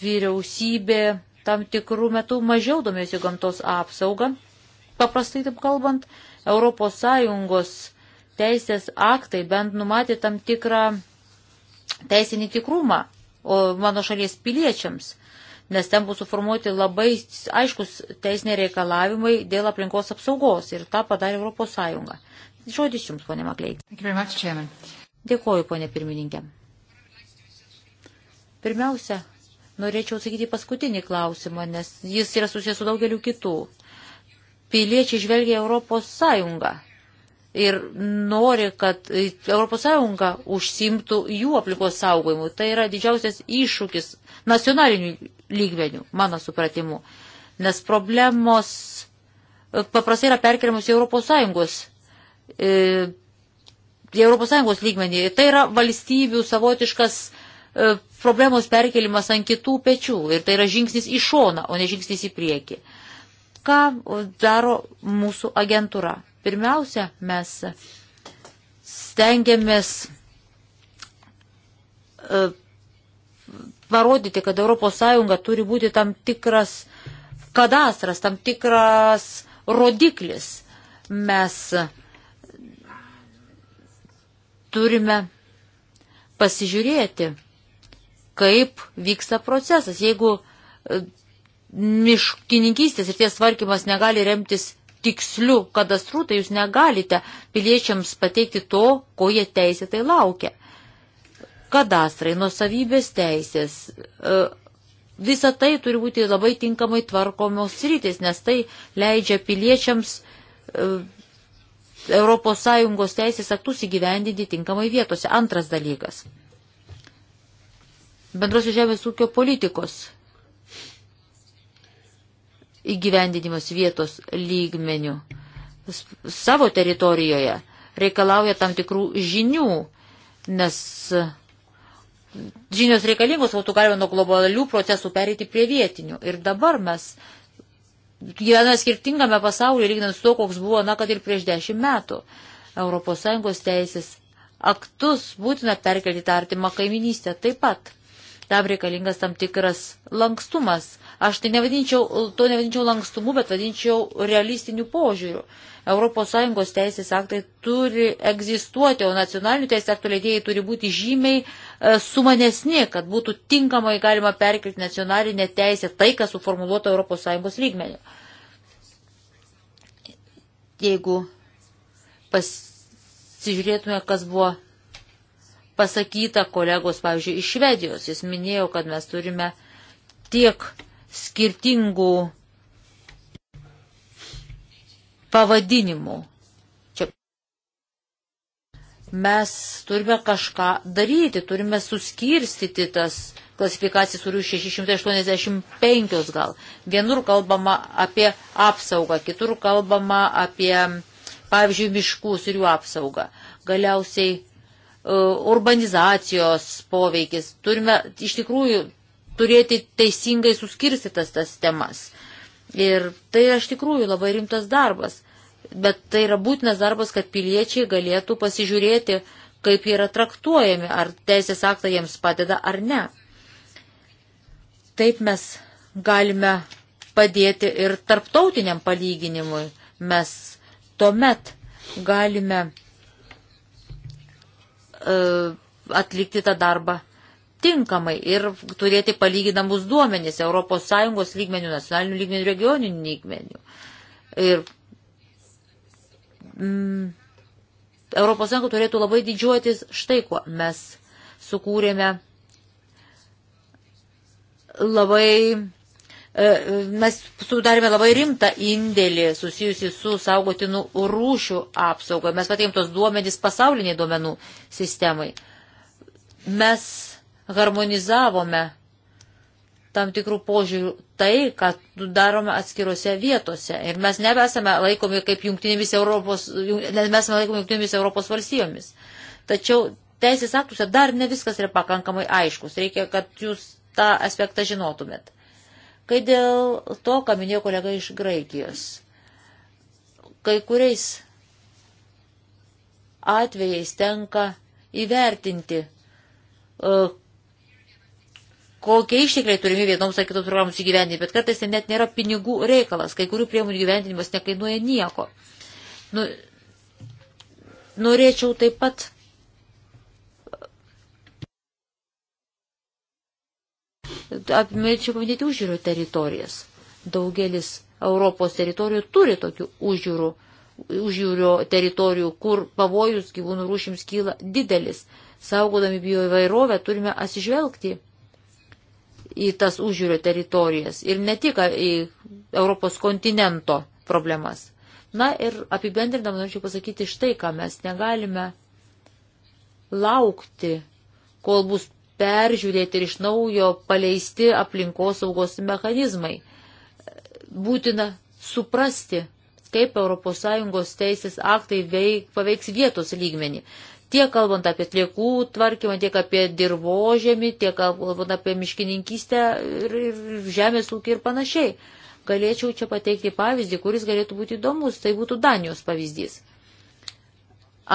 vyriausybė tam tikrų metų mažiau domėsi gamtos apsaugą. Paprastai taip kalbant, ES teisės aktai bent numatė tam tikrą teisinį tikrumą, o mano šalies piliečiams, nes ten bus suformuoti labai aiškus teisiniai reikalavimai dėl aplinkos apsaugos ir tą padarė ES. Žodis Jums, ponė Makleit. Dėkoju, ponė pirmininkė. Pirmiausia, norėčiau atsakyti paskutinį klausimą, nes jis yra susijęs su daugeliu kitų. Piliečiai žvelgia Europos Sąjungą ir nori, kad ES užsimtų jų aplinkos saugojimu. Tai yra didžiausias iššūkis nacionalinių lygmenių, mano supratimu. Nes problemos paprastai yra perkeliamos į ES į ES lygmenį. Tai yra valstybių savotiškas e, problemos perkelimas ant kitų pečių ir tai yra žingsnis į šoną, o ne žingsnis į priekį. Ką daro mūsų agentūra? Pirmiausia, mes stengiamės e, parodyti, kad ES turi būti tam tikras kadastras, tam tikras rodiklis. Mes turime pasižiūrėti, kaip vyksta procesas. Jeigu e, miškininkystės ir ties tvarkymas negali remtis tiksliu kadastru, tai jūs negalite piliečiams pateikti to, ko jie teisėtai laukia. Kadastrai, nusavybės teisės, e, visa tai turi būti labai tinkamai tvarkomos rytis, nes tai leidžia piliečiams e, ES teisės aktus įgyvendinti tinkamai vietose. Antras dalykas. Bendrosios žemės ūkio politikos įgyvendinimas vietos lygmenių savo teritorijoje reikalauja tam tikrų žinių, nes žinios reikalingos, o tu galima nuo globalių procesų pereiti prie vietinių. Ir dabar mes gyvena skirtingame pasaulyje, lyginant su to, koks buvo, na, kad ir prieš dešimt metų. ES teisės aktus būtina perkelti tą artimą kaiminystę taip pat. Tam reikalingas tam tikras lankstumas, Aš tai nevadinčiau, to nevadinčiau lankstumu, bet vadinčiau realistiniu požiūriu. ES teisės aktai turi egzistuoti, o nacionalinių teisės aktų leidėjai turi būti žymiai e, sumanesni, kad būtų tinkamai galima perkelti nacionalinę teisę tai, kas suformuoluota ES lygmenį. Jeigu pasižiūrėtume, kas buvo pasakyta kolegos, pavyzdžiui, iš Švedijos, jis minėjo, kad mes turime tiek skirtingų pavadinimų. Čia mes turime kažką daryti, turime suskirstyti tas klasifikacijas, kurių 685 gal. Vienur kalbama apie apsaugą, kitur kalbama apie, pavyzdžiui, miškus ir jų apsaugą. Galiausiai e, urbanizacijos poveikis. Turime iš tikrųjų turėti teisingai suskirstytas tas temas. Ir tai yra iš tikrųjų labai rimtas darbas. Bet tai yra būtinas darbas, kad piliečiai galėtų pasižiūrėti, kaip jie yra traktuojami, ar teisės aktą jiems padeda ar ne. Taip mes galime padėti ir tarptautiniam palyginimui. Mes tuomet galime uh, atlikti tą darbą tinkamai ir turėti palyginamus duomenys ES lygmenių, nacionalinių lygmenių, regioninių lygmenių. Ir mm, ES turėtų labai didžiuotis štai kuo. Mes sukūrėme labai, e, mes sudarėme labai rimtą indėlį susijusi su saugotinų rūšių apsauga. Mes pateikėm tos duomenys pasauliniai duomenų sistemai. Mes harmonizavome tam tikrų požiūrių tai, ką darome atskirose vietose. Ir mes nebesame laikomi kaip jungtinėmis Europos, nebesame laikomi jungtinėmis Europos valstijomis. Tačiau teisės aktuose dar ne viskas yra pakankamai aiškus. Reikia, kad jūs tą aspektą žinotumėt. Kai dėl to, ką minėjo kolega iš Graikijos, kai kuriais atvejais tenka įvertinti, e, kokie ištekliai turimi vienoms ar kitoms programoms įgyvendinti, bet kartais tai net nėra pinigų reikalas, kai kurių priemonių gyvendinimas nekainuoja nieko. Nu, norėčiau taip pat. Apimėčiau paminėti užžiūrio teritorijas. Daugelis Europos teritorijų turi tokių užžiūrų, užžiūrio teritorijų, kur pavojus gyvūnų rūšims kyla didelis. Saugodami bioįvairovę turime atsižvelgti į tas užjūrio teritorijas ir ne tik į Europos kontinento problemas. Na ir apibendrindam norėčiau pasakyti štai, ką mes negalime laukti, kol bus peržiūrėti ir iš naujo paleisti aplinkosaugos mechanizmai. Būtina suprasti, kaip ES teisės aktai veik, paveiks vietos lygmenį. Tiek kalbant apie atliekų tvarkymą, tiek apie dirbožėmį, tiek kalbant apie miškininkystę ir, ir žemės ūkį ir panašiai. Galėčiau čia pateikti pavyzdį, kuris galėtų būti įdomus. Tai būtų Danijos pavyzdys.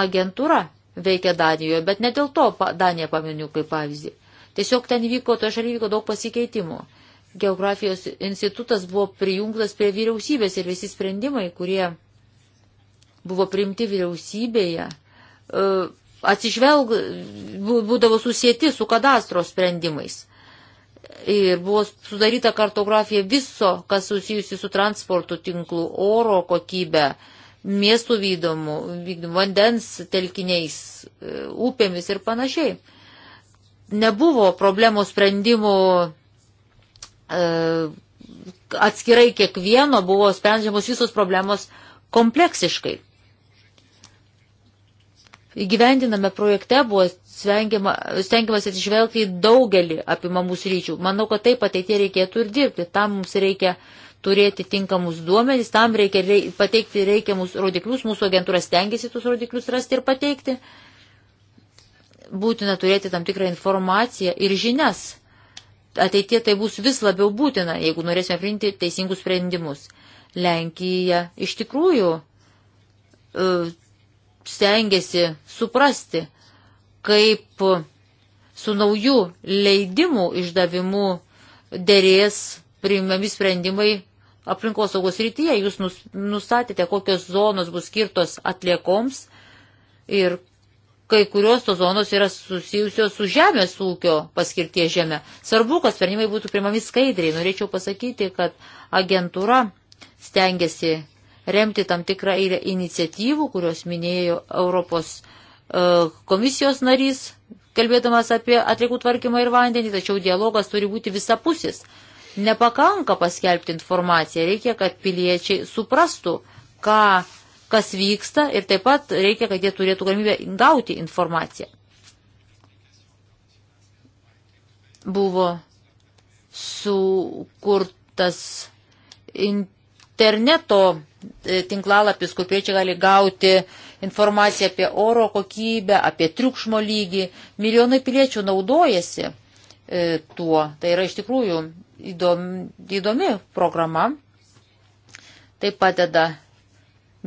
Agentūra veikia Danijoje, bet ne dėl to Daniją paminiu kaip pavyzdį. Tiesiog ten vyko, toje šalyje vyko daug pasikeitimų. Geografijos institutas buvo prijungtas prie vyriausybės ir visi sprendimai, kurie buvo priimti vyriausybėje, e, atsižvelg, būdavo susijęti su kadastro sprendimais. Ir buvo sudaryta kartografija viso, kas susijusi su transportų tinklų, oro kokybė, miestų vykdomų, vykdomų vandens telkiniais, e, upėmis ir panašiai. Nebuvo problemų sprendimų e, atskirai kiekvieno, buvo sprendžiamos visos problemos kompleksiškai įgyvendiname projekte buvo stengiamas atsižvelgti į daugelį apimamų sryčių. Manau, kad taip ateitie reikėtų ir dirbti. Tam mums reikia turėti tinkamus duomenys, tam reikia rei, pateikti reikiamus rodiklius, mūsų agentūra stengiasi tuos rodiklius rasti ir pateikti. Būtina turėti tam tikrą informaciją ir žinias. Ateitie tai bus vis labiau būtina, jeigu norėsime priimti teisingus sprendimus. Lenkija iš tikrųjų e, stengiasi suprasti, kaip su naujų leidimų išdavimu dėrės priimami sprendimai aplinkosaugos rytyje. Jūs nustatėte, kokios zonos bus skirtos atliekoms ir kai kurios tos zonos yra susijusios su žemės ūkio paskirtie žemė. Svarbu, kad sprendimai būtų primami skaidriai. Norėčiau pasakyti, kad agentūra stengiasi remti tam tikrą eilę iniciatyvų, kurios minėjo Europos e, komisijos narys, kalbėdamas apie atliekų tvarkymą ir vandenį, tačiau dialogas turi būti visapusis. Nepakanka paskelbti informaciją, reikia, kad piliečiai suprastų, ką, kas vyksta ir taip pat reikia, kad jie turėtų galimybę gauti informaciją. Buvo sukurtas in, interneto e, tinklalapis, kur piečiai gali gauti informaciją apie oro kokybę, apie triukšmo lygį. Milijonai piliečių naudojasi e, tuo. Tai yra iš tikrųjų įdomi, įdomi programa. Tai padeda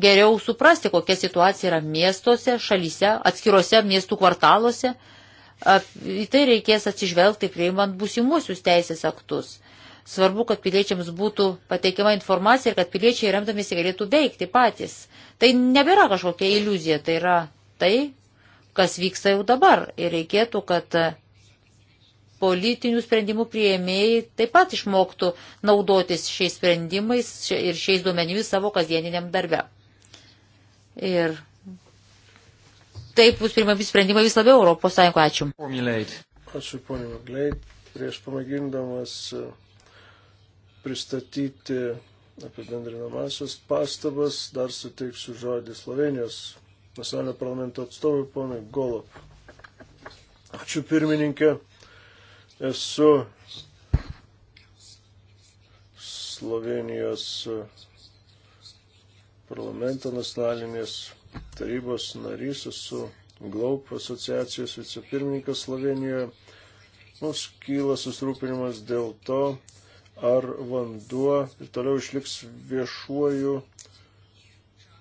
geriau suprasti, kokia situacija yra miestuose, šalyse, atskiruose miestų kvartaluose. Į tai reikės atsižvelgti priimant būsimusius teisės aktus. Svarbu, kad piliečiams būtų pateikiama informacija ir kad piliečiai remdamėsi galėtų veikti patys. Tai nebėra kažkokia iliuzija, tai yra tai, kas vyksta jau dabar. Ir reikėtų, kad politinių sprendimų prieimėjai taip pat išmoktų naudotis šiais sprendimais ir šiais duomenimis savo kasdieniniam darbe. Ir taip bus priimami sprendimai vis labiau Europos Sąjungo. Ačiū. Ačiū, ponė Magleit. Prieš pamėgindamas pristatyti apibendrinamasios pastabas. Dar suteiksiu žodį Slovenijos nacionalinio parlamento atstovui ponui Golop. Ačiū pirmininkė. Esu Slovenijos parlamento nacionalinės tarybos narys, esu GLAUP asociacijos vicepirmininkas Slovenijoje. Mums kyla susirūpinimas dėl to, ar vanduo ir toliau išliks viešuoju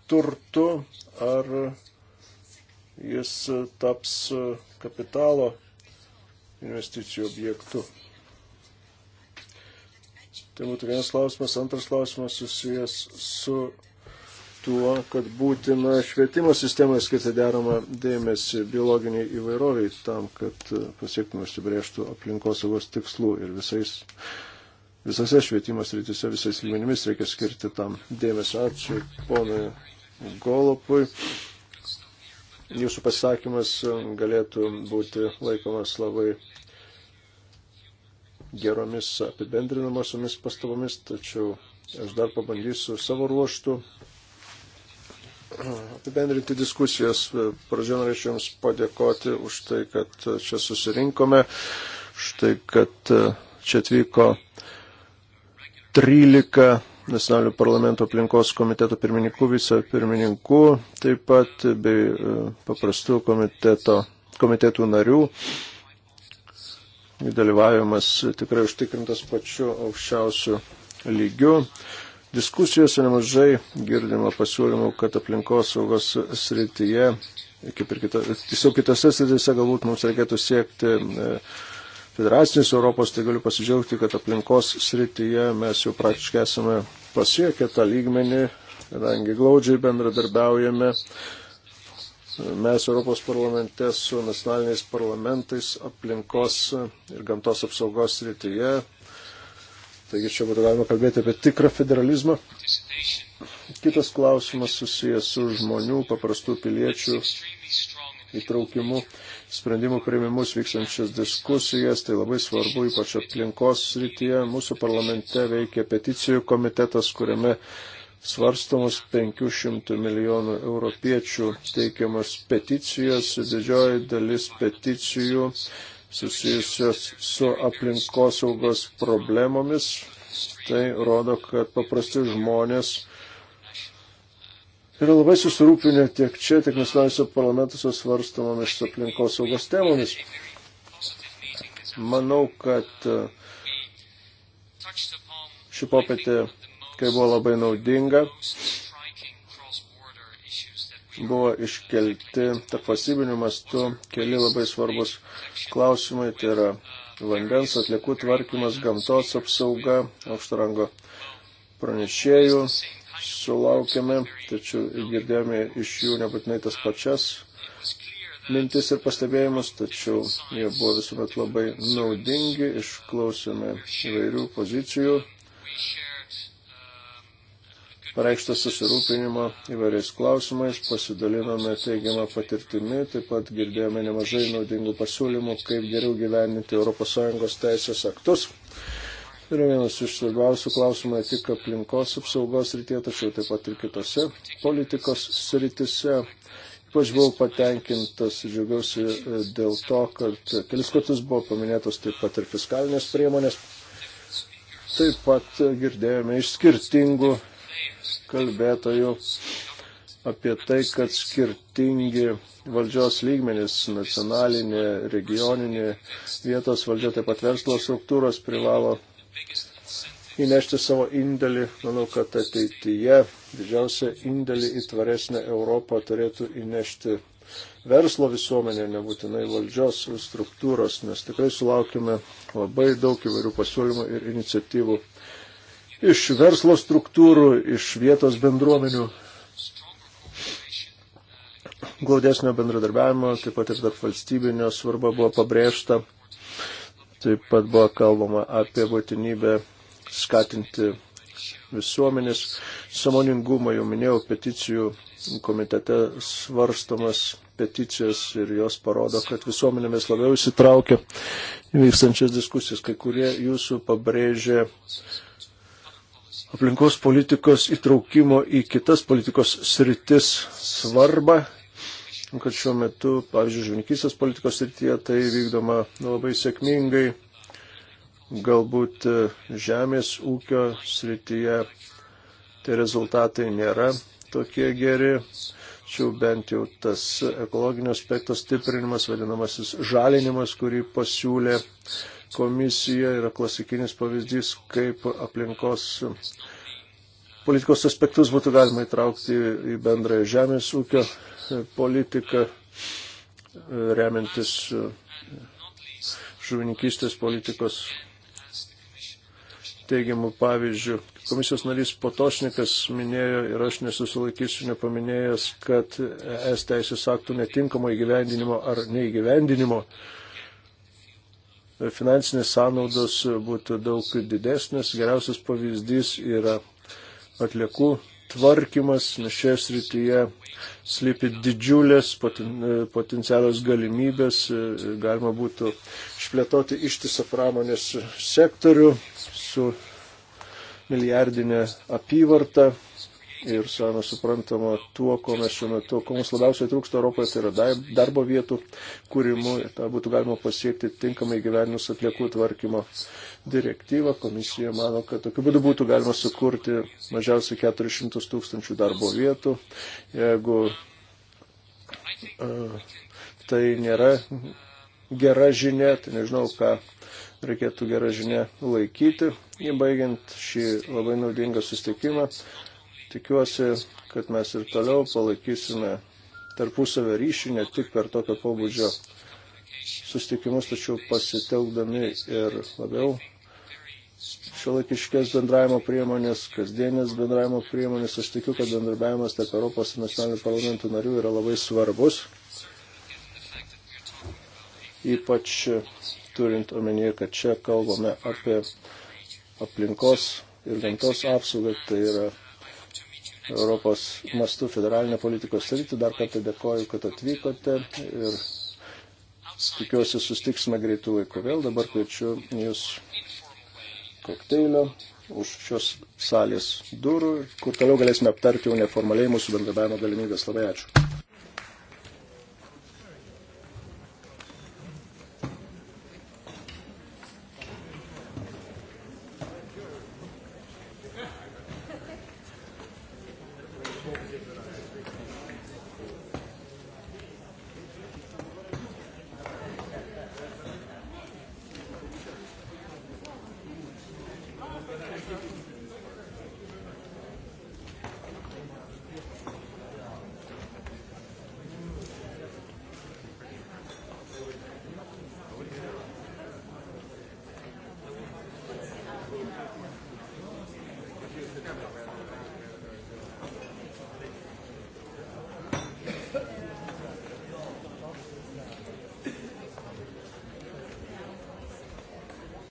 turtu, ar jis taps kapitalo investicijų objektu. Tai būtų vienas klausimas. Antras klausimas susijęs su tuo, kad būtina švietimo sistemoje skirti deramą dėmesį biologiniai įvairoviai tam, kad pasiektume užsibrėžtų aplinkosaugos tikslų ir visais visose švietimo srityse, visais lygmenimis reikia skirti tam dėmesio. Ačiū ponui Golopui. Jūsų pasakymas galėtų būti laikomas labai geromis apibendrinamosiomis pastabomis, tačiau aš dar pabandysiu savo ruoštų apibendrinti diskusijas. Pradžio norėčiau Jums padėkoti už tai, kad čia susirinkome, už tai, kad čia atvyko uh, 13 nacionalinių parlamento aplinkos komiteto pirmininkų, vicepirmininkų, taip pat bei e, paprastų komiteto, komitetų narių. Dalyvavimas tikrai užtikrintas pačiu aukščiausiu lygiu. Diskusijose nemažai girdima pasiūlymų, kad aplinkos saugos srityje, kaip ir kita, tiesiog kitose srityse galbūt mums reikėtų siekti e, federacinės Europos, tai galiu pasidžiaugti, kad aplinkos srityje mes jau praktiškai esame pasiekę tą lygmenį, kadangi glaudžiai bendradarbiaujame. Mes Europos parlamente su nacionaliniais parlamentais aplinkos ir gamtos apsaugos srityje. Taigi čia būtų galima kalbėti apie tikrą federalizmą. Kitas klausimas susijęs su žmonių, paprastų piliečių įtraukimu sprendimų priimimus vykstančias diskusijas, tai labai svarbu, ypač aplinkos srityje. Mūsų parlamente veikia peticijų komitetas, kuriame svarstamos 500 milijonų europiečių teikiamas peticijos, didžioji dalis peticijų susijusios su aplinkosaugos problemomis. Tai rodo, kad paprasti žmonės Tai yra labai susirūpinę tiek čia, tiek nacionaliniuose parlamentuose svarstamomis aplinkos saugos temomis. Manau, kad uh, ši popietė, kai buvo labai naudinga, buvo iškelti tarp valstybinių mastų keli labai svarbus klausimai, tai yra vandens atliekų tvarkymas, gamtos apsauga, aukšto rango pranešėjų sulaukėme, tačiau girdėjome iš jų nebūtinai tas pačias mintis ir pastebėjimus, tačiau jie buvo visuomet labai naudingi, išklausėme įvairių pozicijų, pareikštą susirūpinimą įvairiais klausimais, pasidalinome teigiamą patirtimi, taip pat girdėjome nemažai naudingų pasiūlymų, kaip geriau gyveninti ES teisės aktus yra vienas iš svarbiausių klausimų ne tik aplinkos apsaugos rytėje, tačiau taip pat ir kitose politikos sritise. Ypač buvau patenkintas, džiaugiausi e, dėl to, kad kelis kartus buvo paminėtos taip pat ir fiskalinės priemonės. Taip pat girdėjome iš skirtingų kalbėtojų apie tai, kad skirtingi valdžios lygmenys - nacionalinė, regioninė, vietos valdžia, taip pat verslo struktūros privalo įnešti savo indėlį. Manau, kad ateityje didžiausią indėlį į tvaresnę Europą turėtų įnešti verslo visuomenė, nebūtinai valdžios struktūros, nes tikrai sulaukime labai daug įvairių pasiūlymų ir iniciatyvų iš verslo struktūrų, iš vietos bendruomenių glaudesnio bendradarbiavimo, taip pat ir tarp valstybinio svarba buvo pabrėžta Taip pat buvo kalbama apie būtinybę skatinti visuomenės samoningumą, jau minėjau, peticijų komitete svarstomas peticijas ir jos parodo, kad visuomenė vis labiau įsitraukia į vykstančias diskusijas. Kai kurie jūsų pabrėžė aplinkos politikos įtraukimo į kitas politikos sritis svarbą kad šiuo metu, pavyzdžiui, žuvininkystės politikos srityje tai vykdoma labai sėkmingai, galbūt e, žemės ūkio srityje tie rezultatai nėra tokie geri, tačiau bent jau tas ekologinio aspekto stiprinimas, vadinamasis žalinimas, kurį pasiūlė komisija, yra klasikinis pavyzdys, kaip aplinkos politikos aspektus būtų galima įtraukti į bendrąją žemės ūkio politiką, remiantis e, žuvininkystės politikos teigiamų pavyzdžių. Komisijos narys Potošnikas minėjo ir aš nesusilaikysiu nepaminėjęs, kad es teisės aktų netinkamo įgyvendinimo ar neįgyvendinimo finansinės sąnaudos būtų daug didesnės. Geriausias pavyzdys yra atliekų tvarkymas, nes šioje srityje slypi didžiulės poten, potencialios galimybės, galima būtų išplėtoti ištisą pramonės sektorių su milijardinė apyvarta ir savame suprantama tuo, ko mes šiuo metu, ko mums labiausiai trūksta Europoje, tai yra darbo vietų kūrimu, tą būtų galima pasiekti tinkamai gyvenimus atliekų tvarkymo direktyvą. Komisija mano, kad tokiu būdu būtų galima sukurti mažiausiai 400 tūkstančių darbo vietų. Jeigu uh, tai nėra gera žinia, tai nežinau, ką reikėtų gerą žinę laikyti, įbaigiant šį labai naudingą sustikimą. Tikiuosi, kad mes ir toliau palaikysime tarpusavę ryšį ne tik per tokio pobūdžio sustikimus, tačiau pasitelkdami ir labiau šiolaikiškės bendravimo priemonės, kasdienės bendravimo priemonės. Aš tikiu, kad bendravimas tarp Europos nacionalinių parlamentų narių yra labai svarbus, ypač turint omenyje, kad čia kalbame apie aplinkos ir gamtos apsaugą, tai yra Europos mastų federalinė politikos sritį. Dar kartą dėkoju, kad atvykote ir tikiuosi sustiksime greitų laikų. Vėl dabar kviečiu Jūs kokteilio už šios salės durų, kur toliau galėsime aptarti jau neformaliai mūsų bendradavimo galimybės. Labai ačiū.